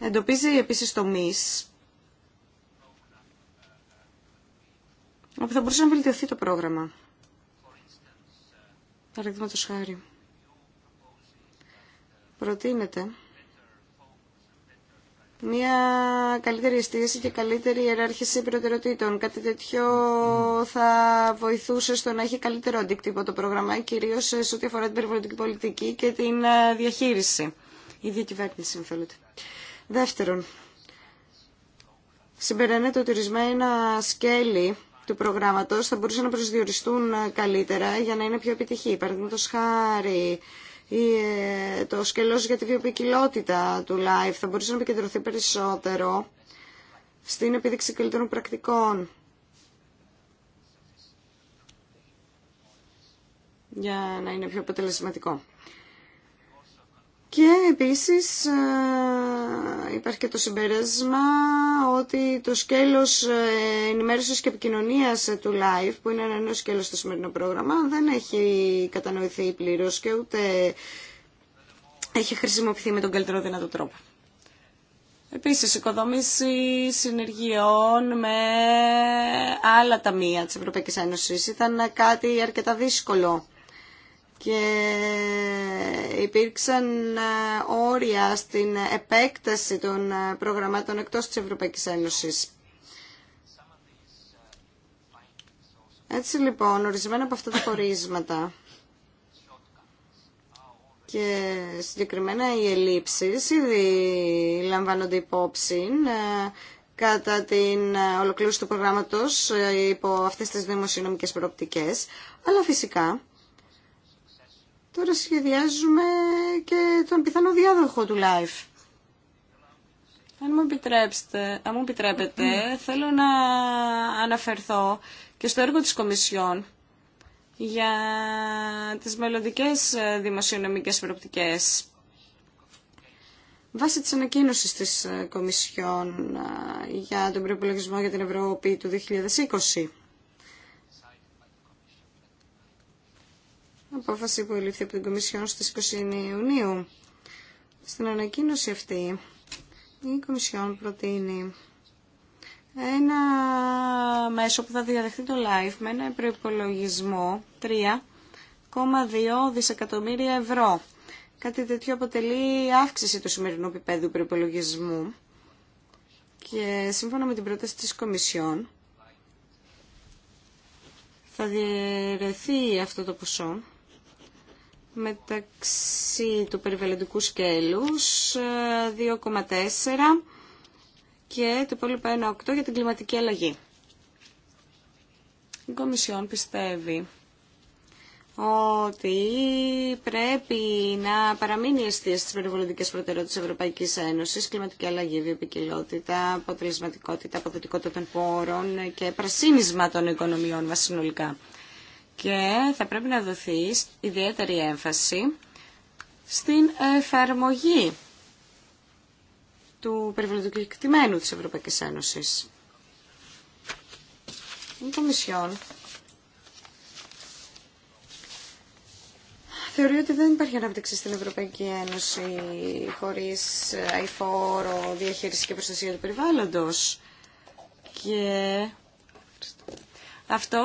Εντοπίζει επίσης τομείς όπου θα μπορούσε να βελτιωθεί το πρόγραμμα. Παραδείγματος χάρη. Προτείνεται μια καλύτερη εστίαση και καλύτερη ιεράρχηση προτεραιοτήτων. Κάτι τέτοιο θα βοηθούσε στο να έχει καλύτερο αντίκτυπο το πρόγραμμα, κυρίω σε ό,τι αφορά την περιβαλλοντική πολιτική και την ε, διαχείριση. Η διακυβέρνηση, αν Δεύτερον, συμπεραίνεται ότι ορισμένα σκέλη του προγράμματος θα μπορούσαν να προσδιοριστούν ε, καλύτερα για να είναι πιο επιτυχή. Παραδείγματο χάρη, ε, το σκελός για τη βιοποικιλότητα του live θα μπορούσε να επικεντρωθεί περισσότερο στην επίδειξη καλύτερων πρακτικών. για να είναι πιο αποτελεσματικό. Και επίσης ε, υπάρχει και το συμπέρασμα ότι το σκέλος ε, ενημέρωσης και επικοινωνίας ε, του live, που είναι ένα νέο σκέλος στο σημερινό πρόγραμμα, δεν έχει κατανοηθεί πλήρως και ούτε έχει χρησιμοποιηθεί με τον καλύτερο δυνατό τρόπο. Επίσης, οικοδόμηση συνεργειών με άλλα ταμεία της Ευρωπαϊκής Ένωσης ήταν κάτι αρκετά δύσκολο και υπήρξαν ε, όρια στην επέκταση των ε, προγραμμάτων εκτός της Ευρωπαϊκής Ένωσης. Έτσι λοιπόν, ορισμένα από αυτά τα χωρίσματα και συγκεκριμένα οι ελλείψεις ήδη λαμβάνονται υπόψη ε, κατά την ολοκλήρωση του προγράμματος υπό αυτές τις δημοσιονομικές προοπτικές, αλλά φυσικά Τώρα σχεδιάζουμε και τον πιθανό διάδοχο του live. Αν μου, επιτρέψετε, αν μου επιτρέπετε, mm. θέλω να αναφερθώ και στο έργο της Κομισιόν για τις μελλοντικέ δημοσιονομικές προοπτικές. Βάσει της ανακοίνωσης της Κομισιόν ε, για τον προπολογισμό για την Ευρώπη του 2020, απόφαση που ελήφθη από την Κομισιόν στις 20 Ιουνίου. Στην ανακοίνωση αυτή η Κομισιόν προτείνει ένα μέσο που θα διαδεχτεί το live με ένα προπολογισμό 3,2 δισεκατομμύρια ευρώ. Κάτι τέτοιο αποτελεί αύξηση του σημερινού επίπεδου προπολογισμού και σύμφωνα με την πρόταση της Κομισιόν θα διαιρεθεί αυτό το ποσό μεταξύ του περιβαλλοντικού σκέλους 2,4 ε, και το υπόλοιπο 1,8 για την κλιματική αλλαγή. Η Κομισιόν πιστεύει ότι πρέπει να παραμείνει η στις περιβαλλοντικές προτεραιότητες της Ευρωπαϊκής Ένωσης, κλιματική αλλαγή, βιοπικιλότητα, αποτελεσματικότητα, αποδοτικότητα των πόρων και πρασίνισμα των οικονομιών μας συνολικά και θα πρέπει να δοθεί ιδιαίτερη έμφαση στην εφαρμογή του περιβαλλοντικού κεκτημένου της Ευρωπαϊκής Ένωσης. Η Κομισιόν θεωρεί ότι δεν υπάρχει ανάπτυξη στην Ευρωπαϊκή Ένωση χωρίς αηφόρο, διαχείριση και προστασία του περιβάλλοντος. Και αυτό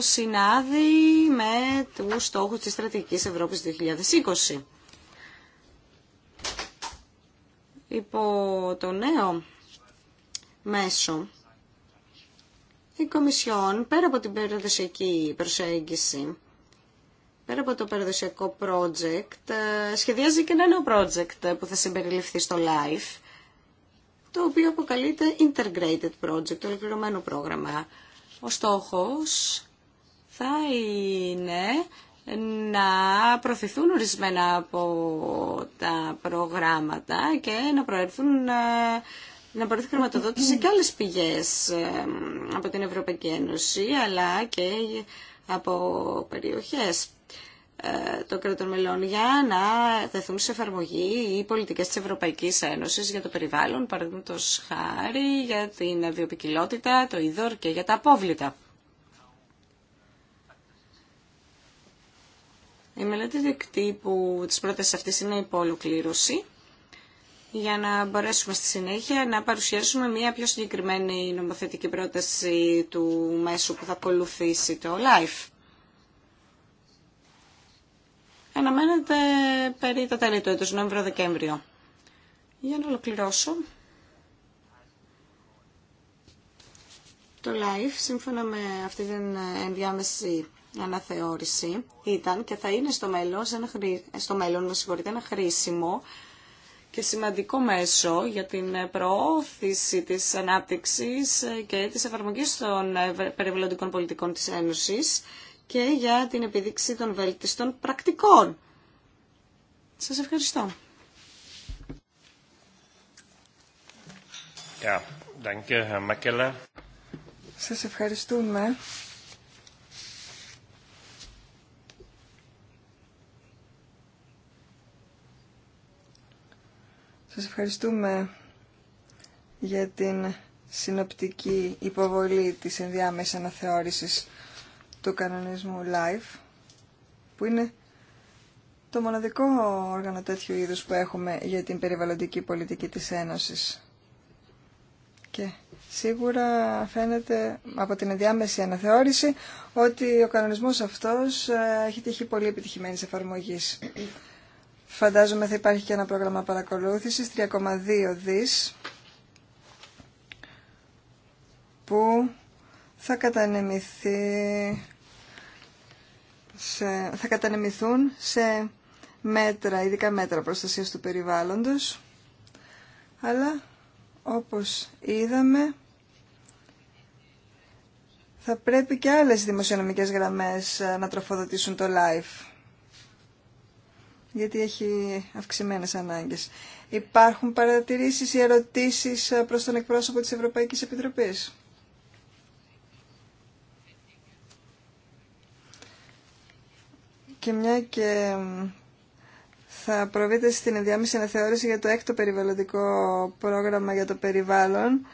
συνάδει με τους στόχους της Στρατηγικής Ευρώπης 2020. Υπό το νέο μέσο, η Κομισιόν, πέρα από την περιοδοσιακή προσέγγιση, πέρα από το περιοδοσιακό project, ε, σχεδιάζει και ένα νέο project που θα συμπεριληφθεί στο LIFE, το οποίο αποκαλείται Integrated Project, το ολοκληρωμένο πρόγραμμα ο στόχος θα είναι να προωθηθούν ορισμένα από τα προγράμματα και να προέρθουν ε, να προωθεί χρηματοδότηση και άλλες πηγές ε, από την Ευρωπαϊκή Ένωση αλλά και από περιοχές ε, των κρατών μελών για να δεθούν σε εφαρμογή οι πολιτικές τη Ευρωπαϊκής Ένωση για το περιβάλλον, παραδείγματο χάρη για την βιοπικιλότητα, το είδωρ και για τα απόβλητα. Η μελέτη δικτύπου τη πρόταση αυτή είναι υπό ολοκλήρωση για να μπορέσουμε στη συνέχεια να παρουσιάσουμε μια πιο συγκεκριμένη νομοθετική πρόταση του μέσου που θα ακολουθήσει το LIFE αναμένεται περί τα τέλη του έτους, Νοέμβριο-Δεκέμβριο. Για να ολοκληρώσω. Το live, σύμφωνα με αυτή την ενδιάμεση αναθεώρηση, ήταν και θα είναι στο μέλλον, στο μέλλον με συγχωρείτε, ένα χρήσιμο και σημαντικό μέσο για την προώθηση της ανάπτυξης και της εφαρμογής των περιβαλλοντικών πολιτικών της Ένωσης και για την επιδείξη των βέλτιστων πρακτικών. Σας ευχαριστώ. Σα danke, Σας ευχαριστούμε. Σας ευχαριστούμε για την συνοπτική υποβολή της ενδιάμεσης αναθεώρησης του κανονισμού LIFE, που είναι το μοναδικό όργανο τέτοιου είδους που έχουμε για την περιβαλλοντική πολιτική της Ένωσης. Και σίγουρα φαίνεται από την ενδιάμεση αναθεώρηση ότι ο κανονισμός αυτός ε, έχει τύχει πολύ επιτυχημένης εφαρμογής. Φαντάζομαι θα υπάρχει και ένα πρόγραμμα παρακολούθησης, 3,2 δις, που θα κατανεμηθεί θα κατανεμηθούν σε μέτρα, ειδικά μέτρα προστασίας του περιβάλλοντος, αλλά όπως είδαμε θα πρέπει και άλλες δημοσιονομικές γραμμές ε, να τροφοδοτήσουν το live γιατί έχει αυξημένες ανάγκες. Υπάρχουν παρατηρήσεις ή ερωτήσεις ε, προς τον εκπρόσωπο της Ευρωπαϊκής Επιτροπής. Και μια και θα προβείτε στην ενδιάμεση αναθεώρηση για το έκτο περιβαλλοντικό πρόγραμμα για το περιβάλλον,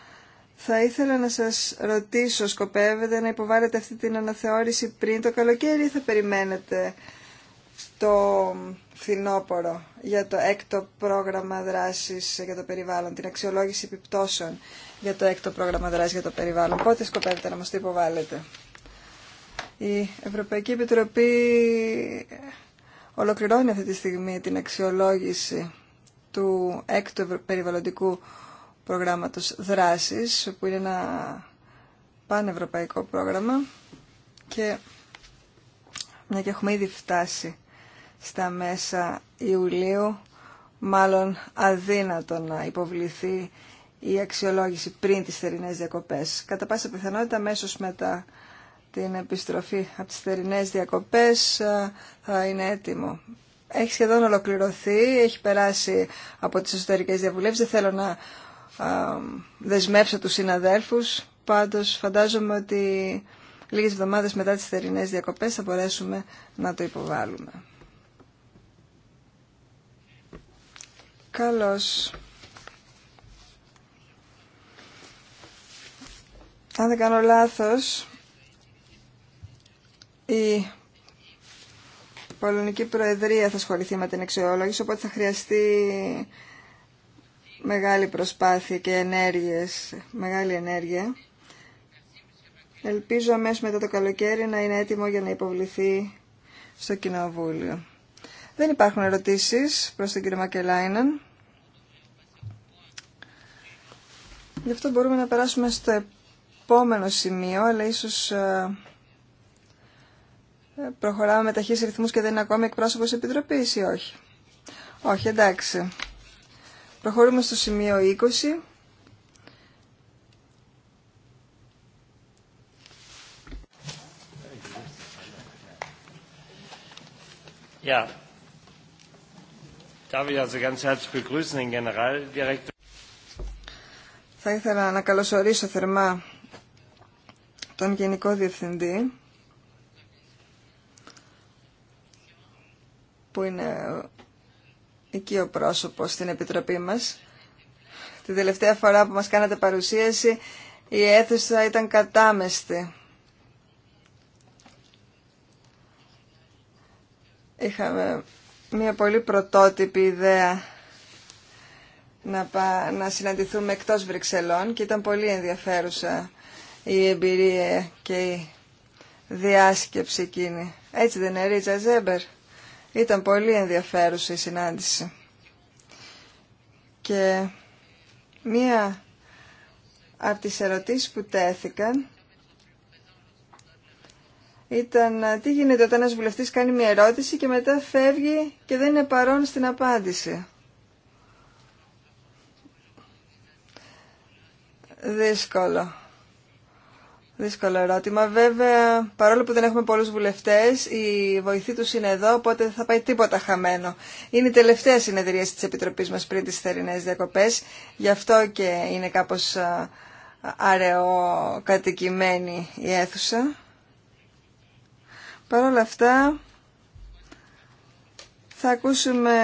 θα ήθελα να σας ρωτήσω, σκοπεύετε να υποβάλλετε αυτή την αναθεώρηση πριν το καλοκαίρι ή θα περιμένετε το φθινόπωρο για το έκτο πρόγραμμα δράσης για το περιβάλλον, την αξιολόγηση επιπτώσεων για το έκτο πρόγραμμα δράσης για το περιβάλλον. Πότε σκοπεύετε να μας το υποβάλλετε. Η Ευρωπαϊκή Επιτροπή ολοκληρώνει αυτή τη στιγμή την αξιολόγηση του έκτου περιβαλλοντικού προγράμματος δράσης, που είναι ένα πανευρωπαϊκό πρόγραμμα και μια και έχουμε ήδη φτάσει στα μέσα Ιουλίου, μάλλον αδύνατο να υποβληθεί η αξιολόγηση πριν τις θερινές διακοπές. Κατά πάσα πιθανότητα μέσως μετά την επιστροφή από τις θερινές διακοπές θα είναι έτοιμο. Έχει σχεδόν ολοκληρωθεί, έχει περάσει από τις εσωτερικές διαβουλεύσεις. Δεν θέλω να δεσμεύσω τους συναδέλφους, πάντως φαντάζομαι ότι λίγες εβδομάδες μετά τις θερινές διακοπές θα μπορέσουμε να το υποβάλουμε. Καλώς. Αν δεν κάνω λάθος, η Πολωνική Προεδρία θα ασχοληθεί με την αξιολόγηση, οπότε θα χρειαστεί μεγάλη προσπάθεια και ενέργειες, μεγάλη ενέργεια. Ελπίζω αμέσως μετά το καλοκαίρι να είναι έτοιμο για να υποβληθεί στο Κοινοβούλιο. Δεν υπάρχουν ερωτήσεις προς τον κύριο Μακελάιναν. Γι' αυτό μπορούμε να περάσουμε στο επόμενο σημείο, αλλά ίσως ε, ε, προχωράμε με ταχύς ρυθμούς και δεν είναι ακόμη εκπρόσωπος επιτροπής ή όχι. Όχι, εντάξει. Προχωρούμε στο σημείο 20. Θα ήθελα να καλωσορίσω θερμά τον Γενικό Διευθυντή που είναι εκεί ο πρόσωπος στην Επιτροπή μας. Την τελευταία φορά που μας κάνατε παρουσίαση η αίθουσα ήταν κατάμεστη. Είχαμε μια πολύ πρωτότυπη ιδέα να, να συναντηθούμε εκτός Βρυξελών και ήταν πολύ ενδιαφέρουσα η εμπειρία και η διάσκεψη εκείνη. Έτσι δεν είναι Ρίτσα Ζέμπερ. Ήταν πολύ ενδιαφέρουσα η συνάντηση. Και μία από τις ερωτήσεις που τέθηκαν ήταν τι γίνεται όταν ένας βουλευτής κάνει μια ερώτηση και μετά φεύγει και δεν είναι παρόν στην απάντηση. Δύσκολο. Δύσκολο ερώτημα. Βέβαια, παρόλο που δεν έχουμε πολλούς βουλευτές, η βοηθή τους είναι εδώ, οπότε δεν θα πάει τίποτα χαμένο. Είναι η τελευταία συνεδρία της Επιτροπής μας πριν τις θερινές διακοπές, γι' αυτό και είναι κάπως αραιό κατοικημένη η αίθουσα. Παρ' όλα αυτά, θα ακούσουμε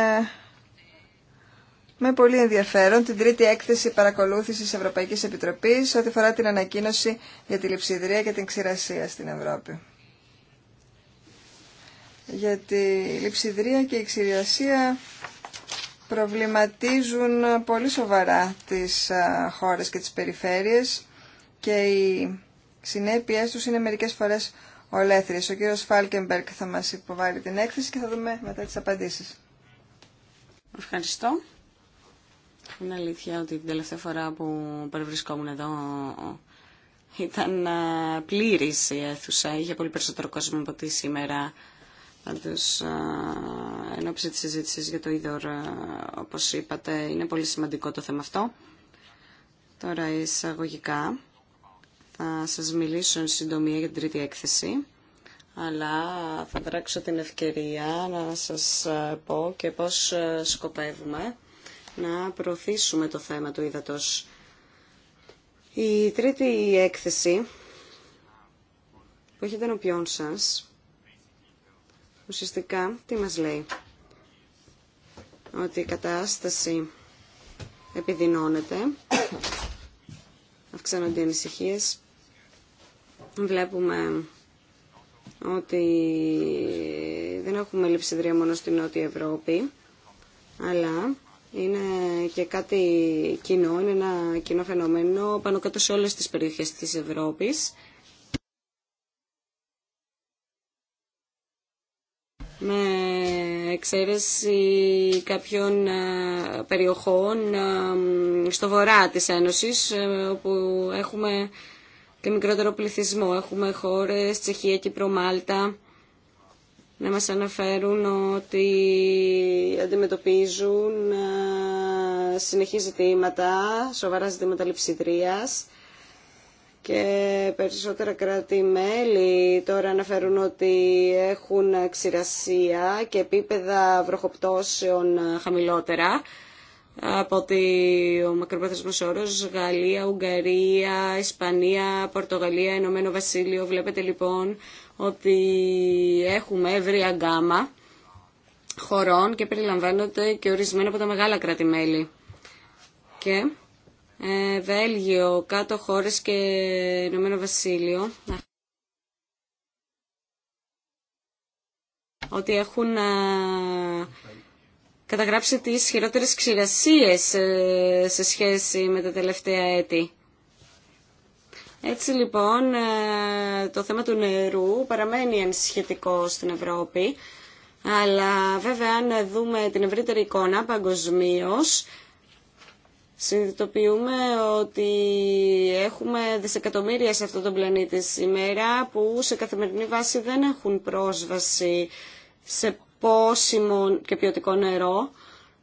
με πολύ ενδιαφέρον την τρίτη έκθεση παρακολούθησης Ευρωπαϊκής Επιτροπής ό,τι αφορά την ανακοίνωση για τη λειψιδρία και την ξηρασία στην Ευρώπη. Γιατί η λειψιδρία και η ξηρασία προβληματίζουν πολύ σοβαρά τις χώρες και τις περιφέρειες και οι συνέπειές τους είναι μερικές φορές ολέθριες. Ο κύριος Φάλκεμπερκ θα μας υποβάλει την έκθεση και θα δούμε μετά τις απαντήσεις. Ευχαριστώ. Είναι αλήθεια ότι την τελευταία φορά που παρευρισκόμουν εδώ ήταν ε, πλήρης η αίθουσα. Είχε πολύ περισσότερο κόσμο από τη σήμερα. Πάντως, ε, εν ώψη τη συζήτηση για το είδωρ, ε, όπω είπατε, είναι πολύ σημαντικό το θέμα αυτό. Τώρα, εισαγωγικά, θα σας μιλήσω εν συντομία για την τρίτη έκθεση αλλά θα δράξω την ευκαιρία να σας πω και πώς σκοπεύουμε να προωθήσουμε το θέμα του ύδατος. Η τρίτη έκθεση που έχετε ενωπιόν σας, ουσιαστικά τι μας λέει. Ότι η κατάσταση επιδεινώνεται, αυξάνονται οι ανησυχίες, βλέπουμε ότι δεν έχουμε λειψιδρία μόνο στην Νότια Ευρώπη, αλλά είναι και κάτι κοινό, είναι ένα κοινό φαινομένο πάνω κάτω σε όλες τις περιοχές της Ευρώπης. Με εξαίρεση κάποιων ε, περιοχών ε, στο βορρά της Ένωσης, ε, όπου έχουμε και μικρότερο πληθυσμό. Έχουμε χώρες, Τσεχία, Κύπρο, Προμάλτα να μας αναφέρουν ότι αντιμετωπίζουν συνεχή ζητήματα, σοβαρά ζητήματα λειψιδρίας και περισσότερα κράτη-μέλη τώρα αναφέρουν ότι έχουν ξηρασία και επίπεδα βροχοπτώσεων χαμηλότερα από ότι ο μακροπρόθεσμος όρος Γαλλία, Ουγγαρία, Ισπανία, Πορτογαλία, Ηνωμένο Βασίλειο. Βλέπετε λοιπόν ότι έχουμε ευρία γκάμα χωρών και περιλαμβάνονται και ορισμένα από τα μεγάλα κράτη-μέλη. Και ε, Βέλγιο, κάτω χώρες και Ηνωμένο Βασίλειο. Ότι έχουν ε, καταγράψει τις χειρότερες ξηρασίες ε, σε σχέση με τα τελευταία έτη. Έτσι λοιπόν ε, το θέμα του νερού παραμένει ενσχετικό στην Ευρώπη. Αλλά βέβαια αν δούμε την ευρύτερη εικόνα παγκοσμίω, συνειδητοποιούμε ότι έχουμε δισεκατομμύρια σε αυτό τον πλανήτη σήμερα που σε καθημερινή βάση δεν έχουν πρόσβαση σε πόσιμο και ποιοτικό νερό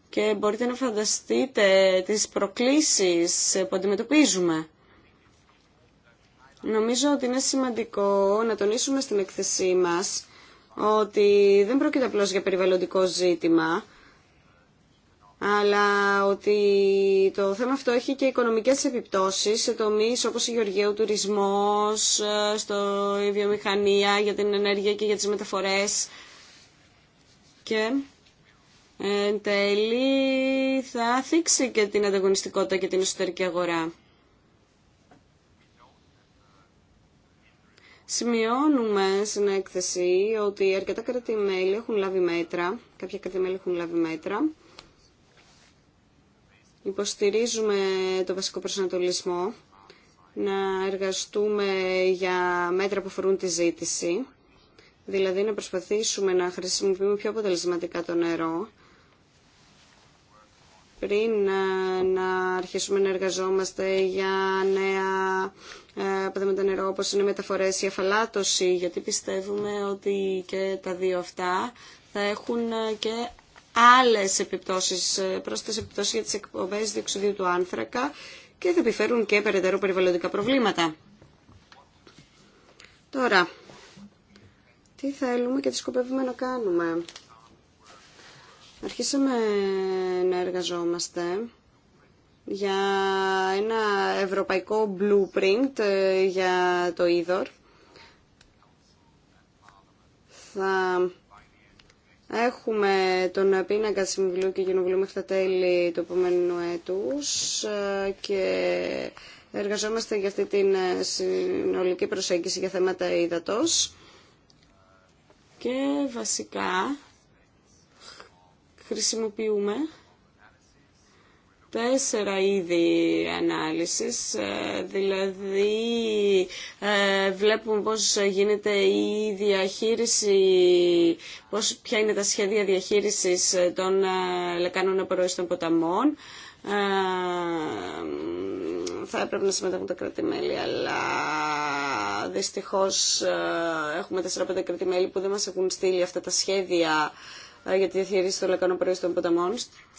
και μπορείτε να φανταστείτε τις προκλήσεις που αντιμετωπίζουμε. Νομίζω ότι είναι σημαντικό να τονίσουμε στην εκθεσή μας ότι δεν πρόκειται απλώς για περιβαλλοντικό ζήτημα, αλλά ότι το θέμα αυτό έχει και οικονομικές επιπτώσεις σε τομείς όπως η γεωργία, ο τουρισμός, στο, η βιομηχανία, για την ενέργεια και για τις μεταφορές. Και εν τέλει θα θίξει και την ανταγωνιστικότητα και την εσωτερική αγορά. Σημειώνουμε στην έκθεση ότι αρκετά κρατημέλη έχουν λάβει μέτρα, κάποια κρατημέλη έχουν λάβει μέτρα. Υποστηρίζουμε το βασικό προσανατολισμό να εργαστούμε για μέτρα που αφορούν τη ζήτηση, δηλαδή να προσπαθήσουμε να χρησιμοποιούμε πιο αποτελεσματικά το νερό, πριν ε, να αρχίσουμε να εργαζόμαστε για νέα με νερό όπως είναι μεταφορές, η αφαλάτωση, γιατί πιστεύουμε ότι και τα δύο αυτά θα έχουν ε, και άλλες επιπτώσεις, ε, πρόσθετες επιπτώσεις για τις εκπομπές διοξιδίου του άνθρακα και θα επιφέρουν και περαιτέρω περιβαλλοντικά προβλήματα. Τώρα, τι θέλουμε και τι σκοπεύουμε να κάνουμε αρχίσαμε να εργαζόμαστε για ένα ευρωπαϊκό blueprint ε, για το είδωρ. Θα έχουμε τον πίνακα Συμβουλίου και Κοινοβουλίου μέχρι τα τέλη του επόμενου έτους ε, και εργαζόμαστε για αυτή την ε, συνολική προσέγγιση για θέματα ύδατος. Και βασικά χρησιμοποιούμε τέσσερα είδη ανάλυσης, ε, δηλαδή ε, βλέπουμε πώς γίνεται η διαχείριση, πώς, ποια είναι τα σχέδια διαχείρισης των ε, λεκάνων απορροής των ποταμών, θα έπρεπε να συμμετέχουν τα κρατημέλη, αλλά δυστυχώς έχουμε τέσσερα-πέντε κρατημέλη που δεν μας έχουν στείλει αυτά τα σχέδια για τη διαχείριση των λεκανών προϊόντων ποταμών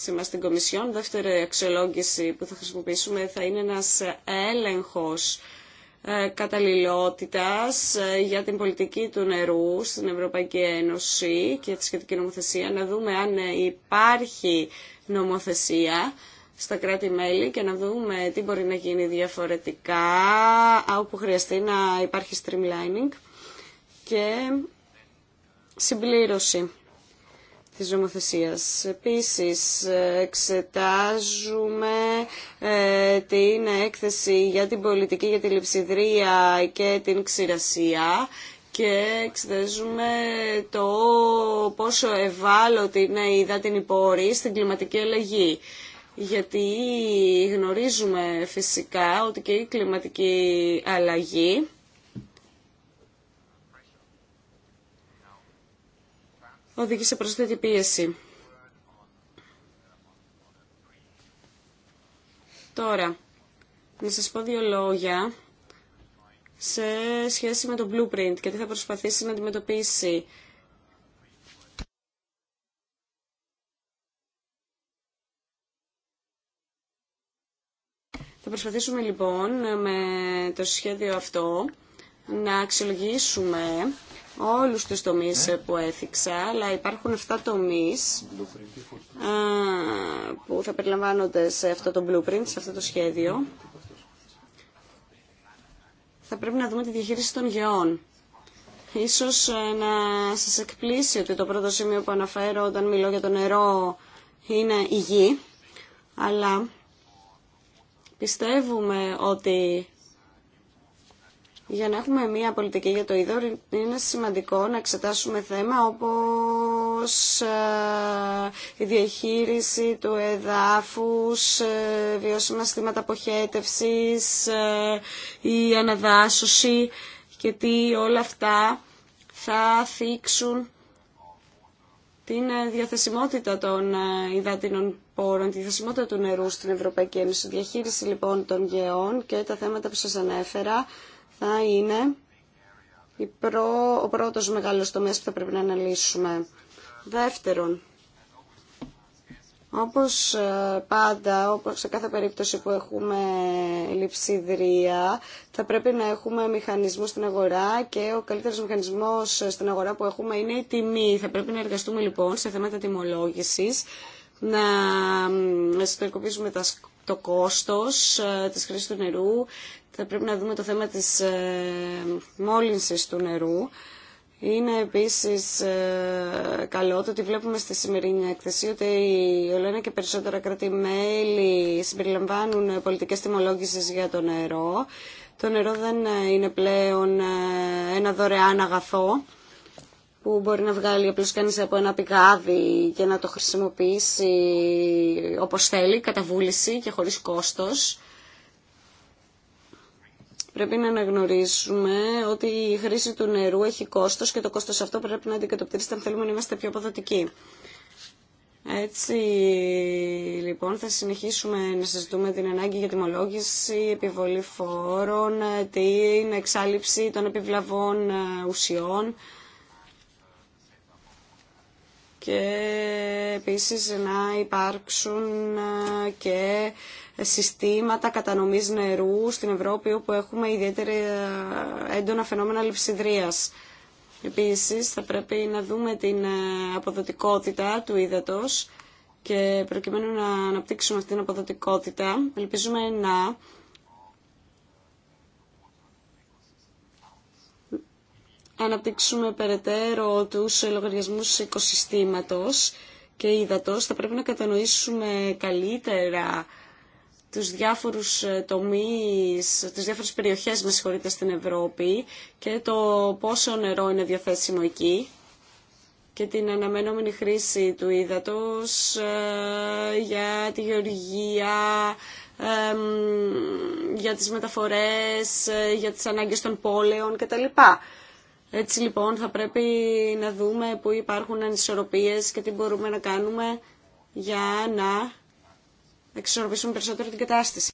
εμά στην Κομισιόν. Δεύτερη αξιολόγηση που θα χρησιμοποιήσουμε θα είναι ένας έλεγχος ε, καταλληλότητας ε, για την πολιτική του νερού στην Ευρωπαϊκή Ένωση και τη σχετική νομοθεσία, να δούμε αν ε, υπάρχει νομοθεσία στα κράτη-μέλη και να δούμε τι μπορεί να γίνει διαφορετικά, όπου χρειαστεί να υπάρχει streamlining και συμπλήρωση της νομοθεσίας. Επίσης, εξετάζουμε ε, την έκθεση για την πολιτική, για τη λειψιδρία και την ξηρασία και εξετάζουμε το πόσο ευάλωτη είναι η υδάτινη πόρη στην κλιματική αλλαγή. Γιατί γνωρίζουμε φυσικά ότι και η κλιματική αλλαγή οδηγεί σε προσθέτη πίεση. Τώρα, να σας πω δύο λόγια σε σχέση με το blueprint και τι θα προσπαθήσει να αντιμετωπίσει. Θα προσπαθήσουμε λοιπόν με το σχέδιο αυτό να αξιολογήσουμε όλους τους τομείς ε, που έθιξα, αλλά υπάρχουν 7 τομείς που θα περιλαμβάνονται σε αυτό το blueprint, σε αυτό το σχέδιο. Θα πρέπει να δούμε τη διαχείριση των γεών. Ίσως ε, να σας εκπλήσει ότι το πρώτο σημείο που αναφέρω όταν μιλώ για το νερό είναι η γη, αλλά πιστεύουμε ότι για να έχουμε μια πολιτική για το είδωρο είναι σημαντικό να εξετάσουμε θέμα όπως ε, η διαχείριση του εδάφους, ε, βιώσιμα στήματα αποχέτευσης, ε, η αναδάσωση και τι όλα αυτά θα θίξουν την διαθεσιμότητα των υδάτινων πόρων, τη διαθεσιμότητα του νερού στην Ευρωπαϊκή Ένωση. Διαχείριση λοιπόν των γεών και τα θέματα που σας ανέφερα θα είναι η προ... ο πρώτος μεγάλος τομέας που θα πρέπει να αναλύσουμε. Δεύτερον, όπως ε, πάντα, όπως σε κάθε περίπτωση που έχουμε λειψιδρία, θα πρέπει να έχουμε μηχανισμούς στην αγορά και ο καλύτερος μηχανισμός στην αγορά που έχουμε είναι η τιμή. Θα πρέπει να εργαστούμε λοιπόν σε θέματα τιμολόγησης, να εσωτερικοποιήσουμε το κόστος ε, της χρήσης του νερού, θα πρέπει να δούμε το θέμα της ε, μόλυνσης του νερού. Είναι επίσης ε, καλό το ότι βλέπουμε στη σημερινή έκθεση ότι όλο και περισσότερα κράτη-μέλη συμπεριλαμβάνουν πολιτικές τιμολόγησης για το νερό. Το νερό δεν ε, είναι πλέον ένα δωρεάν αγαθό που μπορεί να βγάλει απλώς κανείς από ένα πηγάδι και να το χρησιμοποιήσει όπως θέλει, κατά βούληση και χωρίς κόστος. Πρέπει να αναγνωρίσουμε ότι η χρήση του νερού έχει κόστος και το κόστος αυτό πρέπει να αντικατοπτρίσει αν θέλουμε να είμαστε πιο αποδοτικοί. Έτσι, λοιπόν, θα συνεχίσουμε να συζητούμε την ανάγκη για τιμολόγηση, επιβολή φόρων, την εξάλληψη των επιβλαβών ε, ουσιών και επίσης να υπάρξουν ε, και συστήματα κατανομής νερού στην Ευρώπη όπου έχουμε ιδιαίτερα ε, έντονα φαινόμενα λειψιδρίας. Επίσης θα πρέπει να δούμε την ε, αποδοτικότητα του ύδατος και προκειμένου να αναπτύξουμε αυτή την αποδοτικότητα ελπίζουμε να αναπτύξουμε περαιτέρω τους λογαριασμούς οικοσυστήματος και υδατός θα πρέπει να κατανοήσουμε καλύτερα τους διάφορους ε, τομείς, τις διάφορες περιοχές, με συγχωρείτε, στην Ευρώπη και το πόσο νερό είναι διαθέσιμο εκεί και την αναμενόμενη χρήση του ύδατος ε, για τη γεωργία, για τις μεταφορές, ε, για τις ανάγκες των πόλεων κτλ. Έτσι λοιπόν θα πρέπει να δούμε που υπάρχουν ανισορροπίες και τι μπορούμε να κάνουμε για να εξορροπήσουμε περισσότερο την κατάσταση.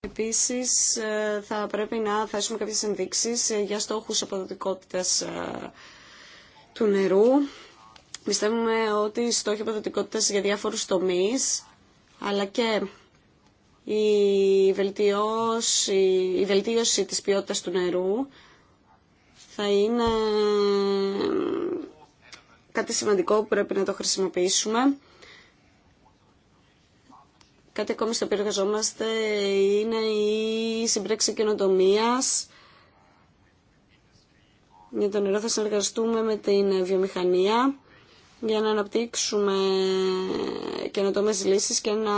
Επίσης ε, θα πρέπει να θέσουμε κάποιες ενδείξεις ε, για στόχους αποδοτικότητας ε, του νερού. Πιστεύουμε ότι οι στόχοι αποδοτικότητας για διάφορους τομείς αλλά και η βελτίωση, η βελτίωση της ποιότητας του νερού θα είναι κάτι σημαντικό που πρέπει να το χρησιμοποιήσουμε. Κάτι ακόμη στο οποίο εργαζόμαστε είναι η συμπρέξη καινοτομία. Για το νερό θα συνεργαστούμε με την βιομηχανία για να αναπτύξουμε καινοτομέ λύσεις και να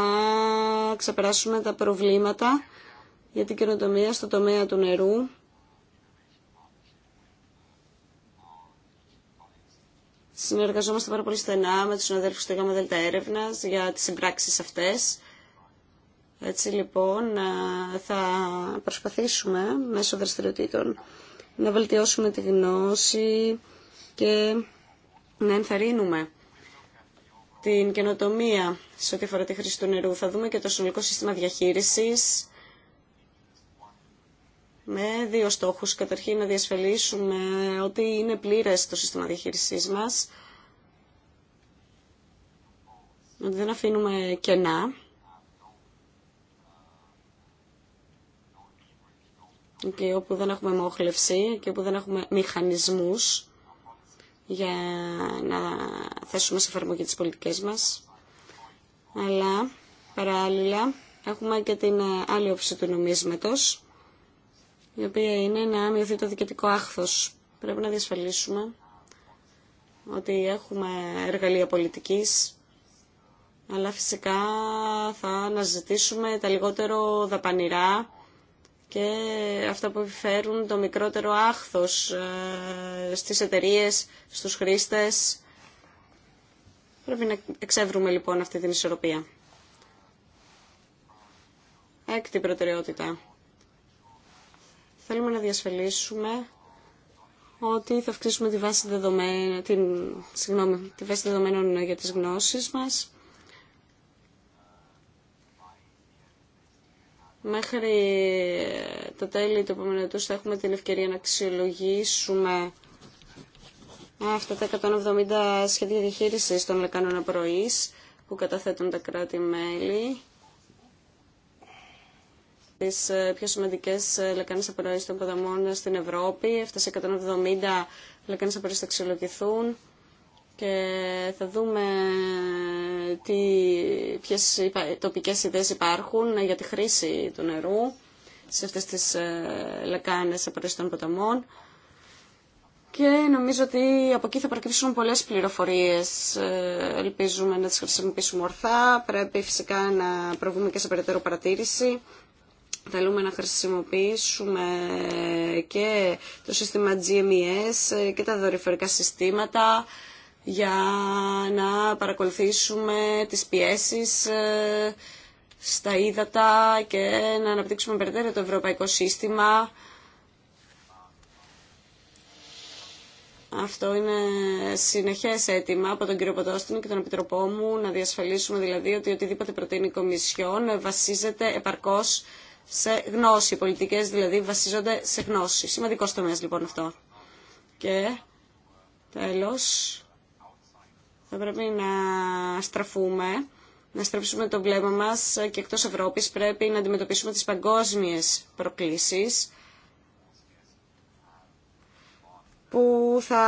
ξεπεράσουμε τα προβλήματα για την καινοτομία στο τομέα του νερού. Συνεργαζόμαστε πάρα πολύ στενά με τους συναδέλφους του ΓΑΜΑ ΔΕΛΤΑ Έρευνας για τις συμπράξεις αυτές. Έτσι λοιπόν θα προσπαθήσουμε μέσω δραστηριοτήτων να βελτιώσουμε τη γνώση και να ενθαρρύνουμε την καινοτομία σε ό,τι αφορά τη χρήση του νερού. Θα δούμε και το συνολικό σύστημα διαχείρισης με δύο στόχους. Καταρχήν να διασφαλίσουμε ότι είναι πλήρες το σύστημα διαχείρισής μας, ότι δεν αφήνουμε κενά. και όπου δεν έχουμε μόχλευση και όπου δεν έχουμε μηχανισμούς για να θέσουμε σε εφαρμογή τις πολιτικές μας. Αλλά παράλληλα έχουμε και την άλλη όψη του νομίσματος, η οποία είναι να μειωθεί το δικαιωτικό άχθος. Πρέπει να διασφαλίσουμε ότι έχουμε εργαλεία πολιτικής, αλλά φυσικά θα αναζητήσουμε τα λιγότερο δαπανηρά και αυτά που επιφέρουν το μικρότερο άχθος ε, στις εταιρείες, στους χρήστες. Πρέπει να εξεύρουμε λοιπόν αυτή την ισορροπία. Έκτη προτεραιότητα. Θέλουμε να διασφαλίσουμε ότι θα αυξήσουμε τη βάση, την, συγγνώμη, τη βάση δεδομένων για τις γνώσεις μας Μέχρι τα τέλη του επόμενου έτους θα έχουμε την ευκαιρία να αξιολογήσουμε αυτά τα 170 σχέδια διαχείρισης των λεκάνων απορροής που καταθέτουν τα κράτη-μέλη τις ε, πιο σημαντικές ε, λεκάνες απορροής των ποδαμών στην Ευρώπη. αυτές οι 170 λεκάνες απορροής θα αξιολογηθούν και θα δούμε τι, ποιες τοπικές ιδέες υπάρχουν για τη χρήση του νερού σε αυτές τις ε, λεκάνες απορρίσεις των ποταμών. Και νομίζω ότι από εκεί θα προκύψουν πολλές πληροφορίες. Ε, ελπίζουμε να τις χρησιμοποιήσουμε ορθά. Πρέπει φυσικά να προβούμε και σε περαιτέρω παρατήρηση. Θέλουμε να χρησιμοποιήσουμε και το σύστημα GMES και τα δορυφορικά συστήματα για να παρακολουθήσουμε τις πιέσεις ε, στα ύδατα και να αναπτύξουμε περαιτέρω το ευρωπαϊκό σύστημα. Αυτό είναι συνεχές αίτημα από τον κύριο Ποτόστινο και τον Επιτροπό μου να διασφαλίσουμε δηλαδή ότι οτιδήποτε προτείνει η Κομισιόν βασίζεται επαρκώς σε γνώση. Οι πολιτικές δηλαδή βασίζονται σε γνώση. Σημαντικός τομέας λοιπόν αυτό. Και τέλος θα πρέπει να στραφούμε, να στραφήσουμε το βλέμμα μας και εκτός Ευρώπης πρέπει να αντιμετωπίσουμε τις παγκόσμιες προκλήσεις που θα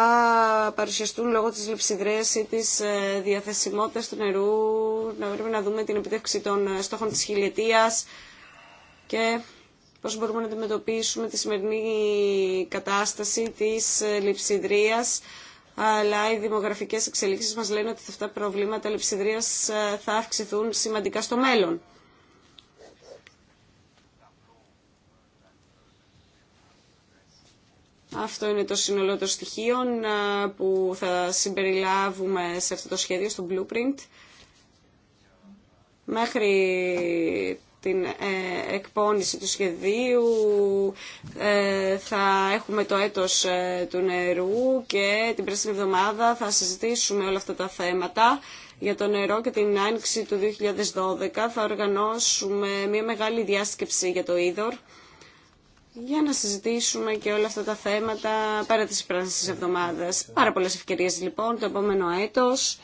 παρουσιαστούν λόγω της λειψιδρέας ή της ε, διαθεσιμότητας του νερού, να πρέπει να δούμε την επιτεύξη των ε, στόχων της χιλιετίας και πώς μπορούμε να αντιμετωπίσουμε τη σημερινή κατάσταση της ε, λειψιδρίας αλλά οι δημογραφικές εξελίξεις μας λένε ότι αυτά τα προβλήματα λεψιδρίας ε, θα αυξηθούν σημαντικά στο μέλλον. Αυτό είναι το σύνολο των στοιχείων ε, που θα συμπεριλάβουμε σε αυτό το σχέδιο, στο blueprint. Μέχρι την ε, εκπόνηση του σχεδίου, ε, θα έχουμε το έτος ε, του νερού και την πράσινη εβδομάδα θα συζητήσουμε όλα αυτά τα θέματα για το νερό και την άνοιξη του 2012. Θα οργανώσουμε μια μεγάλη διάσκεψη για το είδωρ για να συζητήσουμε και όλα αυτά τα θέματα πέρα της πράσινης εβδομάδας. Πάρα πολλές ευκαιρίες λοιπόν το επόμενο έτος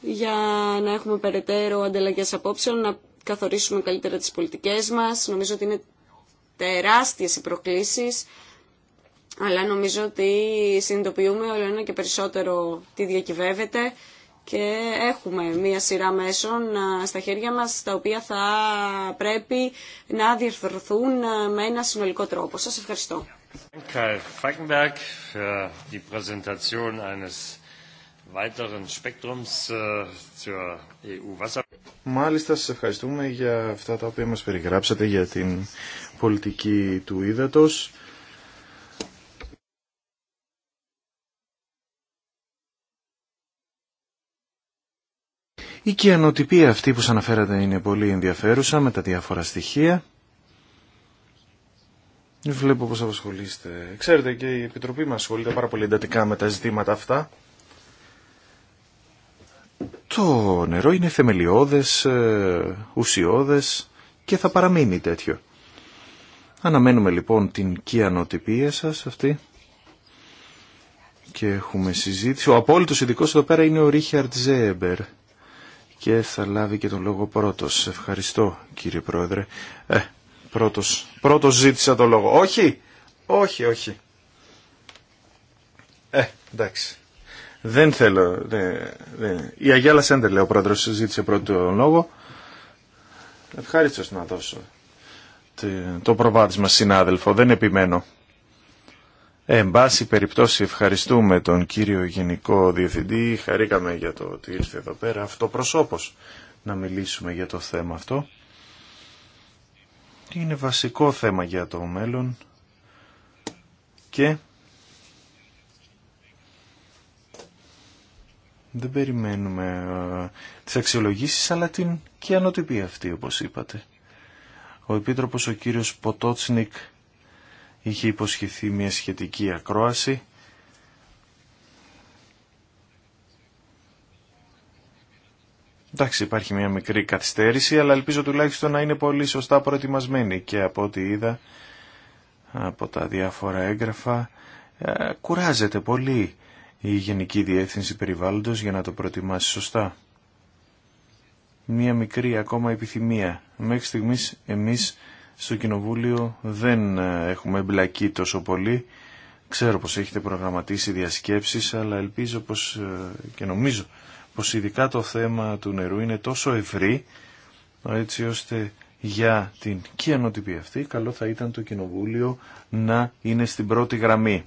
για να έχουμε περαιτέρω ανταλλαγές απόψεων, να καθορίσουμε καλύτερα τις πολιτικές μας. Νομίζω ότι είναι τεράστιες οι προκλήσεις, αλλά νομίζω ότι συνειδητοποιούμε όλο ένα και περισσότερο τι διακυβεύεται και έχουμε μία σειρά μέσων στα χέρια μας, τα οποία θα πρέπει να διερθωθούν με ένα συνολικό τρόπο. Σας ευχαριστώ. Äh, e Μάλιστα σας ευχαριστούμε για αυτά τα οποία μας περιγράψατε για την πολιτική του ύδατος. Η κιανοτυπία αυτή που σας αναφέρατε είναι πολύ ενδιαφέρουσα με τα διάφορα στοιχεία. Βλέπω πως απασχολείστε. Ξέρετε και η Επιτροπή μας ασχολείται πάρα πολύ εντατικά με τα ζητήματα αυτά. Το νερό είναι θεμελιώδες, ε, ουσιώδες και θα παραμείνει τέτοιο. Αναμένουμε λοιπόν την κυανοτυπία σας αυτή και έχουμε συζήτηση. Ο απόλυτος ειδικό εδώ πέρα είναι ο Ρίχαρτ Ζέμπερ και θα λάβει και τον λόγο πρώτος. Ευχαριστώ κύριε Πρόεδρε. Ε, πρώτος, πρώτος ζήτησα τον λόγο. Όχι, όχι, όχι. Ε, εντάξει. Δεν θέλω... Ναι, ναι. Η Αγιάλα Σέντερ, λέει ο πρόεδρο, ζήτησε πρώτο λόγο. Ευχαριστώ να δώσω το προβάδισμα συνάδελφο. Δεν επιμένω. Ε, εν πάση περιπτώσει ευχαριστούμε τον κύριο Γενικό Διευθυντή. Χαρήκαμε για το ότι ήρθε εδώ πέρα αυτό προσώπος να μιλήσουμε για το θέμα αυτό. Είναι βασικό θέμα για το μέλλον και Δεν περιμένουμε ε, τις αξιολογήσεις, αλλά την και αυτή, όπως είπατε. Ο Επίτροπος ο κύριος Ποτότσνικ είχε υποσχεθεί μια σχετική ακρόαση. Εντάξει, υπάρχει μια μικρή καθυστέρηση, αλλά ελπίζω τουλάχιστον να είναι πολύ σωστά προετοιμασμένη και από ό,τι είδα από τα διάφορα έγγραφα ε, κουράζεται πολύ η Γενική Διεύθυνση Περιβάλλοντος για να το προετοιμάσει σωστά. Μία μικρή ακόμα επιθυμία. Μέχρι στιγμής εμείς στο Κοινοβούλιο δεν ε, έχουμε εμπλακεί τόσο πολύ. Ξέρω πως έχετε προγραμματίσει διασκέψεις, αλλά ελπίζω πως ε, και νομίζω πως ειδικά το θέμα του νερού είναι τόσο ευρύ, έτσι ώστε για την κοινοτυπία αυτή καλό θα ήταν το Κοινοβούλιο να είναι στην πρώτη γραμμή.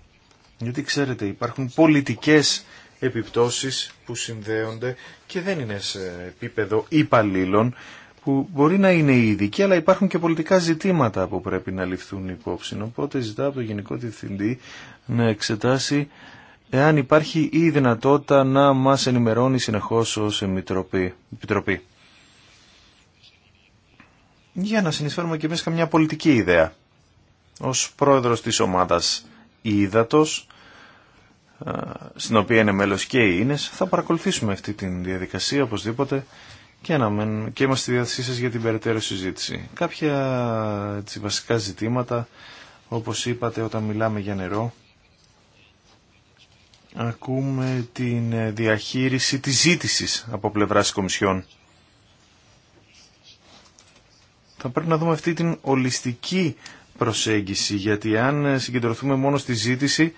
Γιατί ξέρετε υπάρχουν πολιτικές επιπτώσεις που συνδέονται και δεν είναι σε επίπεδο υπαλλήλων που μπορεί να είναι ειδικοί αλλά υπάρχουν και πολιτικά ζητήματα που πρέπει να ληφθούν υπόψη. Οπότε ζητάω από το Γενικό Διευθυντή να εξετάσει εάν υπάρχει η δυνατότητα να μας ενημερώνει συνεχώς ως Επιτροπή. Για να συνεισφέρουμε και εμείς καμιά πολιτική ιδέα ως πρόεδρος της ομάδας Ήδατος, στην οποία είναι μέλος και η Ίνες. Θα παρακολουθήσουμε αυτή τη διαδικασία οπωσδήποτε και, και είμαστε στη διάθεσή σας για την περαιτέρω συζήτηση. Κάποια έτσι, βασικά ζητήματα, όπως είπατε όταν μιλάμε για νερό, ακούμε την διαχείριση της ζήτησης από πλευράς κομισιών. Θα πρέπει να δούμε αυτή την ολιστική προσέγγιση, γιατί αν συγκεντρωθούμε μόνο στη ζήτηση,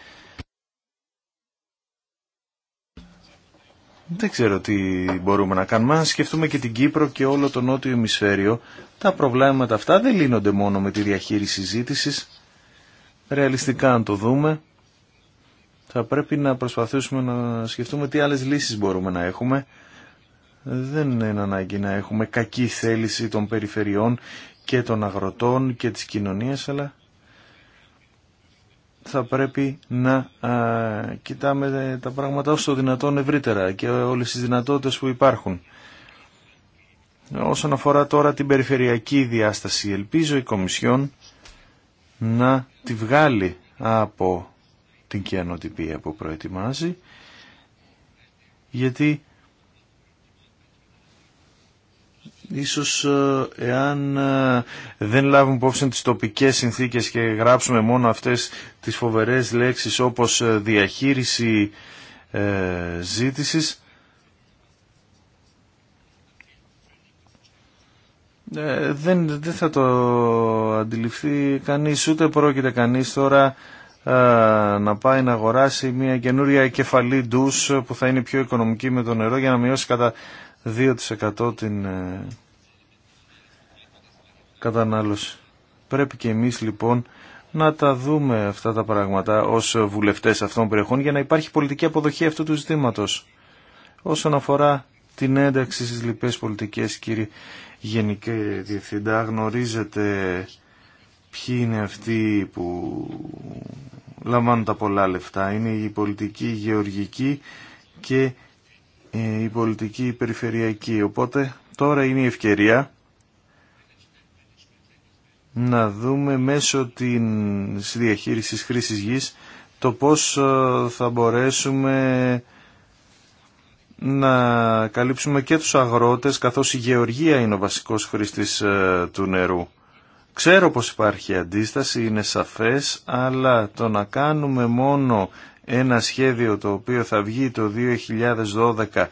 δεν ξέρω τι μπορούμε να κάνουμε. Αν σκεφτούμε και την Κύπρο και όλο το νότιο ημισφαίριο, τα προβλήματα αυτά δεν λύνονται μόνο με τη διαχείριση ζήτησης. Ρεαλιστικά αν το δούμε, θα πρέπει να προσπαθήσουμε να σκεφτούμε τι άλλες λύσεις μπορούμε να έχουμε. Δεν είναι ανάγκη να έχουμε κακή θέληση των περιφερειών και των αγροτών και της κοινωνίας, αλλά θα πρέπει να κοιτάμε τα πράγματα όσο δυνατόν ευρύτερα και όλες τις δυνατότητες που υπάρχουν. Όσον αφορά τώρα την περιφερειακή διάσταση, ελπίζω η Κομισιόν να τη βγάλει από την καινοτυπία που προετοιμάζει, γιατί Ίσως ε, εάν ε, δεν λάβουμε υπόψη τις τοπικές συνθήκες και γράψουμε μόνο αυτές τις φοβερές λέξεις όπως ε, διαχείριση ζήτησης, δεν, δεν θα το αντιληφθεί κανείς, ούτε πρόκειται κανείς τώρα να πάει να αγοράσει μια καινούρια κεφαλή ντους που θα είναι πιο οικονομική με το νερό για να μειώσει κατά 2% την ε, κατανάλωση. Πρέπει και εμείς λοιπόν να τα δούμε αυτά τα πράγματα ως βουλευτές αυτών περιεχών για να υπάρχει πολιτική αποδοχή αυτού του ζητήματος. Όσον αφορά την ένταξη στις λοιπές πολιτικές, κύριε Γενική Διευθυντά, γνωρίζετε ποιοι είναι αυτοί που λαμβάνουν τα πολλά λεφτά. Είναι η πολιτική, η γεωργική και ε, η πολιτική η περιφερειακή. Οπότε τώρα είναι η ευκαιρία να δούμε μέσω της διαχείρισης χρήσης γης το πώς ε, θα μπορέσουμε να καλύψουμε και τους αγρότες καθώς η γεωργία είναι ο βασικός χρήστης ε, του νερού. Ξέρω πως υπάρχει αντίσταση, είναι σαφές, αλλά το να κάνουμε μόνο ένα σχέδιο το οποίο θα βγει το 2012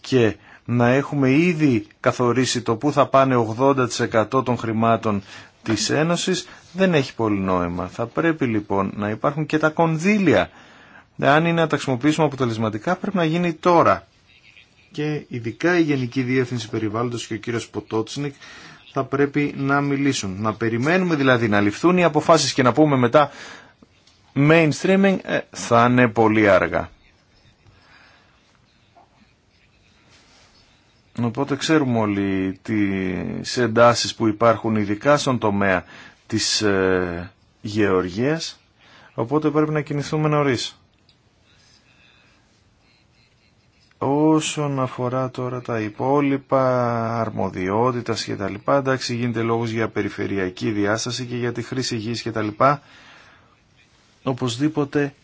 και να έχουμε ήδη καθορίσει το που θα πάνε 80% των χρημάτων της Ένωσης δεν έχει πολύ νόημα. Θα πρέπει λοιπόν να υπάρχουν και τα κονδύλια. Αν είναι να τα χρησιμοποιήσουμε αποτελεσματικά πρέπει να γίνει τώρα. Και ειδικά η Γενική Διεύθυνση Περιβάλλοντος και ο κύριος Ποτότσνικ θα πρέπει να μιλήσουν. Να περιμένουμε δηλαδή να ληφθούν οι αποφάσεις και να πούμε μετά mainstreaming ε, θα είναι πολύ αργά. Οπότε ξέρουμε όλοι τις εντάσεις που υπάρχουν ειδικά στον τομέα της ε, γεωργίας, οπότε πρέπει να κινηθούμε νωρίς. Όσον αφορά τώρα τα υπόλοιπα αρμοδιότητας και τα λοιπά, εντάξει γίνεται λόγος για περιφερειακή διάσταση και για τη χρήση γης και τα λοιπά οπωσδήποτε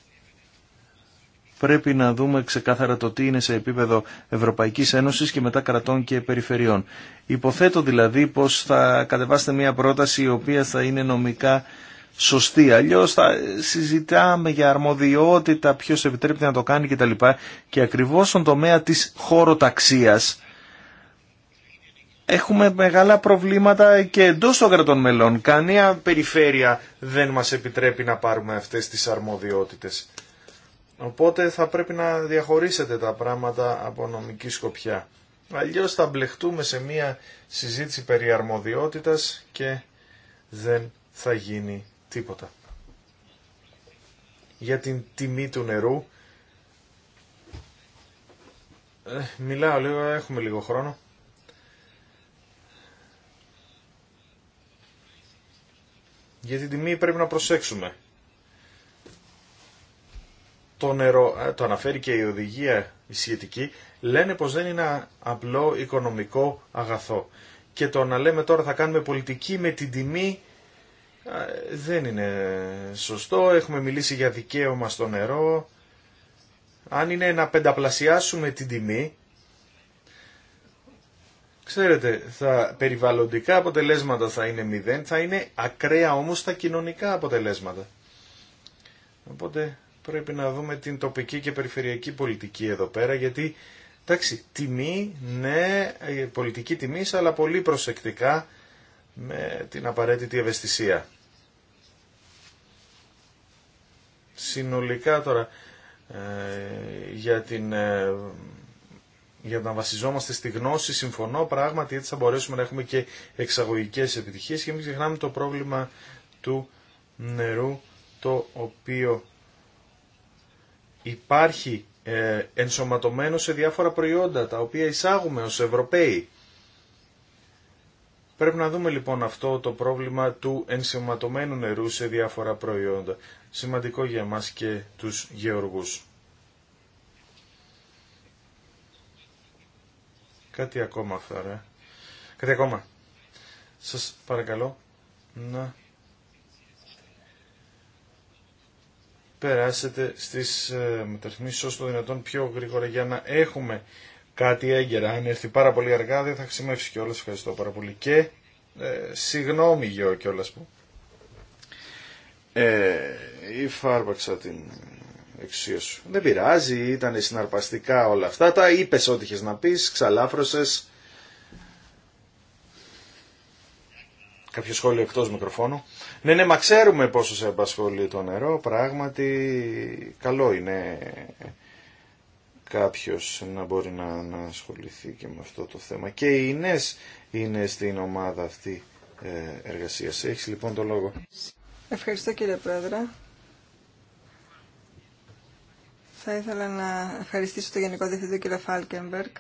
πρέπει να δούμε ξεκάθαρα το τι είναι σε επίπεδο Ευρωπαϊκής Ένωσης και μετά κρατών και περιφερειών. Υποθέτω δηλαδή πως θα κατεβάσετε μια πρόταση η οποία θα είναι νομικά σωστή. Αλλιώς θα συζητάμε για αρμοδιότητα, ποιος επιτρέπει να το κάνει κτλ. Και ακριβώς στον τομέα της χωροταξίας Έχουμε μεγάλα προβλήματα και εντό των κρατών μελών. Κανία περιφέρεια δεν μας επιτρέπει να πάρουμε αυτές τις αρμοδιότητες. Οπότε θα πρέπει να διαχωρίσετε τα πράγματα από νομική σκοπιά. Αλλιώς θα μπλεχτούμε σε μία συζήτηση περί αρμοδιότητας και δεν θα γίνει τίποτα. Για την τιμή του νερού, ε, μιλάω λίγο, έχουμε λίγο χρόνο. Για την τιμή πρέπει να προσέξουμε. Το νερό, το αναφέρει και η οδηγία η σχετική, λένε πως δεν είναι απλό οικονομικό αγαθό. Και το να λέμε τώρα θα κάνουμε πολιτική με την τιμή δεν είναι σωστό. Έχουμε μιλήσει για δικαίωμα στο νερό. Αν είναι να πενταπλασιάσουμε την τιμή, Ξέρετε, θα, περιβαλλοντικά αποτελέσματα θα είναι μηδέν, θα είναι ακραία όμως τα κοινωνικά αποτελέσματα. Οπότε πρέπει να δούμε την τοπική και περιφερειακή πολιτική εδώ πέρα, γιατί, εντάξει, τιμή, ναι, ε, πολιτική τιμή, αλλά πολύ προσεκτικά με την απαραίτητη ευαισθησία. Συνολικά τώρα, ε, για την... Ε, για να βασιζόμαστε στη γνώση, συμφωνώ πράγματι έτσι θα μπορέσουμε να έχουμε και εξαγωγικές επιτυχίες και μην ξεχνάμε το πρόβλημα του νερού το οποίο υπάρχει ε, ενσωματωμένο σε διάφορα προϊόντα τα οποία εισάγουμε ως Ευρωπαίοι. Πρέπει να δούμε λοιπόν αυτό το πρόβλημα του ενσωματωμένου νερού σε διάφορα προϊόντα. Σημαντικό για μας και τους γεωργούς. Κάτι ακόμα αυτά, Κάτι ακόμα. Σας παρακαλώ να περάσετε στις ε, μεταρρυθμίσεις όσο το δυνατόν πιο γρήγορα για να έχουμε κάτι έγκαιρα. Αν έρθει πάρα πολύ αργά δεν θα ξημεύσει κιόλας. Ευχαριστώ πάρα πολύ. Και ε, συγγνώμη γιο κιόλας που ε, ή φάρμαξα την εξουσίως. Δεν πειράζει, ήταν συναρπαστικά όλα αυτά. Τα είπε ό,τι είχε να πεις, ξαλάφρωσε. Κάποιο σχόλιο εκτός μικροφώνου. Ναι, ναι, μα ξέρουμε πόσο σε απασχολεί το νερό. Πράγματι, καλό είναι κάποιος να μπορεί να, να ασχοληθεί και με αυτό το θέμα. Και οι Ινές είναι στην ομάδα αυτή ε, εργασίας. Έχει, λοιπόν το λόγο. Ευχαριστώ κύριε Πρόεδρε. Θα ήθελα να ευχαριστήσω τον Γενικό Διευθυντή κ. Φάλκεμπερκ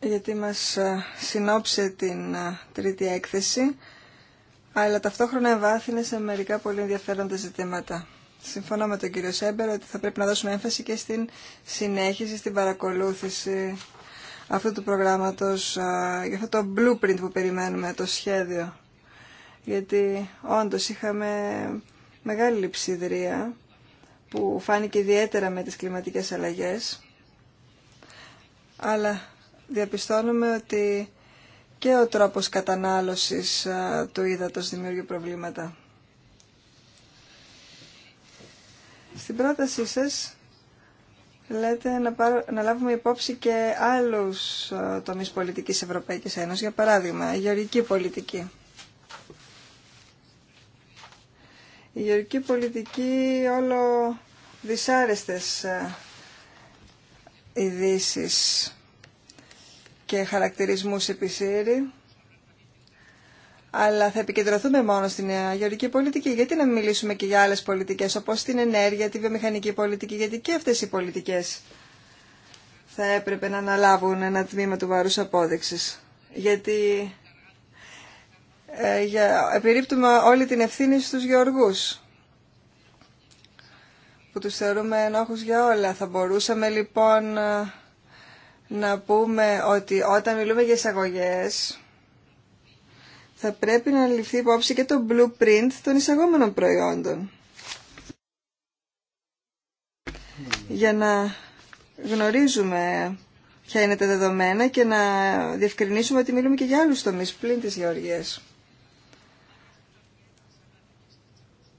γιατί μας ε, συνόψε την ε, τρίτη έκθεση αλλά ταυτόχρονα εμβάθυνε σε μερικά πολύ ενδιαφέροντα ζητήματα. Συμφωνώ με τον κύριο Σέμπερ ότι θα πρέπει να δώσουμε έμφαση και στην συνέχιση, στην παρακολούθηση αυτού του προγράμματος, ε, για αυτό το blueprint που περιμένουμε, το σχέδιο. Γιατί όντως είχαμε μεγάλη λειψιδρία που φάνηκε ιδιαίτερα με τις κλιματικές αλλαγές αλλά διαπιστώνουμε ότι και ο τρόπος κατανάλωσης του ύδατος δημιουργεί προβλήματα. Στην πρότασή σας λέτε να, πάρω, να λάβουμε υπόψη και άλλους τομείς πολιτικής Ευρωπαϊκής Ένωσης, για παράδειγμα, η γεωργική πολιτική. η γεωρική πολιτική όλο δυσάρεστες ε, ειδήσει και χαρακτηρισμούς επισύρει. Αλλά θα επικεντρωθούμε μόνο στην ε, γεωργική πολιτική. Γιατί να μιλήσουμε και για άλλες πολιτικές, όπως την ενέργεια, τη βιομηχανική πολιτική, γιατί και αυτές οι πολιτικές θα έπρεπε να αναλάβουν ένα τμήμα του βαρούς απόδειξης. Γιατί ε, για, επιρρύπτουμε όλη την ευθύνη στους γεωργούς που τους θεωρούμε ενόχους για όλα. Θα μπορούσαμε λοιπόν ε, να πούμε ότι όταν μιλούμε για εισαγωγέ, θα πρέπει να ληφθεί υπόψη και το blueprint των εισαγόμενων προϊόντων. Για να γνωρίζουμε ποια είναι τα δεδομένα και να διευκρινίσουμε ότι μιλούμε και για άλλους τομείς πλην της γεωργίας.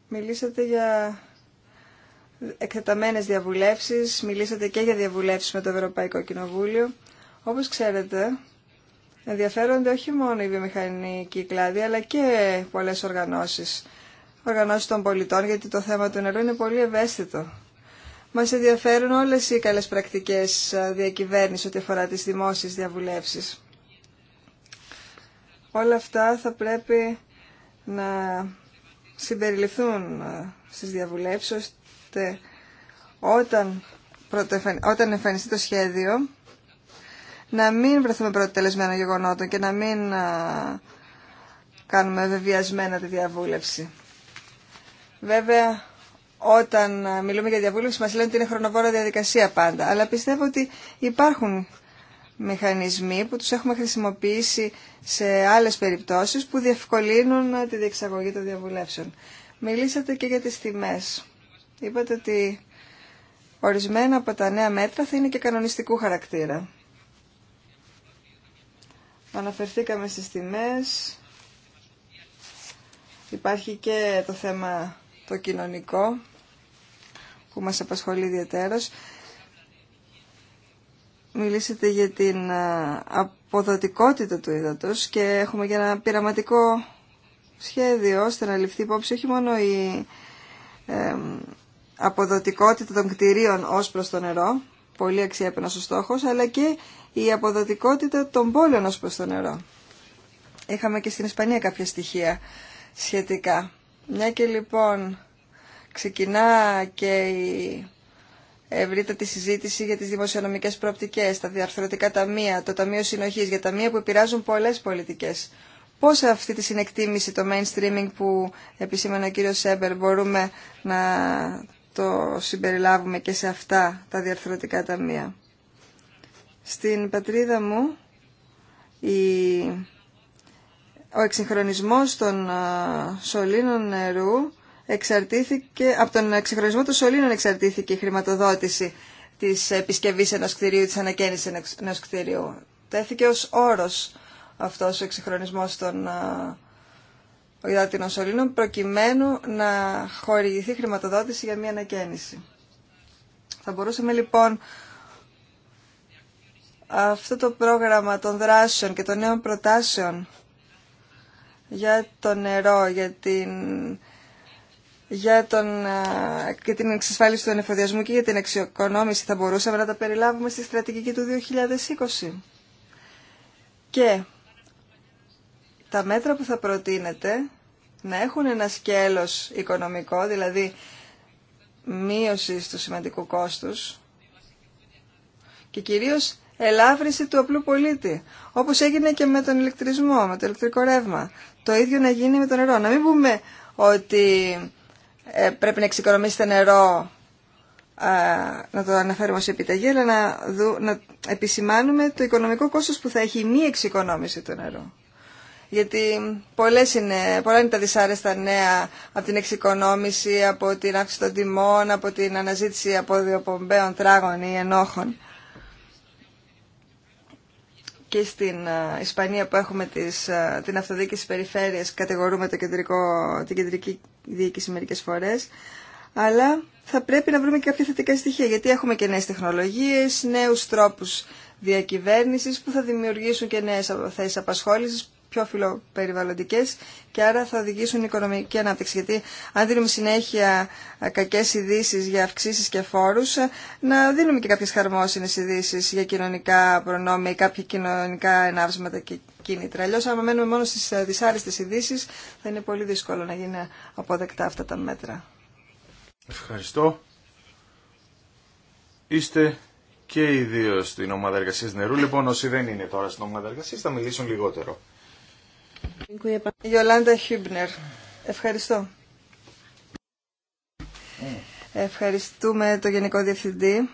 Μιλήσατε για εκτεταμένες διαβουλεύσεις, μιλήσατε και για διαβουλεύσεις με το Ευρωπαϊκό Κοινοβούλιο. Όπως ξέρετε, ενδιαφέρονται όχι μόνο οι βιομηχανικοί κλάδοι, αλλά και πολλές οργανώσεις. Οργανώσεις των πολιτών, γιατί το θέμα του νερού είναι πολύ ευαίσθητο. Μας ενδιαφέρουν όλες οι καλές πρακτικές διακυβέρνηση ό,τι αφορά τις δημόσιες διαβουλεύσεις. Όλα αυτά θα πρέπει να συμπεριληφθούν ε, στις διαβουλεύσεις ώστε όταν, όταν εμφανιστεί το σχέδιο να μην βρεθούμε προτελεσμένο γεγονότων και να μην ε, κάνουμε βεβαιασμένα τη διαβούλευση. Βέβαια, όταν ε, μιλούμε για διαβούλευση μας λένε ότι είναι χρονοβόρα διαδικασία πάντα, αλλά πιστεύω ότι υπάρχουν μηχανισμοί που τους έχουμε χρησιμοποιήσει σε άλλες περιπτώσεις που διευκολύνουν τη διεξαγωγή των διαβουλεύσεων. Μιλήσατε και για τις τιμές. Είπατε ότι ορισμένα από τα νέα μέτρα θα είναι και κανονιστικού χαρακτήρα. Αναφερθήκαμε στις τιμές. Υπάρχει και το θέμα το κοινωνικό που μας απασχολεί ιδιαίτερος μιλήσατε για την ε, αποδοτικότητα του ύδατος και έχουμε και ένα πειραματικό σχέδιο ώστε να ληφθεί υπόψη όχι μόνο η αποδοτικότητα των κτηρίων ως προς το νερό, πολύ αξιέπαινος ο στόχος, αλλά και η αποδοτικότητα των πόλεων ως προς το νερό. Είχαμε και στην Ισπανία κάποια στοιχεία σχετικά. Μια και λοιπόν ξεκινά και η τη συζήτηση για τις δημοσιονομικές προοπτικέ, τα διαρθρωτικά ταμεία, το Ταμείο Συνοχής, για ταμεία που επηρεάζουν πολλές πολιτικές. Πώς αυτή τη συνεκτίμηση, το mainstreaming που επισήμανε ο κύριο Σέμπερ, μπορούμε να το συμπεριλάβουμε και σε αυτά τα διαρθρωτικά ταμεία. Στην πατρίδα μου, ο εξυγχρονισμός των σωλήνων νερού εξαρτήθηκε, από τον εξυγχρονισμό των σωλήνων εξαρτήθηκε η χρηματοδότηση της επισκευή ενός κτηρίου, της ανακαίνησης ενός κτηρίου. Τέθηκε ω όρο αυτός ο εξυγχρονισμό των υδάτινων σωλήνων προκειμένου να χορηγηθεί χρηματοδότηση για μια ανακαίνιση. Θα μπορούσαμε λοιπόν αυτό το πρόγραμμα των δράσεων και των νέων προτάσεων για το νερό, για την για, τον, την εξασφάλιση του ανεφοδιασμού και για την εξοικονόμηση θα μπορούσαμε να τα περιλάβουμε στη στρατηγική του 2020. Και τα μέτρα που θα προτείνετε να έχουν ένα σκέλος οικονομικό, δηλαδή μείωση του σημαντικού κόστους και κυρίως ελάφρυνση του απλού πολίτη, όπως έγινε και με τον ηλεκτρισμό, με το ηλεκτρικό ρεύμα. Το ίδιο να γίνει με το νερό. Να μην πούμε ότι ε, πρέπει να εξοικονομήσετε νερό, ε, να το αναφέρουμε σε επιταγή, αλλά να, να επισημάνουμε το οικονομικό κόστος που θα έχει η μη εξοικονόμηση του νερού. Γιατί πολλές είναι, πολλά είναι τα δυσάρεστα νέα από την εξοικονόμηση, από την αύξηση των τιμών, από την αναζήτηση από τράγων ή ενόχων και στην ε, Ισπανία που έχουμε τις, ε, την αυτοδιοίκηση περιφέρειας κατηγορούμε το κεντρικό, την κεντρική διοίκηση μερικές φορές αλλά θα πρέπει να βρούμε και κάποια θετικά στοιχεία γιατί έχουμε και νέες τεχνολογίες, νέους τρόπους διακυβέρνησης που θα δημιουργήσουν και νέες θέσεις απασχόλησης πιο φιλοπεριβαλλοντικές και άρα θα οδηγήσουν οικονομική ανάπτυξη. Γιατί αν δίνουμε συνέχεια ε, κακέ ειδήσει για αυξήσει και φόρου ε, να δίνουμε και κάποιε χαρμόσυνε ειδήσει για κοινωνικά προνόμια ή κάποια κοινωνικά ενάψματα και κίνητρα. Αλλιώ, άμα μένουμε μόνο στις ε, δυσάρεστε ειδήσει, θα είναι πολύ δύσκολο να γίνει αποδεκτά αυτά τα μέτρα. Ευχαριστώ. Είστε και οι δύο στην ομάδα εργασία νερού. Λοιπόν, όσοι δεν είναι τώρα στην ομάδα εργασία θα μιλήσουν λιγότερο. Γιολάντα Χιούμπνερ. Ευχαριστώ. Ευχαριστούμε το Γενικό Διευθυντή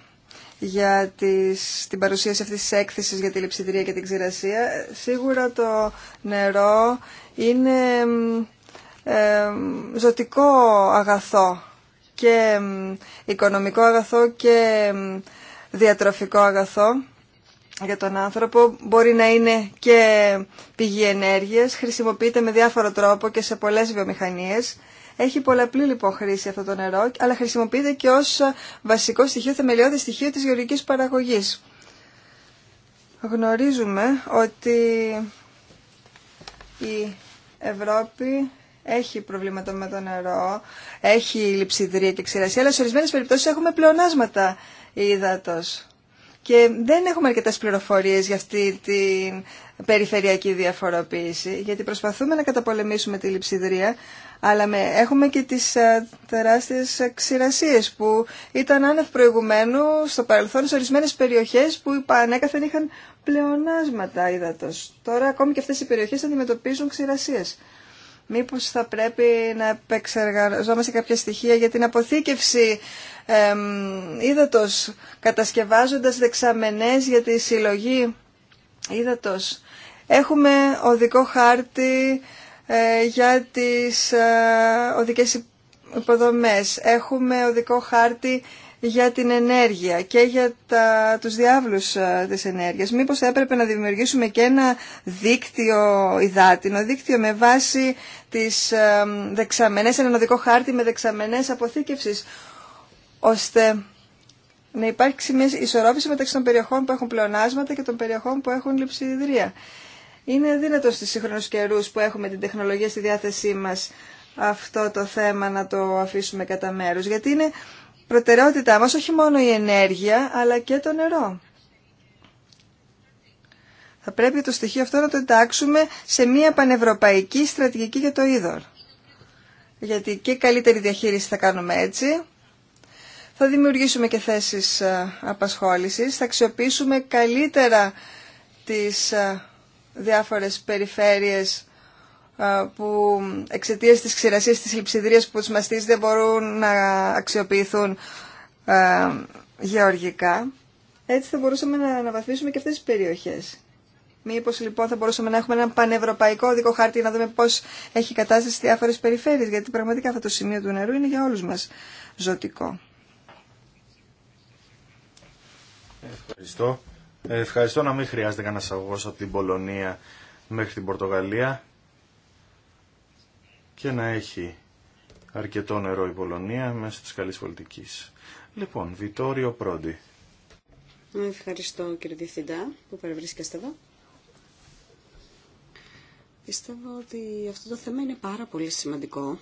για τις, την παρουσίαση αυτής της έκθεσης για τη λειψιδρία και την ξηρασία. Σίγουρα το νερό είναι ζωτικό αγαθό και οικονομικό αγαθό και διατροφικό αγαθό για τον άνθρωπο μπορεί να είναι και πηγή ενέργειας, χρησιμοποιείται με διάφορο τρόπο και σε πολλές βιομηχανίες. Έχει πολλαπλή λοιπόν χρήση αυτό το νερό, αλλά χρησιμοποιείται και ως βασικό στοιχείο, θεμελιώδη στοιχείο της γεωργικής παραγωγής. Γνωρίζουμε ότι η Ευρώπη έχει προβλήματα με το νερό, έχει λειψιδρία και ξηρασία, αλλά σε ορισμένες περιπτώσεις έχουμε πλεονάσματα υδάτος. Και δεν έχουμε αρκετές πληροφορίε για αυτή την περιφερειακή διαφοροποίηση, γιατί προσπαθούμε να καταπολεμήσουμε τη λειψιδρία, αλλά με, έχουμε και τις τεράστιε τεράστιες που ήταν άνευ προηγουμένου στο παρελθόν σε ορισμένες περιοχές που ανέκαθεν είχαν πλεονάσματα ύδατος. Τώρα ακόμη και αυτές οι περιοχές αντιμετωπίζουν ξηρασίες. Μήπως θα πρέπει να επεξεργαζόμαστε κάποια στοιχεία για την αποθήκευση εμ, είδατος κατασκευάζοντας δεξαμενές για τη συλλογή είδατος. Έχουμε οδικό χάρτη ε, για τις ε, οδικές υποδομές. Έχουμε οδικό χάρτη για την ενέργεια και για τα, τους διάβλους ε, της ενέργειας. Μήπως θα έπρεπε να δημιουργήσουμε και ένα δίκτυο υδάτινο, δίκτυο με βάση τις ε, δεξαμενές, ένα οδικό χάρτη με δεξαμενές αποθήκευσης, ώστε να υπάρξει μια ισορρόπηση μεταξύ των περιοχών που έχουν πλεονάσματα και των περιοχών που έχουν λειψιδρία. Είναι δύνατο στις σύγχρονους καιρούς που έχουμε την τεχνολογία στη διάθεσή μας αυτό το θέμα να το αφήσουμε κατά μέρους, γιατί είναι προτεραιότητά μας όχι μόνο η ενέργεια, αλλά και το νερό. Θα πρέπει το στοιχείο αυτό να το εντάξουμε σε μια πανευρωπαϊκή στρατηγική για το είδωρ. Γιατί και καλύτερη διαχείριση θα κάνουμε έτσι. Θα δημιουργήσουμε και θέσεις απασχόλησης. Θα αξιοποιήσουμε καλύτερα τις διάφορες περιφέρειες που εξαιτίας της ξηρασίας της λειψιδρίας που τους μαστίζει δεν μπορούν να αξιοποιηθούν γεωργικά. Έτσι θα μπορούσαμε να αναβαθμίσουμε και αυτές τις περιοχές. Μήπως λοιπόν θα μπορούσαμε να έχουμε ένα πανευρωπαϊκό οδικό χάρτη να δούμε πώς έχει κατάσταση στις διάφορες περιφέρειες, γιατί πραγματικά αυτό το σημείο του νερού είναι για όλους μας ζωτικό. Ευχαριστώ. Ευχαριστώ να μην χρειάζεται κανένα αγωγός από την Πολωνία μέχρι την Πορτογαλία και να έχει αρκετό νερό η Πολωνία μέσα της καλής πολιτικής. Λοιπόν, Βιτόριο Πρόντι. Ευχαριστώ κύριε Διευθυντά που παρευρίσκεστε εδώ. Πιστεύω ότι αυτό το θέμα είναι πάρα πολύ σημαντικό.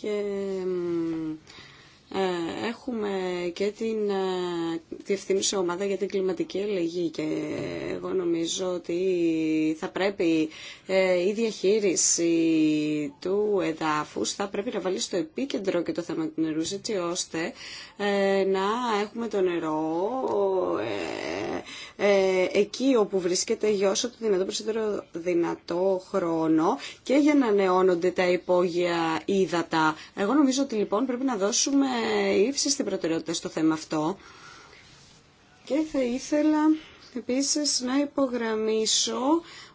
Και ε, έχουμε και την διευθύνουσα ε, ομάδα για την κλιματική αλλαγή και εγώ νομίζω ότι θα πρέπει ε, η διαχείριση του εδάφους θα πρέπει να βάλει στο επίκεντρο και το θέμα του νερού έτσι ώστε να έχουμε το νερό εκεί όπου βρίσκεται για όσο το δυνατό περισσότερο δυνατό χρόνο και για να νεώνονται τα υπόγεια ύδατα. Εγώ νομίζω ότι λοιπόν πρέπει να δώσουμε στην προτεραιότητα στο θέμα αυτό. Και θα ήθελα επίσης να υπογραμμίσω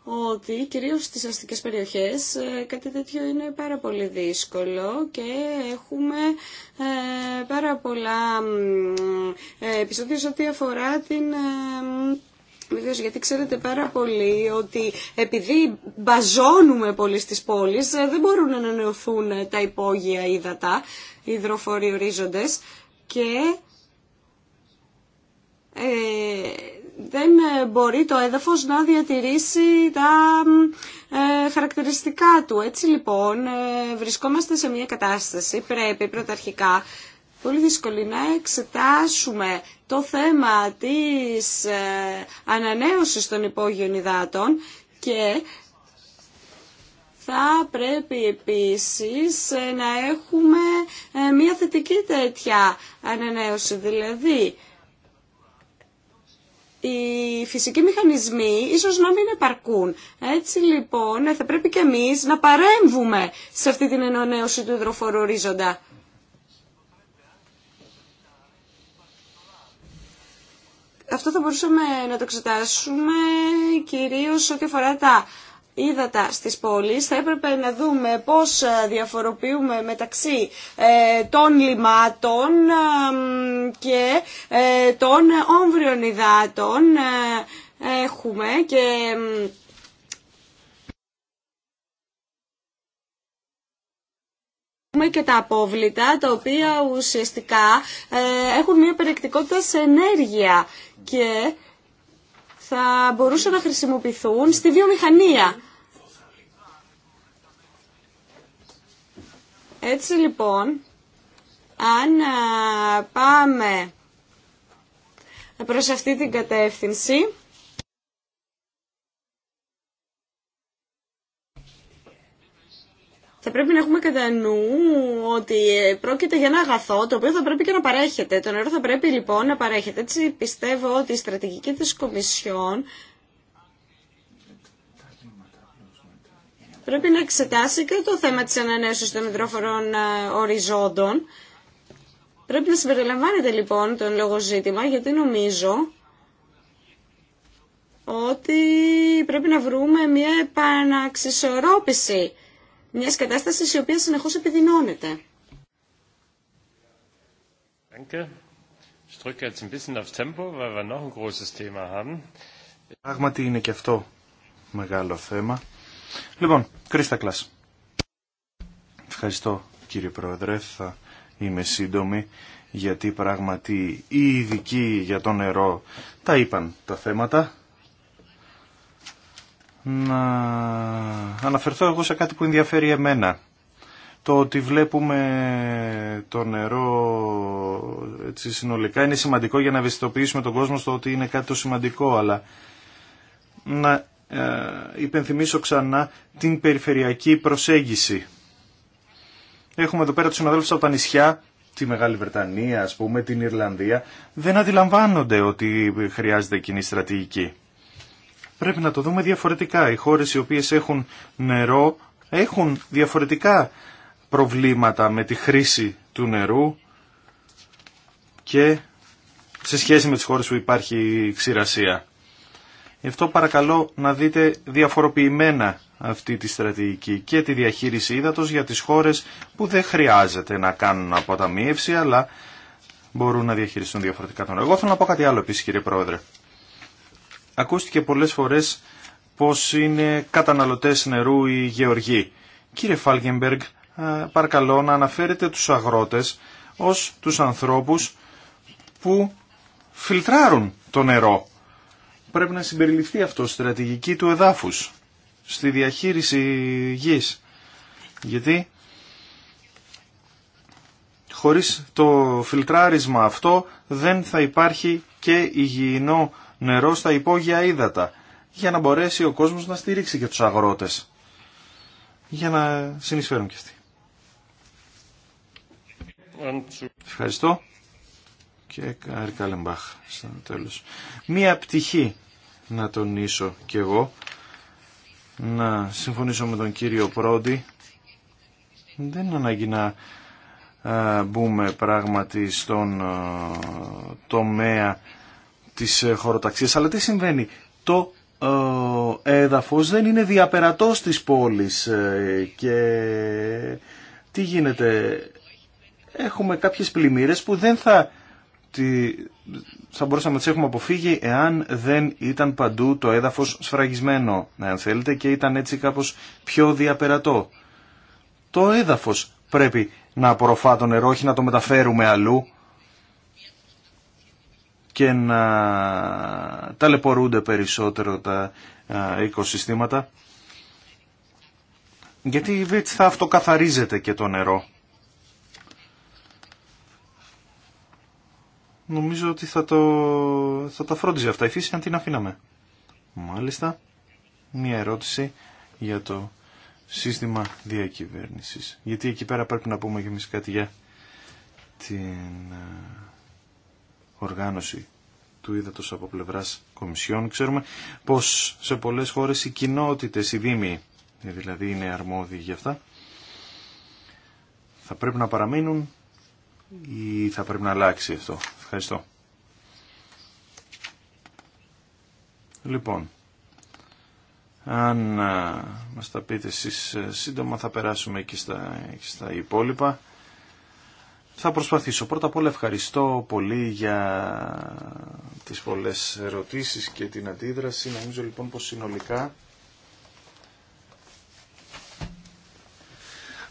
ότι κυρίως στις αστικές περιοχές ε, κάτι τέτοιο είναι πάρα πολύ δύσκολο και έχουμε ε, πάρα πολλά ε, επεισόδια σε ό,τι αφορά την γιατί ξέρετε πάρα πολύ ότι επειδή μπαζώνουμε πολύ στις πόλεις δεν μπορούν να ανανεωθούν τα υπόγεια ύδατα υδροφόροι ορίζοντες και ε, δεν μπορεί το έδαφος να διατηρήσει τα ε, χαρακτηριστικά του. Έτσι λοιπόν ε, βρισκόμαστε σε μια κατάσταση, πρέπει πρωταρχικά πολύ δύσκολη να εξετάσουμε το θέμα της ανανέωσης των υπόγειων υδάτων και θα πρέπει επίσης ε, να έχουμε ε, μια θετική τέτοια ανανέωση, δηλαδή οι φυσικοί μηχανισμοί ίσως να μην επαρκούν. Έτσι λοιπόν ε, θα πρέπει και εμείς να παρέμβουμε σε αυτή την ενωνέωση του υδροφόρου ορίζοντα. Αυτό θα μπορούσαμε να το εξετάσουμε κυρίως ό,τι αφορά τα ύδατα στις πόλεις θα έπρεπε να δούμε πώς ε, διαφοροποιούμε μεταξύ ε, των λιμάτων και ε, των όμβριων υδάτων έχουμε και και τα απόβλητα τα οποία ουσιαστικά έχουν μια περιεκτικότητα σε ενέργεια και θα μπορούσαν να χρησιμοποιηθούν στη βιομηχανία. Έτσι λοιπόν, αν πάμε προς αυτή την κατεύθυνση, θα πρέπει να έχουμε κατά νου ότι ε, πρόκειται για ένα αγαθό το οποίο θα πρέπει και να παρέχεται. Το νερό θα πρέπει λοιπόν να παρέχεται. Έτσι πιστεύω ότι η στρατηγική της Κομισιόν πρέπει να εξετάσει και το θέμα της ανανέωσης των υδρόφορων ε, οριζόντων. Πρέπει να συμπεριλαμβάνεται λοιπόν τον λόγο ζήτημα γιατί νομίζω ότι πρέπει να βρούμε μια επαναξισορρόπηση μιας κατάστασης η οποία συνεχώς επιδεινώνεται. Πράγματι είναι και αυτό μεγάλο θέμα. Λοιπόν, Κρίστα Κλάς. Ευχαριστώ κύριε Πρόεδρε, θα είμαι σύντομη γιατί πράγματι οι ειδικοί για το νερό τα είπαν τα θέματα να αναφερθώ εγώ σε κάτι που ενδιαφέρει εμένα. Το ότι βλέπουμε το νερό έτσι, συνολικά είναι σημαντικό για να ευαισθητοποιήσουμε τον κόσμο στο ότι είναι κάτι το σημαντικό, αλλά να ε, υπενθυμίσω ξανά την περιφερειακή προσέγγιση. Έχουμε εδώ πέρα τους συναδέλφους από τα νησιά, τη Μεγάλη Βρετανία, ας πούμε, την Ιρλανδία, δεν αντιλαμβάνονται ότι χρειάζεται κοινή στρατηγική. Πρέπει να το δούμε διαφορετικά. Οι χώρες οι οποίες έχουν νερό έχουν διαφορετικά προβλήματα με τη χρήση του νερού και σε σχέση με τις χώρες που υπάρχει ξηρασία. Γι' αυτό παρακαλώ να δείτε διαφοροποιημένα αυτή τη στρατηγική και τη διαχείριση ύδατος για τις χώρες που δεν χρειάζεται να κάνουν αποταμίευση αλλά μπορούν να διαχειριστούν διαφορετικά τον Εγώ θέλω να πω κάτι άλλο επίσης κύριε Πρόεδρε. Ακούστηκε πολλές φορές πως είναι καταναλωτές νερού οι γεωργοί. Κύριε Φάλγενμπεργκ, ε, παρακαλώ να αναφέρετε τους αγρότες ως τους ανθρώπους που φιλτράρουν το νερό. Πρέπει να συμπεριληφθεί αυτό στη στρατηγική του εδάφους, στη διαχείριση γης. Γιατί χωρίς το φιλτράρισμα αυτό δεν θα υπάρχει και υγιεινό νερό στα υπόγεια ύδατα για να μπορέσει ο κόσμος να στηρίξει και τους αγρότες για να συνεισφέρουν και αυτοί. Ευχαριστώ και Καλεμπάχ σαν τέλος. Μία πτυχή να τονίσω κι εγώ να συμφωνήσω με τον κύριο Πρόντι δεν είναι ανάγκη να μπούμε πράγματι στον τομέα της ε, χωροταξίας, Αλλά τι συμβαίνει, το ε, έδαφος δεν είναι διαπερατός της πόλης ε, και τι γίνεται, έχουμε κάποιες πλημμύρες που δεν θα, θα μπορούσαμε να τις έχουμε αποφύγει εάν δεν ήταν παντού το έδαφος σφραγισμένο, ναι, αν θέλετε, και ήταν έτσι κάπως πιο διαπερατό. Το έδαφος πρέπει να απορροφά το νερό, όχι να το μεταφέρουμε αλλού και να ταλαιπωρούνται περισσότερο τα οικοσυστήματα. Γιατί θα αυτοκαθαρίζεται και το νερό. Νομίζω ότι θα, το, θα τα φρόντιζε αυτά η φύση αν την αφήναμε. Μάλιστα, μία ερώτηση για το σύστημα διακυβέρνησης. Γιατί εκεί πέρα πρέπει να πούμε και εμείς κάτι για την οργάνωση του είδατο από πλευρά κομισιών. Ξέρουμε πως σε πολλέ χώρε οι κοινότητε, οι δήμοι, ε, δηλαδή είναι αρμόδιοι για αυτά, θα πρέπει να παραμείνουν ή θα πρέπει να αλλάξει αυτό. Ευχαριστώ. Λοιπόν, αν ε, μας τα πείτε εσείς ε, σύντομα θα περάσουμε και στα, και στα υπόλοιπα. Θα προσπαθήσω. Πρώτα απ' όλα ευχαριστώ πολύ για τις πολλές ερωτήσεις και την αντίδραση. Νομίζω λοιπόν πως συνολικά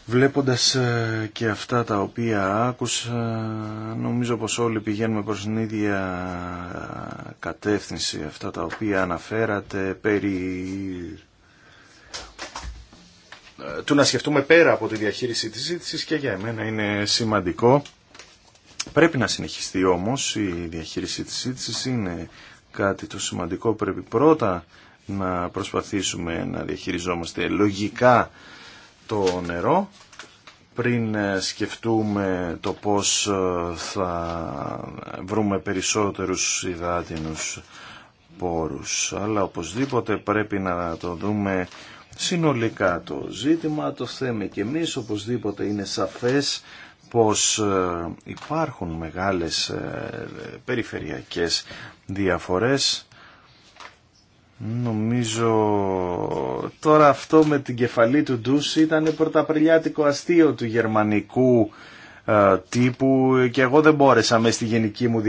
Βλέποντας ε, και αυτά τα οποία άκουσα, νομίζω πως όλοι πηγαίνουμε προς την ίδια κατεύθυνση. Αυτά τα οποία αναφέρατε περί ε, του να σκεφτούμε πέρα από τη διαχείριση της ζήτηση και για εμένα είναι σημαντικό. Πρέπει να συνεχιστεί όμως η διαχείριση της ζήτηση είναι κάτι το σημαντικό. Πρέπει πρώτα να προσπαθήσουμε να διαχειριζόμαστε λογικά το νερό πριν ε, σκεφτούμε το πώς ε, θα βρούμε περισσότερους υδάτινους πόρους. Αλλά οπωσδήποτε πρέπει να το δούμε συνολικά το ζήτημα, το θέμα και εμείς, οπωσδήποτε είναι σαφές πως ε, υπάρχουν μεγάλες ε, περιφερειακές διαφορές. Νομίζω τώρα αυτό με την κεφαλή του Ντούς ήταν πρωταπριλιάτικο αστείο του γερμανικού ε, τύπου και εγώ δεν μπόρεσα με στη γενική μου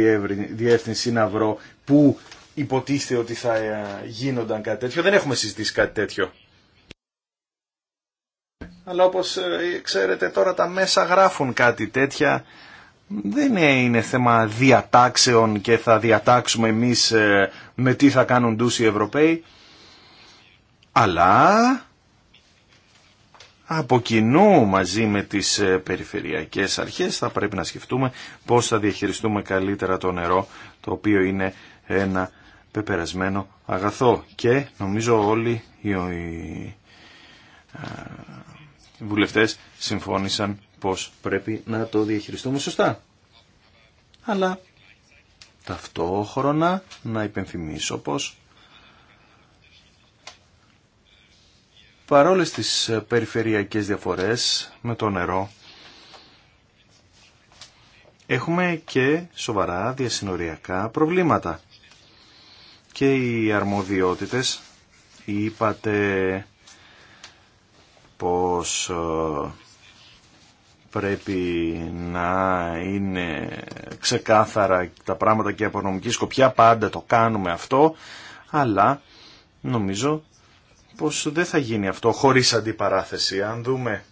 διεύθυνση να βρω που υποτίθεται ότι θα γίνονταν κάτι τέτοιο. Δεν έχουμε συζητήσει κάτι τέτοιο. Αλλά όπως ε, ξέρετε τώρα τα μέσα γράφουν κάτι τέτοια. Δεν είναι θέμα διατάξεων και θα διατάξουμε εμείς ε, με τι θα κάνουν τους οι Ευρωπαίοι. Αλλά από κοινού μαζί με τις ε, περιφερειακές αρχές θα πρέπει να σκεφτούμε πώς θα διαχειριστούμε καλύτερα το νερό το οποίο είναι ένα πεπερασμένο αγαθό και νομίζω όλοι οι οι βουλευτές συμφώνησαν πως πρέπει να το διαχειριστούμε σωστά. Αλλά ταυτόχρονα να υπενθυμίσω πως παρόλες τις περιφερειακές διαφορές με το νερό έχουμε και σοβαρά διασυνοριακά προβλήματα. Και οι αρμοδιότητες, είπατε πως ε, πρέπει να είναι ξεκάθαρα τα πράγματα και από νομική σκοπιά πάντα το κάνουμε αυτό αλλά νομίζω πως δεν θα γίνει αυτό χωρίς αντιπαράθεση αν δούμε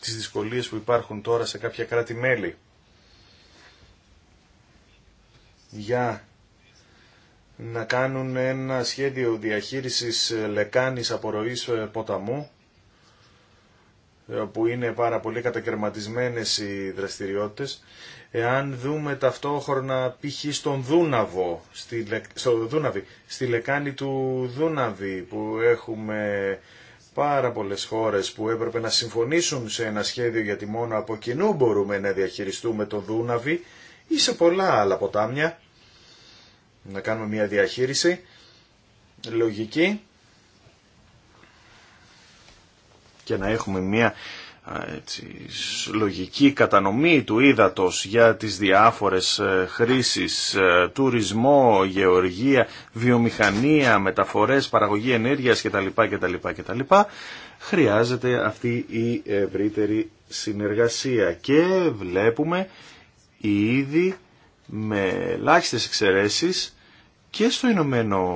τις δυσκολίες που υπάρχουν τώρα σε κάποια κράτη-μέλη για να κάνουν ένα σχέδιο διαχείρισης λεκάνης απορροής ε, ποταμού ε, που είναι πάρα πολύ κατακαιρματισμένες οι δραστηριότητες. Εάν δούμε ταυτόχρονα π.χ. στον Δούναβο, στη, στη λεκάνη του Δούναβη που έχουμε πάρα πολλές χώρες που έπρεπε να συμφωνήσουν σε ένα σχέδιο γιατί μόνο από κοινού μπορούμε να διαχειριστούμε το Δούναβη ή σε πολλά άλλα ποτάμια να κάνουμε μια διαχείριση λογική και να έχουμε μια έτσι, λογική κατανομή του ύδατος για τις διάφορες ε, χρήσεις, ε, τουρισμό, γεωργία, βιομηχανία, μεταφορές, παραγωγή ενέργειας κτλ. κτλ, κτλ χρειάζεται αυτή η ευρύτερη συνεργασία και βλέπουμε ήδη με ελάχιστε εξαιρεσει και στο Ηνωμένο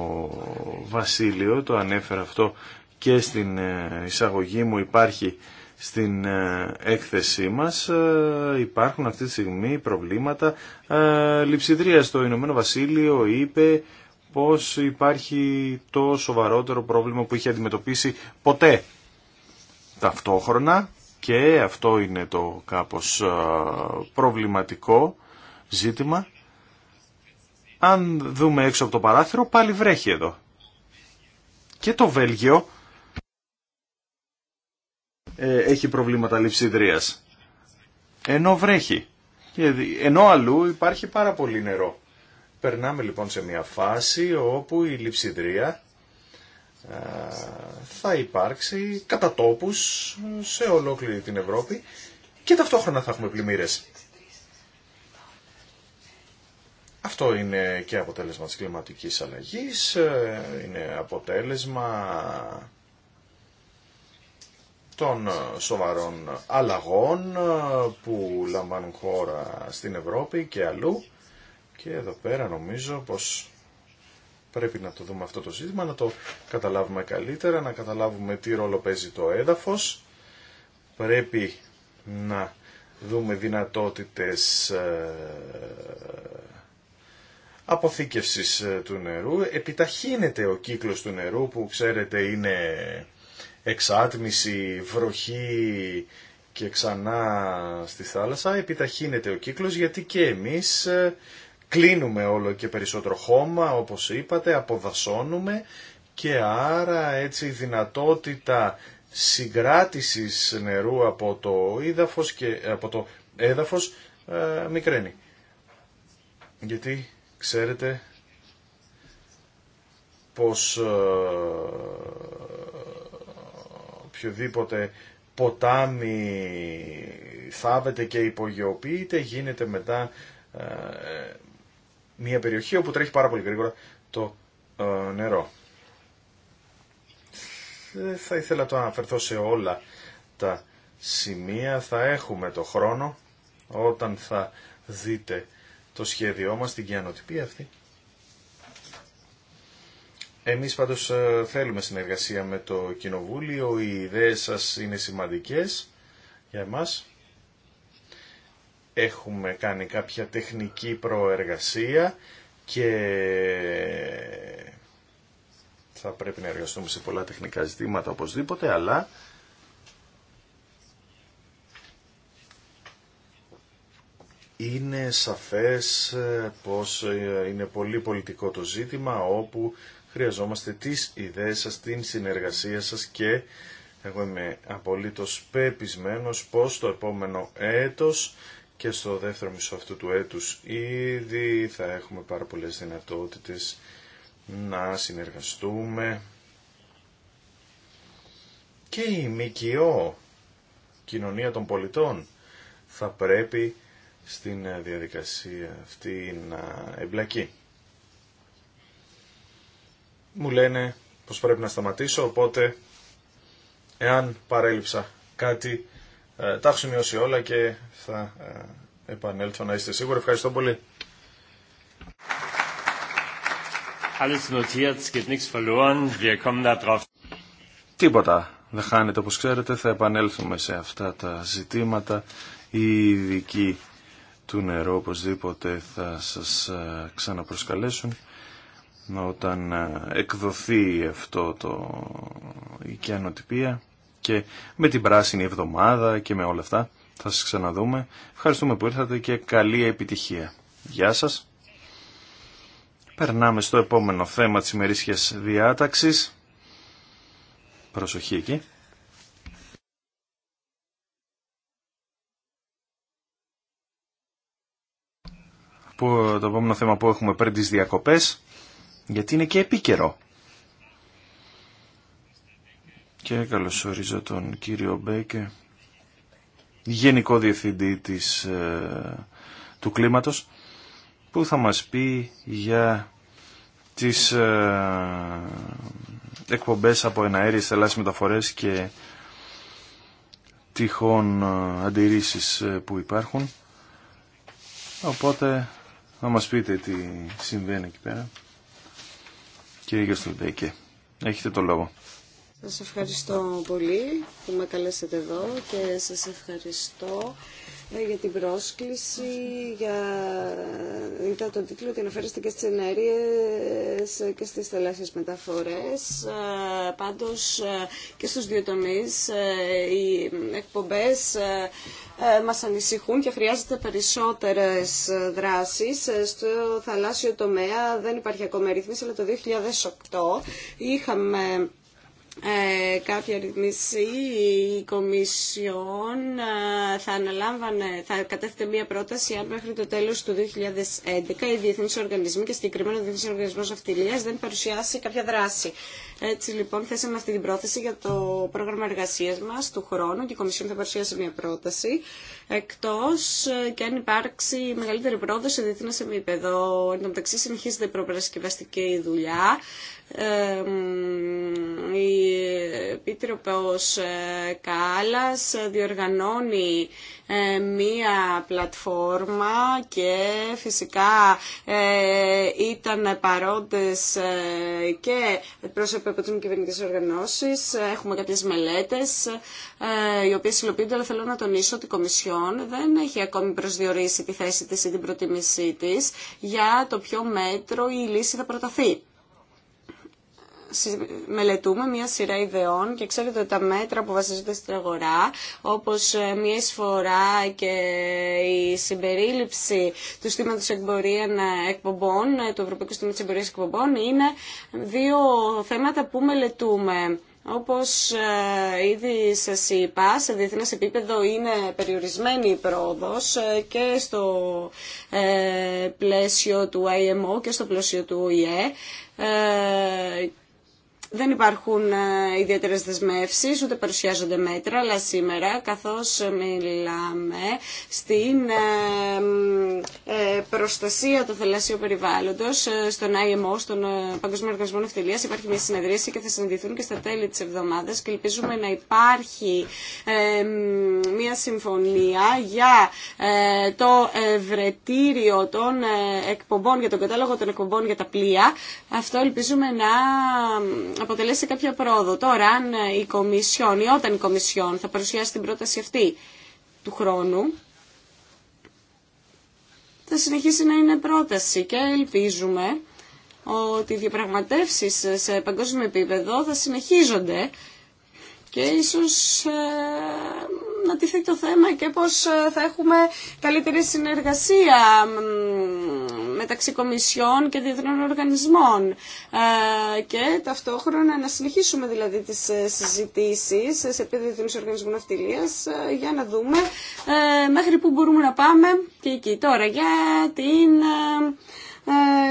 Βασίλειο, το ανέφερα αυτό και στην ε, εισαγωγή μου υπάρχει στην ε, έκθεσή μας ε, υπάρχουν αυτή τη στιγμή προβλήματα. Λειψιδρία στο Ηνωμένο Βασίλειο είπε πως υπάρχει το σοβαρότερο πρόβλημα που είχε αντιμετωπίσει ποτέ. Ταυτόχρονα και αυτό είναι το κάπως προβληματικό ζήτημα. Αν δούμε έξω από το παράθυρο πάλι βρέχει εδώ. Και το Βέλγιο ε, έχει προβλήματα λειψιδρίας. Ενώ βρέχει. ενώ αλλού υπάρχει πάρα πολύ νερό. Περνάμε λοιπόν σε μια φάση όπου η λειψιδρία ε, θα υπάρξει κατά τόπους σε ολόκληρη την Ευρώπη και ταυτόχρονα θα έχουμε πλημμύρες. Αυτό είναι και αποτέλεσμα της κλιματικής αλλαγής, ε, είναι αποτέλεσμα των ε, σοβαρών αλλαγών ε, που λαμβάνουν χώρα στην Ευρώπη και αλλού και εδώ πέρα νομίζω πως πρέπει να το δούμε αυτό το ζήτημα, να το καταλάβουμε καλύτερα, να καταλάβουμε τι ρόλο παίζει το έδαφος. Πρέπει να δούμε δυνατότητες ε, αποθήκευσης του νερού. Επιταχύνεται ο κύκλος του νερού που ξέρετε είναι εξάτμιση, βροχή και ξανά στη θάλασσα επιταχύνεται ο κύκλος γιατί και εμείς ε, κλείνουμε όλο και περισσότερο χώμα όπως είπατε, αποδασώνουμε και άρα έτσι η δυνατότητα συγκράτησης νερού από το, εδάφος και, από το έδαφος ε, μικραίνει. Γιατί ξέρετε πως ε, οποιοδήποτε ποτάμι θάβεται και υπογειοποιείται γίνεται μετά ε, μια περιοχή όπου τρέχει πάρα πολύ γρήγορα το ε, νερό. Δεν θα ήθελα το αναφερθώ σε όλα τα σημεία. Θα έχουμε το χρόνο όταν θα δείτε το σχέδιό μας, την κυανοτυπία αυτή. Εμείς πάντως ε, θέλουμε συνεργασία με το Κοινοβούλιο, οι ιδέες σας είναι σημαντικές για εμάς. Έχουμε κάνει κάποια τεχνική προεργασία και θα πρέπει να εργαστούμε σε πολλά τεχνικά ζητήματα οπωσδήποτε, αλλά είναι σαφές ε, πως ε, είναι πολύ πολιτικό το ζήτημα όπου χρειαζόμαστε τις ιδέες σας, την συνεργασία σας και εγώ είμαι απολύτως πεπισμένος πως το επόμενο έτος και στο δεύτερο μισό αυτού του έτους ήδη θα έχουμε πάρα πολλές δυνατότητες να συνεργαστούμε και η ΜΚΟ, κοινωνία των πολιτών, θα πρέπει στην διαδικασία αυτή να εμπλακεί μου λένε πως πρέπει να σταματήσω, οπότε εάν παρέλειψα κάτι, ε, τα έχω σημειώσει όλα και θα ε, επανέλθω να είστε σίγουροι. Ευχαριστώ πολύ. Τίποτα δεν χάνεται όπως ξέρετε, θα επανέλθουμε σε αυτά τα ζητήματα. Οι ειδικοί του νερού οπωσδήποτε θα σας ε, ξαναπροσκαλέσουν όταν ε, εκδοθεί αυτό το η και με την πράσινη εβδομάδα και με όλα αυτά θα σας ξαναδούμε. Ευχαριστούμε που ήρθατε και καλή επιτυχία. Γεια σας. Περνάμε στο επόμενο θέμα της ημερήσιας διάταξης. Προσοχή εκεί. Το επόμενο θέμα που έχουμε πριν τις διακοπές γιατί είναι και επίκαιρο. Και καλωσορίζω τον κύριο Μπέκε, Γενικό Διευθυντή της, ε, του Κλίματος, που θα μας πει για τις ε, εκπομπές από εναέριες θελάσσιες μεταφορές και τυχόν ε, αντιρρήσεις που υπάρχουν. Οπότε θα μας πείτε τι συμβαίνει εκεί πέρα. Κύριε Γιωστολτέικε, έχετε το λόγο. Σας ευχαριστώ πολύ που με καλέσατε εδώ και σας ευχαριστώ ναι, για την πρόσκληση, για... είδα τον τίτλο ότι αναφέρεστε και στις ενέργειες και στις θελάσσιες μεταφορές. Πάντως και στους δύο τομείς οι εκπομπές μας ανησυχούν και χρειάζεται περισσότερες δράσεις. Στο θαλάσσιο τομέα δεν υπάρχει ακόμα ρύθμιση, αλλά το 2008 είχαμε ε, κάποια ρυθμίση η Κομισιόν ε, θα αναλάμβανε, θα κατέθετε μία πρόταση αν μέχρι το τέλος του 2011 οι διεθνείς οργανισμοί και συγκεκριμένα ο Διεθνής Οργανισμός Αυτιλίας δεν παρουσιάσει κάποια δράση. Έτσι λοιπόν θέσαμε αυτή την πρόθεση για το πρόγραμμα εργασίας μας του χρόνου και η Κομισιόν θα παρουσιάσει μια πρόταση εκτός ε, και αν υπάρξει μεγαλύτερη πρόοδο σε διεθνές επίπεδο. Εν τω μεταξύ συνεχίζεται η προπαρασκευαστική δουλειά. η Επίτροπος ε, Κάλλας ε, διοργανώνει ε, μία πλατφόρμα και φυσικά ε, ήταν παρόντες ε, και πρόσωποι από τις μη κυβερνητικές οργανώσεις. Έχουμε κάποιες μελέτες οι οποίες υλοποιούνται, αλλά θέλω να τονίσω ότι η Κομισιόν δεν έχει ακόμη προσδιορίσει τη θέση της ή την προτίμησή της για το ποιο μέτρο η λύση θα προταθεί μελετούμε μια σειρά ιδεών και ξέρετε ότι τα μέτρα που βασίζονται στην αγορά, όπως ε, μια εισφορά και η συμπερίληψη του στήματος ε, εκπομπών, εκπομπών του Ευρωπαϊκού Στήματος Εμπορίας Εκπομπών, είναι δύο θέματα που μελετούμε. Όπως ε, ήδη σας είπα, σε διεθνέ επίπεδο είναι περιορισμένη η πρόοδο και στο πλαίσιο του IMO και στο πλαίσιο του ΟΗΕ δεν υπάρχουν ε, ιδιαίτερε δεσμεύσει, ούτε παρουσιάζονται μέτρα, αλλά σήμερα, καθώ μιλάμε στην ε, ε, προστασία του θελασσίου περιβάλλοντο, στον IMO, στον Παγκόσμιο Οργανισμό Ναυτιλία, υπάρχει μια συνεδρίαση και θα συναντηθούν και στα τέλη τη εβδομάδα και ελπίζουμε να υπάρχει μια συμφωνία για το ευρετήριο των εκπομπών, για τον κατάλογο των εκπομπών για τα πλοία. Αυτό ελπίζουμε να αποτελέσει κάποια πρόοδο. Τώρα, αν ε, η Κομισιόν ή όταν η Κομισιόν θα παρουσιάσει την πρόταση αυτή του χρόνου, θα συνεχίσει να είναι πρόταση και ελπίζουμε ότι οι διαπραγματεύσεις σε παγκόσμιο επίπεδο θα συνεχίζονται και ίσως ε, να τυθεί το θέμα και πώς ε, θα έχουμε καλύτερη συνεργασία μεταξύ κομισιών και διεθνών οργανισμών. Ε, και ταυτόχρονα να συνεχίσουμε δηλαδή τις ε, συζητήσεις σε επίπεδο οργανισμών οργανισμού ναυτιλίας για να δούμε μέχρι πού μπορούμε να πάμε και εκεί. Τώρα για την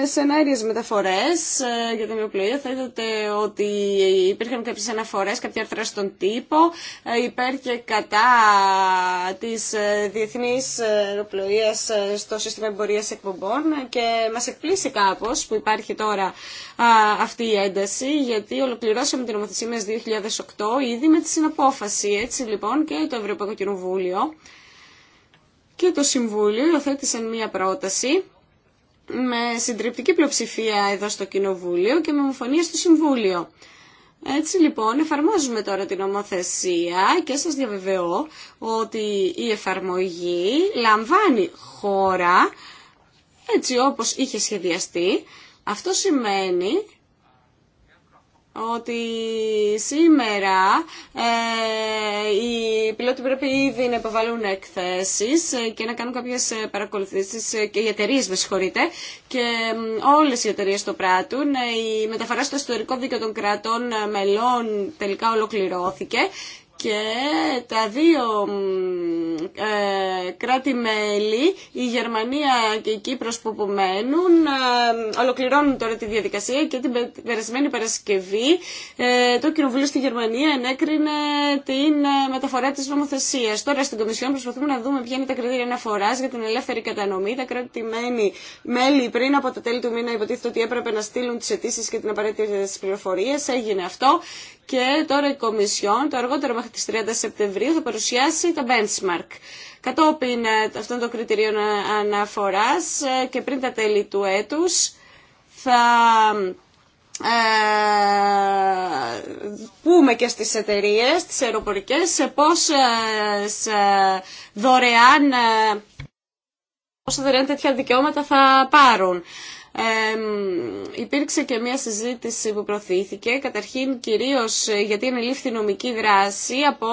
ε, σενάριες μεταφορές ε, για την αεροπλοεία. Θα ότι υπήρχαν κάποιες αναφορές, κάποια άρθρα στον τύπο, ε, υπέρ κατά της διεθνής αεροπλοείας στο σύστημα εμπορίας εκπομπών και μας εκπλήσει κάπως που υπάρχει τώρα αυτή η ένταση, γιατί ολοκληρώσαμε την νομοθεσία μας 2008 ήδη με τη συναπόφαση. Έτσι λοιπόν και το Ευρωπαϊκό Κοινοβούλιο και το Συμβούλιο υιοθέτησαν μία πρόταση με συντριπτική πλειοψηφία εδώ στο Κοινοβούλιο και με ομοφωνία στο Συμβούλιο. Έτσι λοιπόν εφαρμόζουμε τώρα την ομοθέσια και σας διαβεβαιώ ότι η εφαρμογή λαμβάνει χώρα έτσι όπως είχε σχεδιαστεί. Αυτό σημαίνει ότι σήμερα ε, οι πιλότοι πρέπει ήδη να υποβαλούν εκθέσεις και να κάνουν κάποιες παρακολουθήσεις και οι εταιρείε με συγχωρείτε και όλες οι εταιρείε το πράττουν. Ε, η μεταφορά στο ιστορικό δίκαιο των κρατών μελών τελικά ολοκληρώθηκε και τα δύο ε, κράτη-μέλη, η Γερμανία και η Κύπρος που απομένουν, ε, ολοκληρώνουν τώρα τη διαδικασία και την περασμένη Παρασκευή ε, το Κοινοβούλιο στη Γερμανία ενέκρινε την ε, μεταφορά της νομοθεσίας. Τώρα στην Κομισιόν προσπαθούμε να δούμε ποια είναι τα κριτήρια αναφοράς για την ελεύθερη κατανομή. Τα κράτη-μέλη πριν από το τέλη του μήνα υποτίθεται ότι έπρεπε να στείλουν τις αιτήσει και την απαραίτητη πληροφορίε. Έγινε αυτό και τώρα η Κομισιόν, το αργότερο μέχρι τις 30 Σεπτεμβρίου, θα παρουσιάσει τα benchmark. Κατόπιν ε, αυτών των κριτηρίων ε, αναφοράς ε, και πριν τα τέλη του έτους θα πούμε και στις εταιρείες, τις αεροπορικές, πώς δωρεάν, δωρεάν τέτοια δικαιώματα θα πάρουν υπήρξε και μια συζήτηση που προθήθηκε καταρχήν κυρίως ε, γιατί ενελήφθη νομική δράση από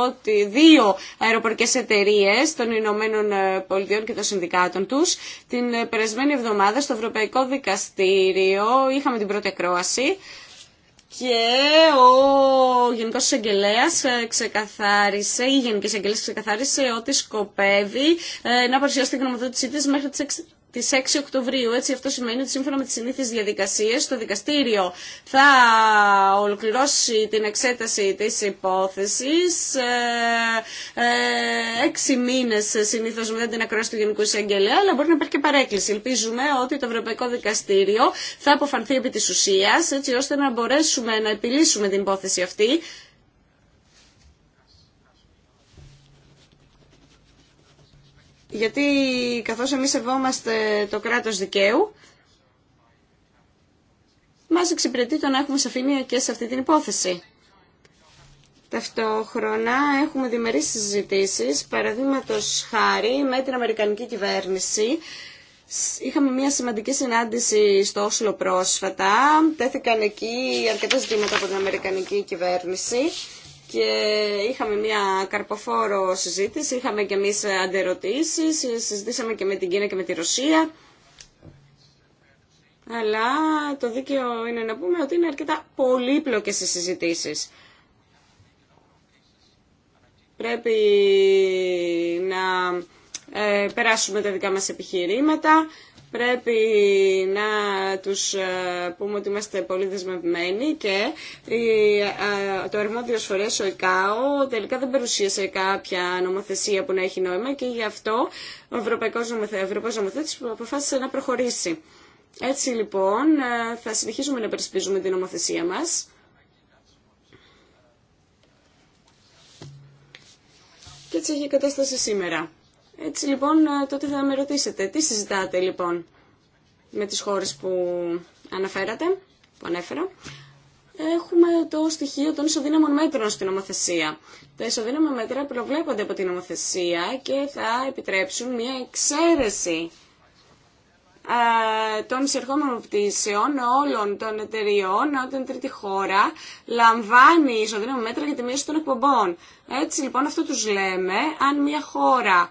δύο αεροπορικές εταιρείες των Ηνωμένων ε, Πολιτειών και των συνδικάτων τους. Την ε, περασμένη εβδομάδα στο Ευρωπαϊκό Δικαστήριο είχαμε την πρώτη ακρόαση και ο Γενικός Εισαγγελέας ξεκαθάρισε, η Γενική Εισαγγελέας ξεκαθάρισε ότι σκοπεύει να παρουσιάσει την γνωμοδότησή της μέχρι τις 6 τι 6 Οκτωβρίου. Έτσι αυτό σημαίνει ότι σύμφωνα με τι συνήθειε διαδικασίε, το δικαστήριο θα ολοκληρώσει την εξέταση της υπόθεσης. Ε, ε, έξι μήνες συνήθως μετά την ακρόαση του Γενικού Εισαγγελέα, αλλά μπορεί να υπάρχει και παρέκκληση. Ελπίζουμε ότι το Ευρωπαϊκό Δικαστήριο θα αποφανθεί επί τη ουσία έτσι ώστε να μπορέσουμε να επιλύσουμε την υπόθεση αυτή γιατί καθώς εμείς σεβόμαστε το κράτος δικαίου, μας εξυπηρετεί το να έχουμε σαφήνεια και σε αυτή την υπόθεση. Ταυτόχρονα έχουμε διμερείς συζητήσεις, παραδείγματος χάρη με την Αμερικανική κυβέρνηση, Είχαμε μια σημαντική συνάντηση στο Όσλο πρόσφατα. Τέθηκαν εκεί αρκετά ζητήματα από την Αμερικανική κυβέρνηση και είχαμε μια καρποφόρο συζήτηση, είχαμε και εμείς αντερωτήσεις, συζητήσαμε και με την Κίνα και με τη Ρωσία. Αλλά το δίκαιο είναι να πούμε ότι είναι αρκετά πολύπλοκες οι συζητήσεις. Πρέπει να ε, περάσουμε τα δικά μας επιχειρήματα, πρέπει να τους ε, πούμε ότι είμαστε πολύ δεσμευμένοι και ε, το αρμόδιο φορέας ο ΕΚΑΟ τελικά δεν παρουσίασε κάποια νομοθεσία που να έχει νόημα και γι' αυτό ο Ευρωπαϊκός, νομοθε... Ευρωπαϊκός Νομοθέτης αποφάσισε να προχωρήσει. Έτσι λοιπόν ε, θα συνεχίσουμε να περισπίζουμε την νομοθεσία μας. Και έτσι έχει η κατάσταση σήμερα. Έτσι λοιπόν ε, τότε θα με ρωτήσετε, τι συζητάτε λοιπόν με τις χώρες που αναφέρατε, που ανέφερα. Έχουμε το στοιχείο των ισοδύναμων μέτρων στην νομοθεσία. Τα ισοδύναμα μέτρα προβλέπονται από την νομοθεσία και θα επιτρέψουν μια εξαίρεση των εισερχόμενων πτήσεων όλων των εταιριών όταν τρίτη χώρα λαμβάνει ισοδύναμα μέτρα για τη μείωση των εκπομπών. Έτσι λοιπόν αυτό τους λέμε αν μια χώρα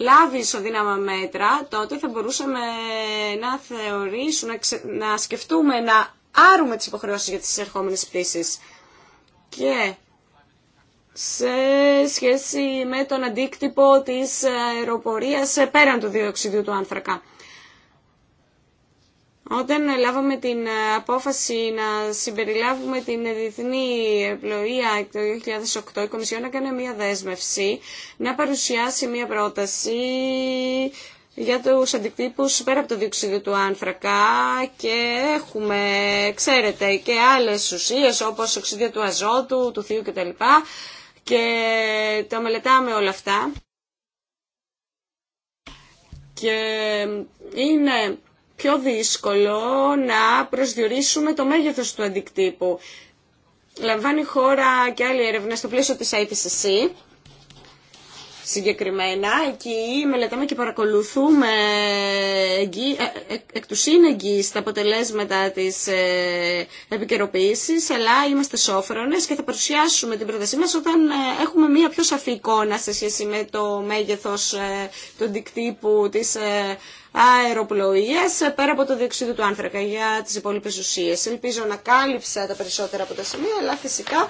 λάβει ισοδύναμα μέτρα, τότε θα μπορούσαμε να θεωρήσουμε, να σκεφτούμε, να άρουμε τις υποχρεώσεις για τις ερχόμενες πτήσεις. Και σε σχέση με τον αντίκτυπο της αεροπορίας ε, πέραν του διοξιδίου του άνθρακα. Όταν λάβαμε την ε, απόφαση να συμπεριλάβουμε την διεθνή πλοία το 2008, η Κομισιόν έκανε μια δέσμευση να παρουσιάσει μια πρόταση για τους αντικτύπους πέρα από το διοξείδιο του άνθρακα και έχουμε, ξέρετε, και άλλες ουσίες όπως οξύδιο του αζότου, του θείου κτλ. Και το μελετάμε όλα αυτά. Και είναι πιο δύσκολο να προσδιορίσουμε το μέγεθος του αντικτύπου. Λαμβάνει χώρα και άλλη έρευνα στο πλαίσιο της IPCC, συγκεκριμένα. Εκεί μελετάμε και παρακολουθούμε ε, ε, εκ του σύνεγγυ τα αποτελέσματα της ε, επικαιροποίηση, αλλά είμαστε σόφρονες και θα παρουσιάσουμε την πρότασή μας όταν έχουμε μία πιο σαφή εικόνα σε σχέση με το μέγεθος του δικτύπου της αεροπλοείας πέρα από το διοξείδιο του άνθρακα για τις υπόλοιπες ουσίες. Ελπίζω να κάλυψα τα περισσότερα από τα σημεία, αλλά φυσικά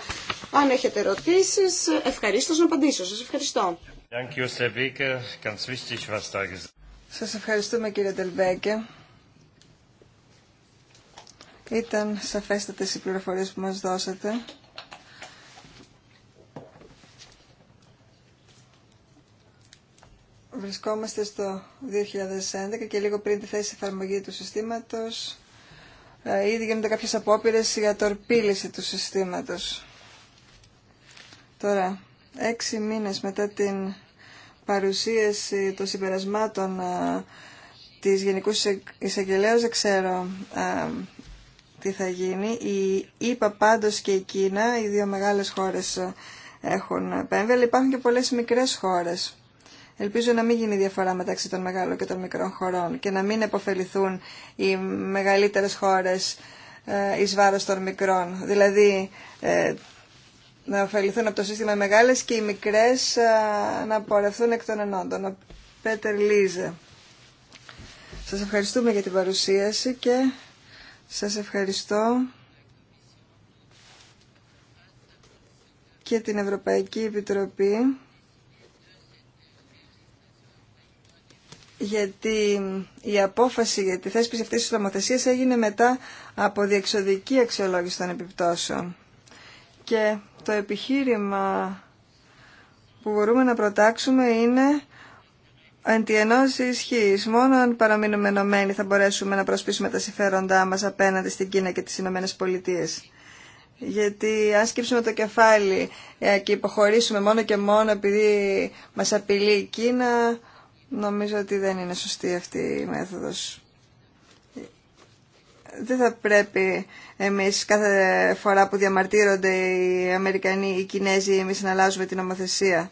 αν έχετε ερωτήσεις ευχαρίστω να απαντήσω. Σας ευχαριστώ. Σα ευχαριστούμε κύριε Τελβέκε. Ήταν σαφέστατες οι πληροφορίες που μας δώσατε. βρισκόμαστε στο 2011 και λίγο πριν τη θέση εφαρμογή του συστήματος ε, ήδη γίνονται κάποιες απόπειρες για τορπίληση του συστήματος. Τώρα, έξι μήνες μετά την παρουσίαση των συμπερασμάτων ε, της Γενικού Εισαγγελέας, δεν ξέρω ε, τι θα γίνει. Η ΕΠΑ πάντως και η Κίνα, οι δύο μεγάλες χώρες έχουν επέμβει, αλλά υπάρχουν και πολλές μικρές χώρες Ελπίζω να μην γίνει διαφορά μεταξύ των μεγάλων και των μικρών χωρών και να μην επωφεληθούν οι μεγαλύτερες χώρες ε, εις βάρος των μικρών. Δηλαδή ε, να ωφεληθούν από το σύστημα οι μεγάλες και οι μικρές ε, να πορευθούν εκ των ενόντων. Ο Πέτερ Λίζε. Σας ευχαριστούμε για την παρουσίαση και σας ευχαριστώ και την Ευρωπαϊκή Επιτροπή γιατί η απόφαση για τη θέσπιση αυτής της νομοθεσίας έγινε μετά από διεξοδική αξιολόγηση των επιπτώσεων. Και το επιχείρημα που μπορούμε να προτάξουμε είναι αντιενός ισχύει. Μόνο αν παραμείνουμε ενωμένοι θα μπορέσουμε να προσπίσουμε τα συμφέροντά μας απέναντι στην Κίνα και τις Ηνωμένες Πολιτείες. Γιατί αν σκύψουμε το κεφάλι ε, και υποχωρήσουμε μόνο και μόνο επειδή μας απειλεί η Κίνα, Νομίζω ότι δεν είναι σωστή αυτή η μέθοδος. Δεν θα πρέπει εμείς κάθε φορά που διαμαρτύρονται οι Αμερικανοί, οι Κινέζοι, εμείς να αλλάζουμε την νομοθεσία.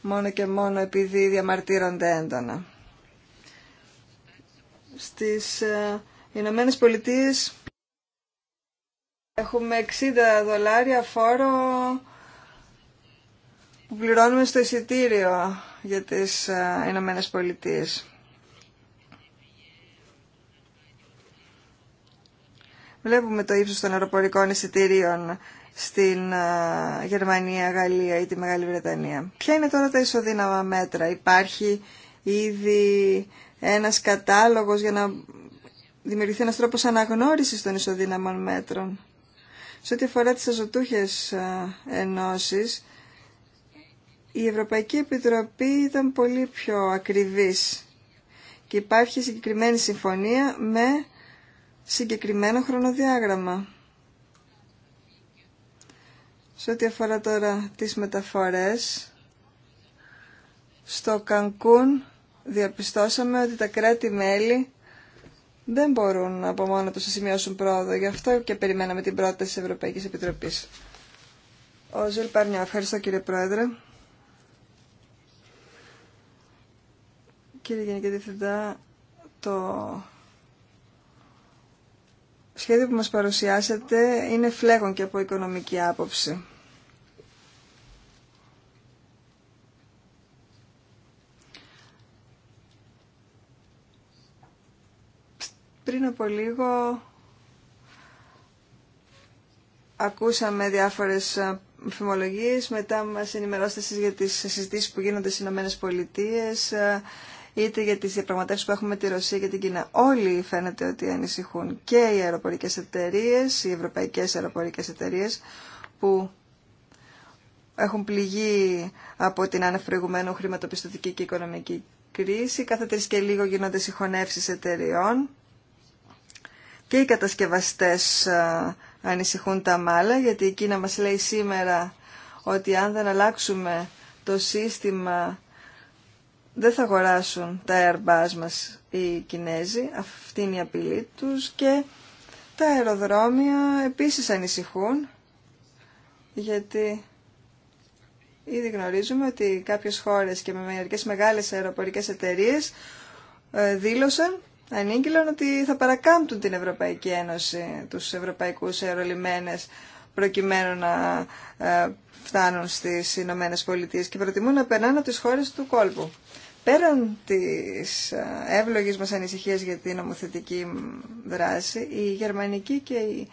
Μόνο και μόνο επειδή διαμαρτύρονται έντονα. Στις ε, Ηνωμένε Πολιτείε έχουμε 60 δολάρια φόρο που πληρώνουμε στο εισιτήριο για τις ε, Ηνωμένε Πολιτείε. Βλέπουμε το ύψος των αεροπορικών εισιτήριων στην ε, Γερμανία, Γαλλία ή τη Μεγάλη Βρετανία. Ποια είναι τώρα τα ισοδύναμα μέτρα. Υπάρχει ήδη ένας κατάλογος για να δημιουργηθεί ένας τρόπος αναγνώρισης των ισοδύναμων μέτρων. Σε ό,τι αφορά τις αζωτούχες ε, ενώσεις, η Ευρωπαϊκή Επιτροπή ήταν πολύ πιο ακριβής και υπάρχει συγκεκριμένη συμφωνία με συγκεκριμένο χρονοδιάγραμμα. Σε ό,τι αφορά τώρα τις μεταφορές, στο Κανκούν διαπιστώσαμε ότι τα κράτη-μέλη δεν μπορούν από μόνο τους να σημειώσουν πρόοδο. Γι' αυτό και περιμέναμε την πρόταση της Ευρωπαϊκής Επιτροπής. Ο Ζιλ Παρνιά, ευχαριστώ κύριε Πρόεδρε. Κύριε Γενική Διευθυντά, το σχέδιο που μας παρουσιάσετε είναι φλέγον και από οικονομική άποψη. Πριν από λίγο ακούσαμε διάφορες ε, φημολογίες, μετά μας ενημερώσατε για τις συζητήσεις που γίνονται στις Ηνωμένες Πολιτείες, ε, είτε για τις διαπραγματεύσει που έχουμε με τη Ρωσία και την Κίνα. Όλοι φαίνεται ότι ανησυχούν και οι αεροπορικές εταιρείε, οι ευρωπαϊκές αεροπορικές εταιρείε που έχουν πληγεί από την άνευ χρηματοπιστωτική και οικονομική κρίση. Κάθε τρεις και λίγο γίνονται συγχωνεύσεις εταιρεών και οι κατασκευαστές ανησυχούν τα μάλα, γιατί η Κίνα μας λέει σήμερα ότι αν δεν αλλάξουμε το σύστημα δεν θα αγοράσουν τα Airbus μας οι Κινέζοι, αυτή είναι η απειλή τους και τα αεροδρόμια επίσης ανησυχούν γιατί ήδη γνωρίζουμε ότι κάποιες χώρες και με μερικές μεγάλες αεροπορικές εταιρείες ε, δήλωσαν, ανήγγυλαν ότι θα παρακάμπτουν την Ευρωπαϊκή Ένωση, τους ευρωπαϊκούς αερολιμένες προκειμένου να ε, φτάνουν στις Ηνωμένε Πολιτείες και προτιμούν να περνάνε από τις χώρες του κόλπου. Πέραν της ε, εύλογης μας ανησυχίας για την νομοθετική δράση, η γερμανική και η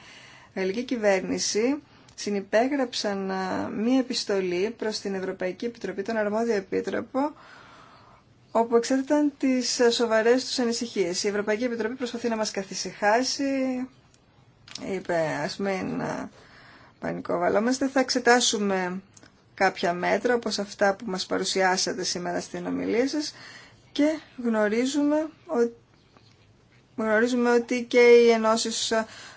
γαλλική κυβέρνηση συνυπέγραψαν ε, μία επιστολή προς την Ευρωπαϊκή Επιτροπή, τον Αρμόδιο Επίτροπο, όπου εξέταταν τις ε, σοβαρές τους ανησυχίες. Η Ευρωπαϊκή Επιτροπή προσπαθεί να μας καθησυχάσει, είπε ας μην πανικοβαλόμαστε, θα εξετάσουμε κάποια μέτρα όπως αυτά που μας παρουσιάσατε σήμερα στην ομιλία σας και γνωρίζουμε ότι, ότι και οι ενώσεις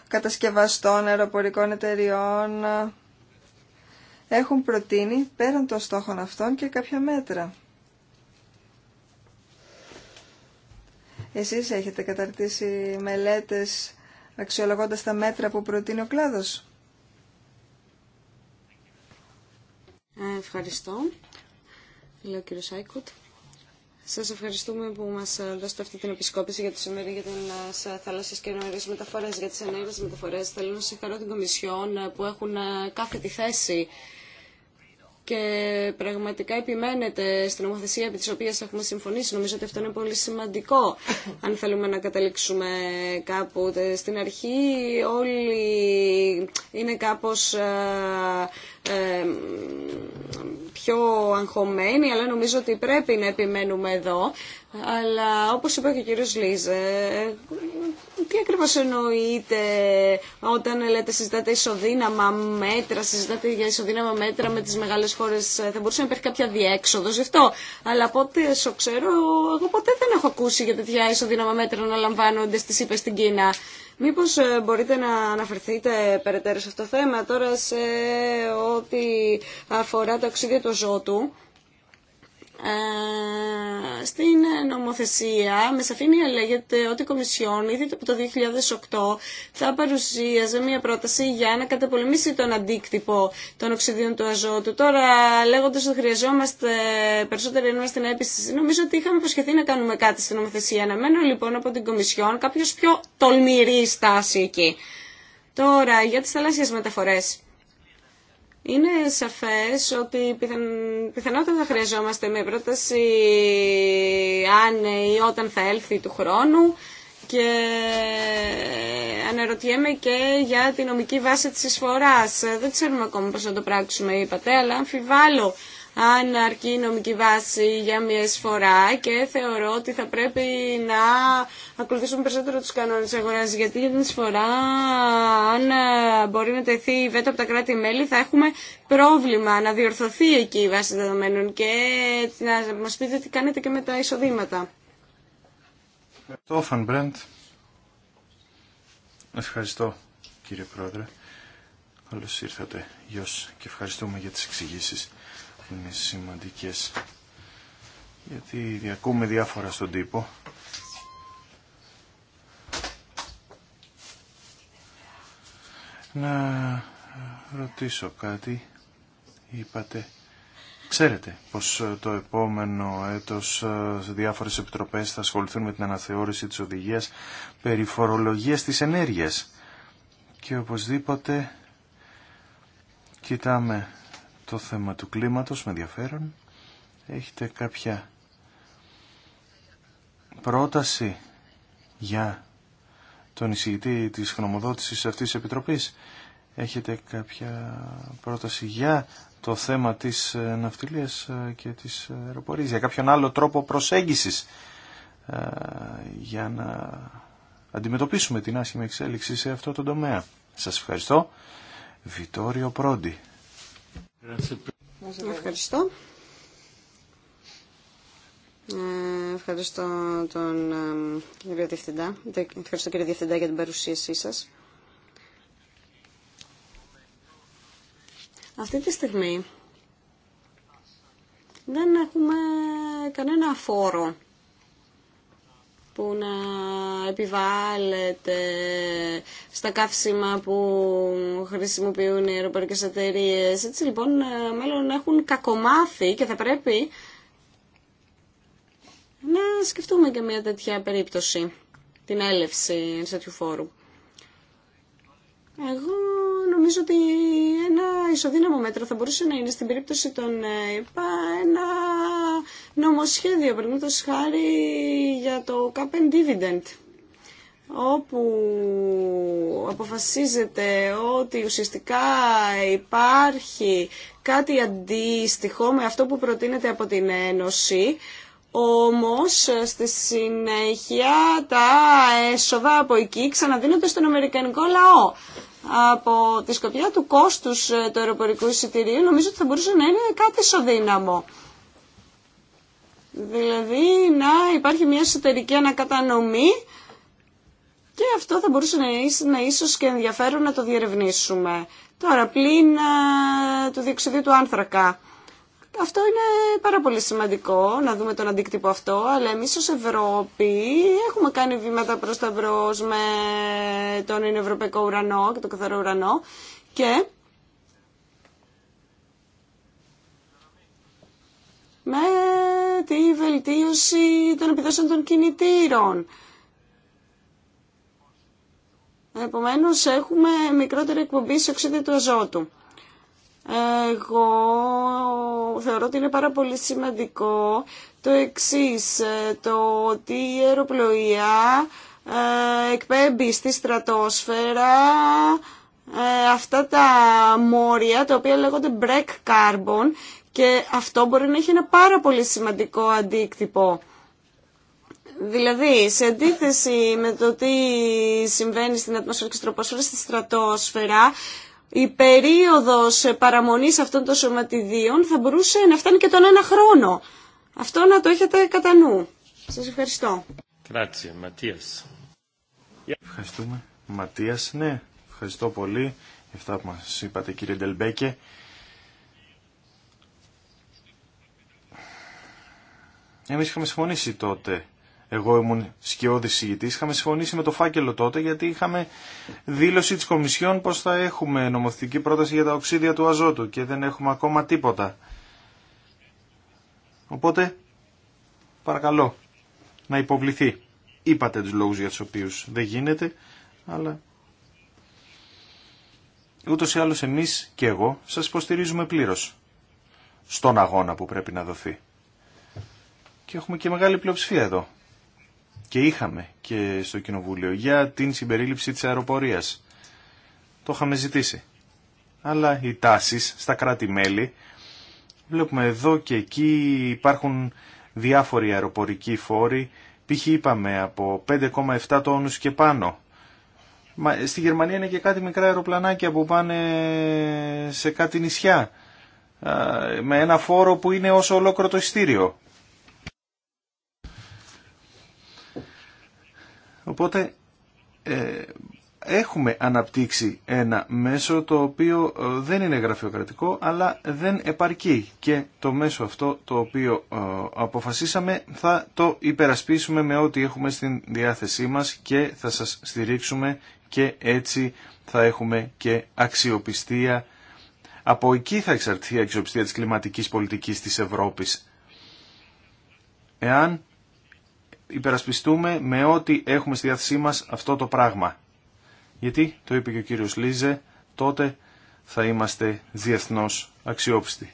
κατασκευαστών αεροπορικών εταιριών ε, έχουν προτείνει πέραν των στόχων αυτών και κάποια μέτρα. Εσείς έχετε καταρτήσει μελέτες αξιολογώντας τα μέτρα που προτείνει ο κλάδος. Ευχαριστώ. Λέω κύριο Σάικουτ. Σας ευχαριστούμε που μας δώσετε αυτή την επισκόπηση για το σημερινό για την ε, θάλασσες και ενέργειες μεταφορές, για τις ενέργειε μεταφορές. Θέλω να συγχαρώ την Κομισιόν ε, που έχουν ε, κάθε τη θέση και πραγματικά επιμένετε στην νομοθεσία επί της οποίας έχουμε συμφωνήσει. Νομίζω ότι αυτό είναι πολύ σημαντικό αν θέλουμε να καταλήξουμε κάπου. Στην αρχή όλοι είναι κάπως ε, ε, πιο αγχωμένοι, αλλά νομίζω ότι πρέπει να επιμένουμε εδώ αλλά όπως είπε και ο κύριος Λίζε, τι ακριβώς εννοείτε όταν λέτε συζητάτε ισοδύναμα μέτρα, συζητάτε για ισοδύναμα μέτρα με τις μεγάλες χώρες, ε, θα μπορούσε να υπάρχει κάποια διέξοδο γι' αυτό. Αλλά από ό,τι ξέρω, εγώ ποτέ δεν έχω ακούσει για τέτοια ισοδύναμα μέτρα να λαμβάνονται στις ΥΠΕ στην Κίνα. Μήπως ε, μπορείτε να αναφερθείτε περαιτέρω σε αυτό το θέμα τώρα σε ό,τι αφορά το οξύδιο του ζώτου ε, στην νομοθεσία με σαφήνεια λέγεται ότι η Κομισιόν ήδη από το 2008 θα παρουσίαζε μια πρόταση για να καταπολεμήσει τον αντίκτυπο των οξυδίων του αζότου. Τώρα λέγοντας ότι χρειαζόμαστε περισσότερη ενώμη στην έπιση, νομίζω ότι είχαμε προσχεθεί να κάνουμε κάτι στην νομοθεσία. Αναμένω λοιπόν από την Κομισιόν κάποιο πιο τολμηρή στάση εκεί. Τώρα για τις θαλάσσιες μεταφορές. Είναι σαφές ότι πιθαν, πιθανότατα χρειαζόμαστε μια πρόταση αν ή όταν θα έλθει του χρόνου και αναρωτιέμαι και για τη νομική βάση της εισφοράς. Δεν ξέρουμε ακόμα πώς να το πράξουμε, είπατε, αλλά αμφιβάλλω αν αρκεί η νομική βάση για μια εισφορά και θεωρώ ότι θα πρέπει να ακολουθήσουμε περισσότερο τους κανόνες αγοράς γιατί για την εισφορά αν ε, μπορεί να τεθεί η βέτα από τα κράτη-μέλη θα έχουμε πρόβλημα να διορθωθεί εκεί η βάση δεδομένων και να μας πείτε τι κάνετε και με τα εισοδήματα. Ευχαριστώ, Ευχαριστώ, κύριε Πρόεδρε. Καλώς ήρθατε, Γιος, και ευχαριστούμε για τις εξηγήσεις είναι σημαντικές. Γιατί διακούμε διάφορα στον τύπο. Να ρωτήσω κάτι. Είπατε. Ξέρετε πως ε, το επόμενο έτος ε, διάφορες επιτροπές θα ασχοληθούν με την αναθεώρηση της οδηγίας περί φορολογίας της ενέργειας. Και οπωσδήποτε κοιτάμε το θέμα του κλίματος με ενδιαφέρον. Έχετε κάποια πρόταση για τον εισηγητή της γνωμοδότησης αυτής της Επιτροπής. Έχετε κάποια πρόταση για το θέμα της ε, ναυτιλίας ε, και της αεροπορίας, για κάποιον άλλο τρόπο προσέγγισης ε, για να αντιμετωπίσουμε την άσχημη εξέλιξη σε αυτό το τομέα. Σας ευχαριστώ. Βιτόριο Πρόντι. Ευχαριστώ. Ε, ευχαριστώ τον ε, κύριο Διευθυντά. Ευχαριστώ κύριε Διευθυντά για την παρουσίασή σας. Αυτή τη στιγμή δεν έχουμε κανένα φόρο που να επιβάλλεται στα καύσιμα που χρησιμοποιούν οι αεροπορικές εταιρείε. Έτσι λοιπόν ε, μέλλον έχουν κακομάθει και θα πρέπει να σκεφτούμε και μια τέτοια περίπτωση, την έλευση ενσέτειου τέτοιου φόρου. Εγώ νομίζω ότι ένα ισοδύναμο μέτρο θα μπορούσε να είναι στην περίπτωση των ΕΠΑ ένα νομοσχέδιο, το χάρη για το cap and dividend όπου αποφασίζεται ότι ουσιαστικά υπάρχει κάτι αντίστοιχο με αυτό που προτείνεται από την Ένωση, όμως στη συνέχεια τα έσοδα από εκεί ξαναδίνονται στον Αμερικανικό λαό. Από τη σκοπιά του κόστους ε, του αεροπορικού εισιτηρίου νομίζω ότι θα μπορούσε να είναι κάτι ισοδύναμο. Δηλαδή να υπάρχει μια εσωτερική ανακατανομή και αυτό θα μπορούσε να ίσως και ενδιαφέρον να το διερευνήσουμε. Τώρα, πλην του διοξιδίου του άνθρακα. Αυτό είναι πάρα πολύ σημαντικό, να δούμε τον αντίκτυπο αυτό, αλλά εμείς ως Ευρώπη έχουμε κάνει βήματα προς τα μπρος με τον Ευρωπαϊκό Ουρανό και τον Καθαρό Ουρανό και με τη βελτίωση των επιδόσεων των κινητήρων. Επομένως έχουμε μικρότερη εκπομπή σε οξύδιο του αζότου. Εγώ θεωρώ ότι είναι πάρα πολύ σημαντικό το εξής, ε, το ότι η αεροπλοεία ε, εκπέμπει στη στρατόσφαιρα ε, αυτά τα μόρια τα οποία λέγονται break carbon και αυτό μπορεί να έχει ένα πάρα πολύ σημαντικό αντίκτυπο. Δηλαδή, σε αντίθεση με το τι συμβαίνει στην ατμοσφαιρική στροποσφαίρα, στη στρατόσφαιρα, η περίοδος παραμονής αυτών των σωματιδίων θα μπορούσε να φτάνει και τον ένα χρόνο. Αυτό να το έχετε κατά νου. Σας ευχαριστώ. Κράτσε, Ματίας. Ευχαριστούμε. Ματίας, ναι. Ευχαριστώ πολύ για αυτά που μας είπατε κύριε Ντελμπέκε. Εμείς είχαμε συμφωνήσει τότε εγώ ήμουν σκιώδη συγητή. είχαμε συμφωνήσει με το φάκελο τότε γιατί είχαμε δήλωση της Κομισιόν πως θα έχουμε νομοθετική πρόταση για τα οξύδια του αζότου και δεν έχουμε ακόμα τίποτα. Οπότε, παρακαλώ, να υποβληθεί. Είπατε τους λόγους για τους οποίους δεν γίνεται, αλλά ούτως ή άλλως εμείς και εγώ σας υποστηρίζουμε πλήρως στον αγώνα που πρέπει να δοθεί. Και έχουμε και μεγάλη πλειοψηφία εδώ και είχαμε και στο Κοινοβούλιο για την συμπερίληψη της αεροπορίας. Το είχαμε ζητήσει. Αλλά οι τάσεις στα κράτη-μέλη, βλέπουμε εδώ και εκεί υπάρχουν διάφοροι αεροπορικοί φόροι, π.χ. είπαμε από 5,7 τόνους και πάνω. Μα, στη Γερμανία είναι και κάτι μικρά αεροπλανάκια που πάνε σε κάτι νησιά, με ένα φόρο που είναι όσο ολόκληρο το ειστήριο. Οπότε ε, έχουμε αναπτύξει ένα μέσο το οποίο ε, δεν είναι γραφειοκρατικό αλλά δεν επαρκεί και το μέσο αυτό το οποίο ε, αποφασίσαμε θα το υπερασπίσουμε με ό,τι έχουμε στην διάθεσή μας και θα σας στηρίξουμε και έτσι θα έχουμε και αξιοπιστία. Από εκεί θα εξαρτηθεί η αξιοπιστία της κλιματικής πολιτικής της Ευρώπης. Εάν υπερασπιστούμε με ό,τι έχουμε στη διάθεσή μας αυτό το πράγμα. Γιατί, το είπε και ο κύριος Λίζε, τότε θα είμαστε διεθνώς αξιόπιστοι.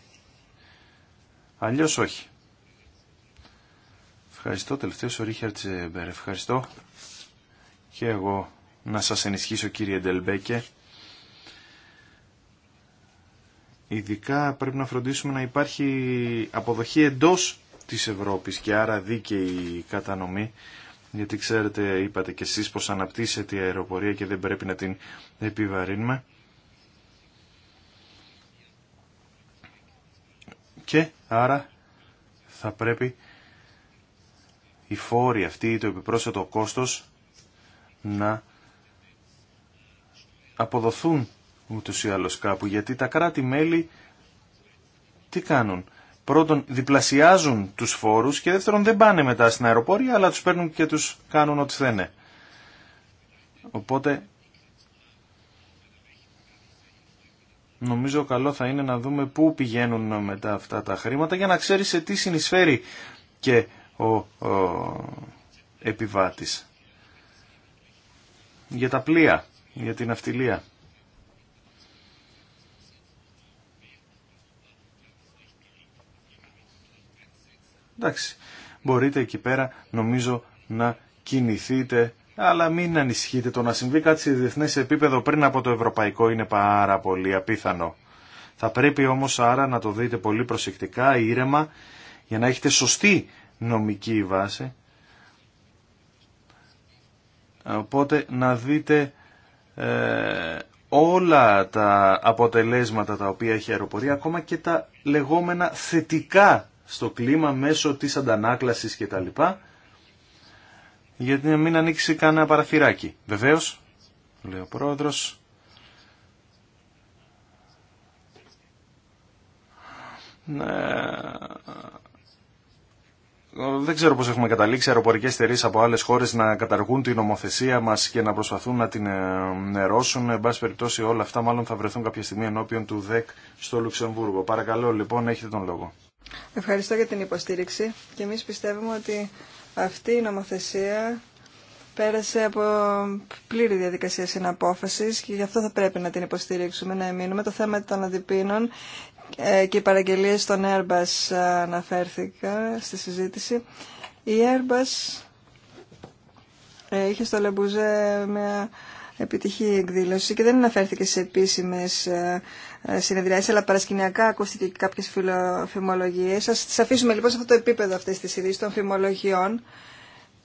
Αλλιώς όχι. Ευχαριστώ. Τελευταίος ο Ρίχαρτ Ζεμπερ. Ευχαριστώ. Και εγώ να σας ενισχύσω κύριε Ντελμπέκε. Ειδικά πρέπει να φροντίσουμε να υπάρχει αποδοχή εντός της Ευρώπης και άρα δίκαιη κατανομή γιατί ξέρετε είπατε και εσείς πως αναπτύσσεται η αεροπορία και δεν πρέπει να την επιβαρύνουμε και άρα θα πρέπει οι φόροι αυτοί το επιπρόσθετο κόστος να αποδοθούν ούτως ή άλλως κάπου γιατί τα κράτη-μέλη τι κάνουν πρώτον διπλασιάζουν τους φόρους και δεύτερον δεν πάνε μετά στην αεροπορία αλλά τους παίρνουν και τους κάνουν ό,τι θένε. Οπότε νομίζω καλό θα είναι να δούμε πού πηγαίνουν μετά αυτά τα χρήματα για να ξέρει σε τι συνεισφέρει και ο, ο επιβάτης. Για τα πλοία, για την αυτιλία. Εντάξει, μπορείτε εκεί πέρα νομίζω να κινηθείτε, αλλά μην ανησυχείτε. Το να συμβεί κάτι σε διεθνέ επίπεδο πριν από το ευρωπαϊκό είναι πάρα πολύ απίθανο. Θα πρέπει όμως άρα να το δείτε πολύ προσεκτικά, ήρεμα, για να έχετε σωστή νομική βάση. Οπότε να δείτε ε, όλα τα αποτελέσματα τα οποία έχει αεροπορία, ακόμα και τα λεγόμενα θετικά στο κλίμα μέσω της αντανάκλασης λοιπά Γιατί να μην ανοίξει κανένα παραθυράκι. Βεβαίως, λέει ο πρόεδρος, ε, Δεν ξέρω πώς έχουμε καταλήξει αεροπορικές εταιρείε από άλλες χώρες να καταργούν την ομοθεσία μας και να προσπαθούν να την ε, νερώσουν. Εν πάση περιπτώσει όλα αυτά μάλλον θα βρεθούν κάποια στιγμή ενώπιον του ΔΕΚ στο Λουξεμβούργο. Παρακαλώ λοιπόν έχετε τον λόγο. Ευχαριστώ για την υποστήριξη και εμείς πιστεύουμε ότι αυτή η νομοθεσία πέρασε από πλήρη διαδικασία συναπόφασης και γι' αυτό θα πρέπει να την υποστηρίξουμε, να εμείνουμε. Το θέμα των αντιπίνων ε, και οι παραγγελίες των Airbus αναφέρθηκα στη συζήτηση. Η Airbus ε, είχε στο Λεμπουζέ μια επιτυχή εκδήλωση και δεν αναφέρθηκε σε επίσημες ε, ε, συνεδριάσει, αλλά παρασκηνιακά ακούστηκε και κάποιε φημολογίε. Α τι αφήσουμε λοιπόν σε αυτό το επίπεδο αυτές τις ειδήσει των φημολογιών,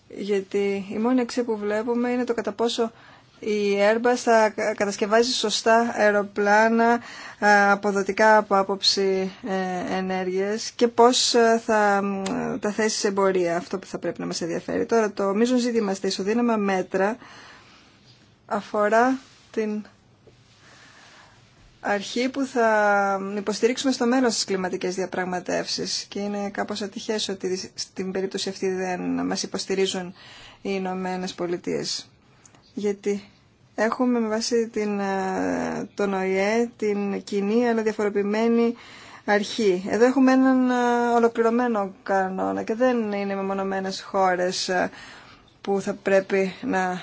γιατί η μόνη αξία που βλέπουμε είναι το κατά πόσο η έρμπα θα κατασκευάζει σωστά αεροπλάνα ε, αποδοτικά από άποψη ε, ενέργειας και πώς θα τα θέσει σε εμπορία, αυτό που θα πρέπει να μας ενδιαφέρει. Τώρα το μείζον ζήτημα στα ισοδύναμα μέτρα αφορά την αρχή που θα υποστηρίξουμε στο μέλλον στις κλιματικές διαπραγματεύσεις και είναι κάπως ατυχές ότι στην περίπτωση αυτή δεν μας υποστηρίζουν οι Ηνωμένε Πολιτείε. Γιατί έχουμε με βάση την, ε, τον ΟΗΕ την κοινή αλλά διαφοροποιημένη αρχή. Εδώ έχουμε έναν ε, ολοκληρωμένο κανόνα και δεν είναι μονομένες χώρες ε, που θα πρέπει να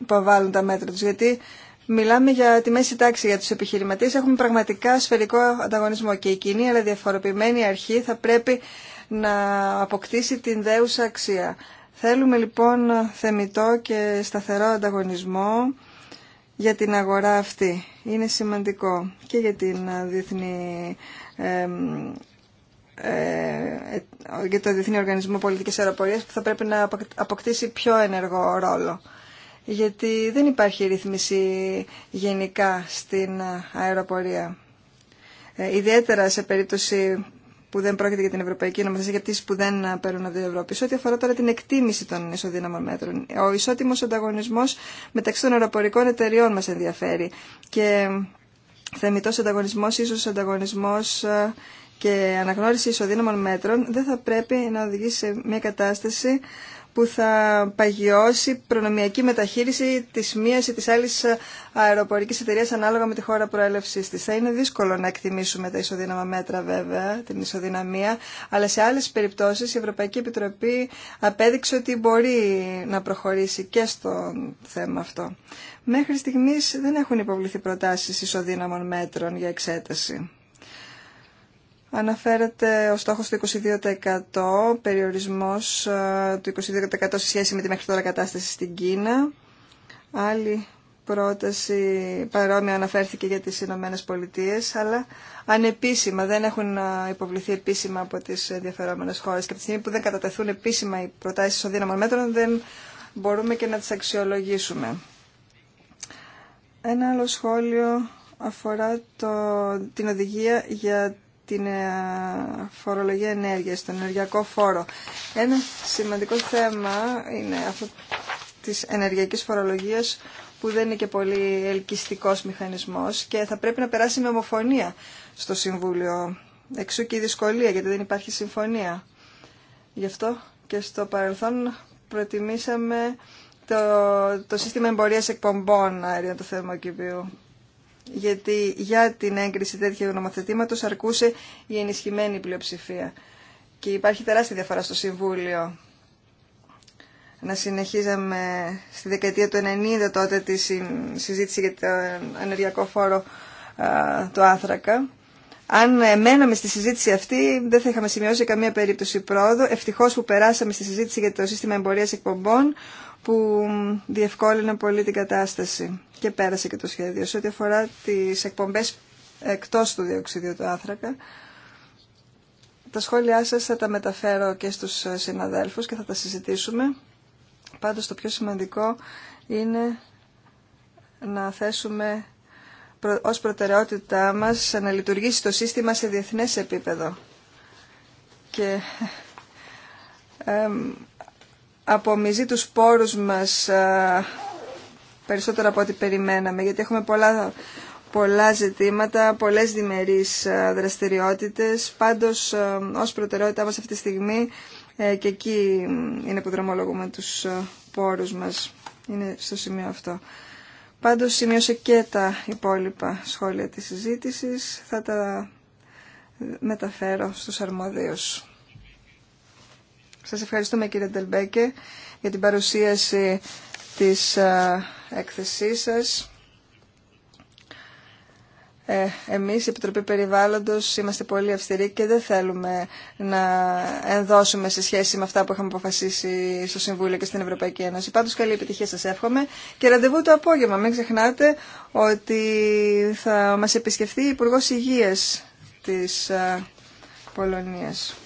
υποβάλουν τα μέτρα τους γιατί Μιλάμε για τη μέση τάξη για τους επιχειρηματίες. Έχουμε πραγματικά σφαιρικό ανταγωνισμό και η κοινή αλλά διαφοροποιημένη αρχή θα πρέπει να αποκτήσει την δέουσα αξία. Θέλουμε λοιπόν θεμητό και σταθερό ανταγωνισμό για την αγορά αυτή. Είναι σημαντικό και για την διεθνή ε, ε, το Διεθνή Οργανισμό Πολιτικής Αεροπορίας που θα πρέπει να αποκτήσει πιο ενεργό ρόλο γιατί δεν υπάρχει ρύθμιση γενικά στην αεροπορία. Ε, ιδιαίτερα σε περίπτωση που δεν πρόκειται για την Ευρωπαϊκή Νομοθεσία για που δεν παίρνουν από την Ευρώπη. Σε ό,τι αφορά τώρα την εκτίμηση των ισοδύναμων μέτρων, ο ισότιμο ανταγωνισμό μεταξύ των αεροπορικών εταιριών μα ενδιαφέρει. Και θεμητό ανταγωνισμό, ίσω ανταγωνισμό ε, και αναγνώριση ισοδύναμων μέτρων δεν θα πρέπει να οδηγήσει σε μια κατάσταση που θα παγιώσει προνομιακή μεταχείριση της μίας ή της άλλης αεροπορικής εταιρείας ανάλογα με τη χώρα προέλευσης της. Θα είναι δύσκολο να εκτιμήσουμε τα ισοδύναμα μέτρα βέβαια, την ισοδυναμία, αλλά σε άλλες περιπτώσεις η Ευρωπαϊκή Επιτροπή απέδειξε ότι μπορεί να προχωρήσει και στο θέμα αυτό. Μέχρι στιγμής δεν έχουν υποβληθεί προτάσεις ισοδύναμων μέτρων για εξέταση. Αναφέρεται ο στόχος του 22%, περιορισμός ε, του 22% σε σχέση με τη μέχρι τώρα κατάσταση στην Κίνα. Άλλη πρόταση παρόμοια αναφέρθηκε για τις Ηνωμένε Πολιτείε, αλλά ανεπίσημα, δεν έχουν ε, υποβληθεί επίσημα από τις ενδιαφερόμενες χώρες και από τη στιγμή που δεν κατατεθούν επίσημα οι προτάσεις δύναμων μέτρων δεν μπορούμε και να τις αξιολογήσουμε. Ένα άλλο σχόλιο αφορά το, την οδηγία για την ε, φορολογία ενέργειας, τον ενεργειακό φόρο. Ένα σημαντικό θέμα είναι αυτό της ενεργειακής φορολογίας που δεν είναι και πολύ ελκυστικός μηχανισμός και θα πρέπει να περάσει με ομοφωνία στο Συμβούλιο. Εξού και η δυσκολία γιατί δεν υπάρχει συμφωνία. Γι' αυτό και στο παρελθόν προτιμήσαμε το, το σύστημα εμπορίας εκπομπών αερίων του θερμοκηπίου γιατί για την έγκριση τέτοιου νομοθετήματος αρκούσε η ενισχυμένη πλειοψηφία. Και υπάρχει τεράστια διαφορά στο Συμβούλιο να συνεχίζαμε στη δεκαετία του 90 τότε τη συζήτηση για το ενεργειακό φόρο του άνθρακα. Αν μέναμε στη συζήτηση αυτή, δεν θα είχαμε σημειώσει καμία περίπτωση πρόοδο. Ευτυχώ που περάσαμε στη συζήτηση για το σύστημα εμπορία εκπομπών, που διευκόλυνε πολύ την κατάσταση και πέρασε και το σχέδιο. Σε ό,τι αφορά τις εκπομπές εκτός του διοξιδίου του άνθρακα, τα σχόλιά σας θα τα μεταφέρω και στους συναδέλφους και θα τα συζητήσουμε. Πάντως το πιο σημαντικό είναι να θέσουμε ως προτεραιότητά μας να λειτουργήσει το σύστημα σε διεθνές επίπεδο. Και απομυζεί τους πόρους μας ε, περισσότερο από ό,τι περιμέναμε, γιατί έχουμε πολλά, πολλά ζητήματα, πολλές διμερείς ε, δραστηριότητες. Πάντως, ε, ως προτεραιότητά μας αυτή τη στιγμή και εκεί είναι που δρομολογούμε τους πόρους μας. Είναι στο σημείο αυτό. Πάντως σημείωσε και τα υπόλοιπα σχόλια της συζήτησης. Θα τα μεταφέρω στους αρμοδίους. Σας ευχαριστούμε κύριε Ντελμπέκε για την παρουσίαση της έκθεσής σας. Ε, εμείς, η Επιτροπή Περιβάλλοντος, είμαστε πολύ αυστηροί και δεν θέλουμε να ενδώσουμε σε σχέση με αυτά που είχαμε αποφασίσει στο Συμβούλιο και στην Ευρωπαϊκή Ένωση. Πάντως, καλή επιτυχία σας εύχομαι και ραντεβού το απόγευμα. Μην ξεχνάτε ότι θα μας επισκεφθεί η Υπουργός Υγείας της Πολωνίας.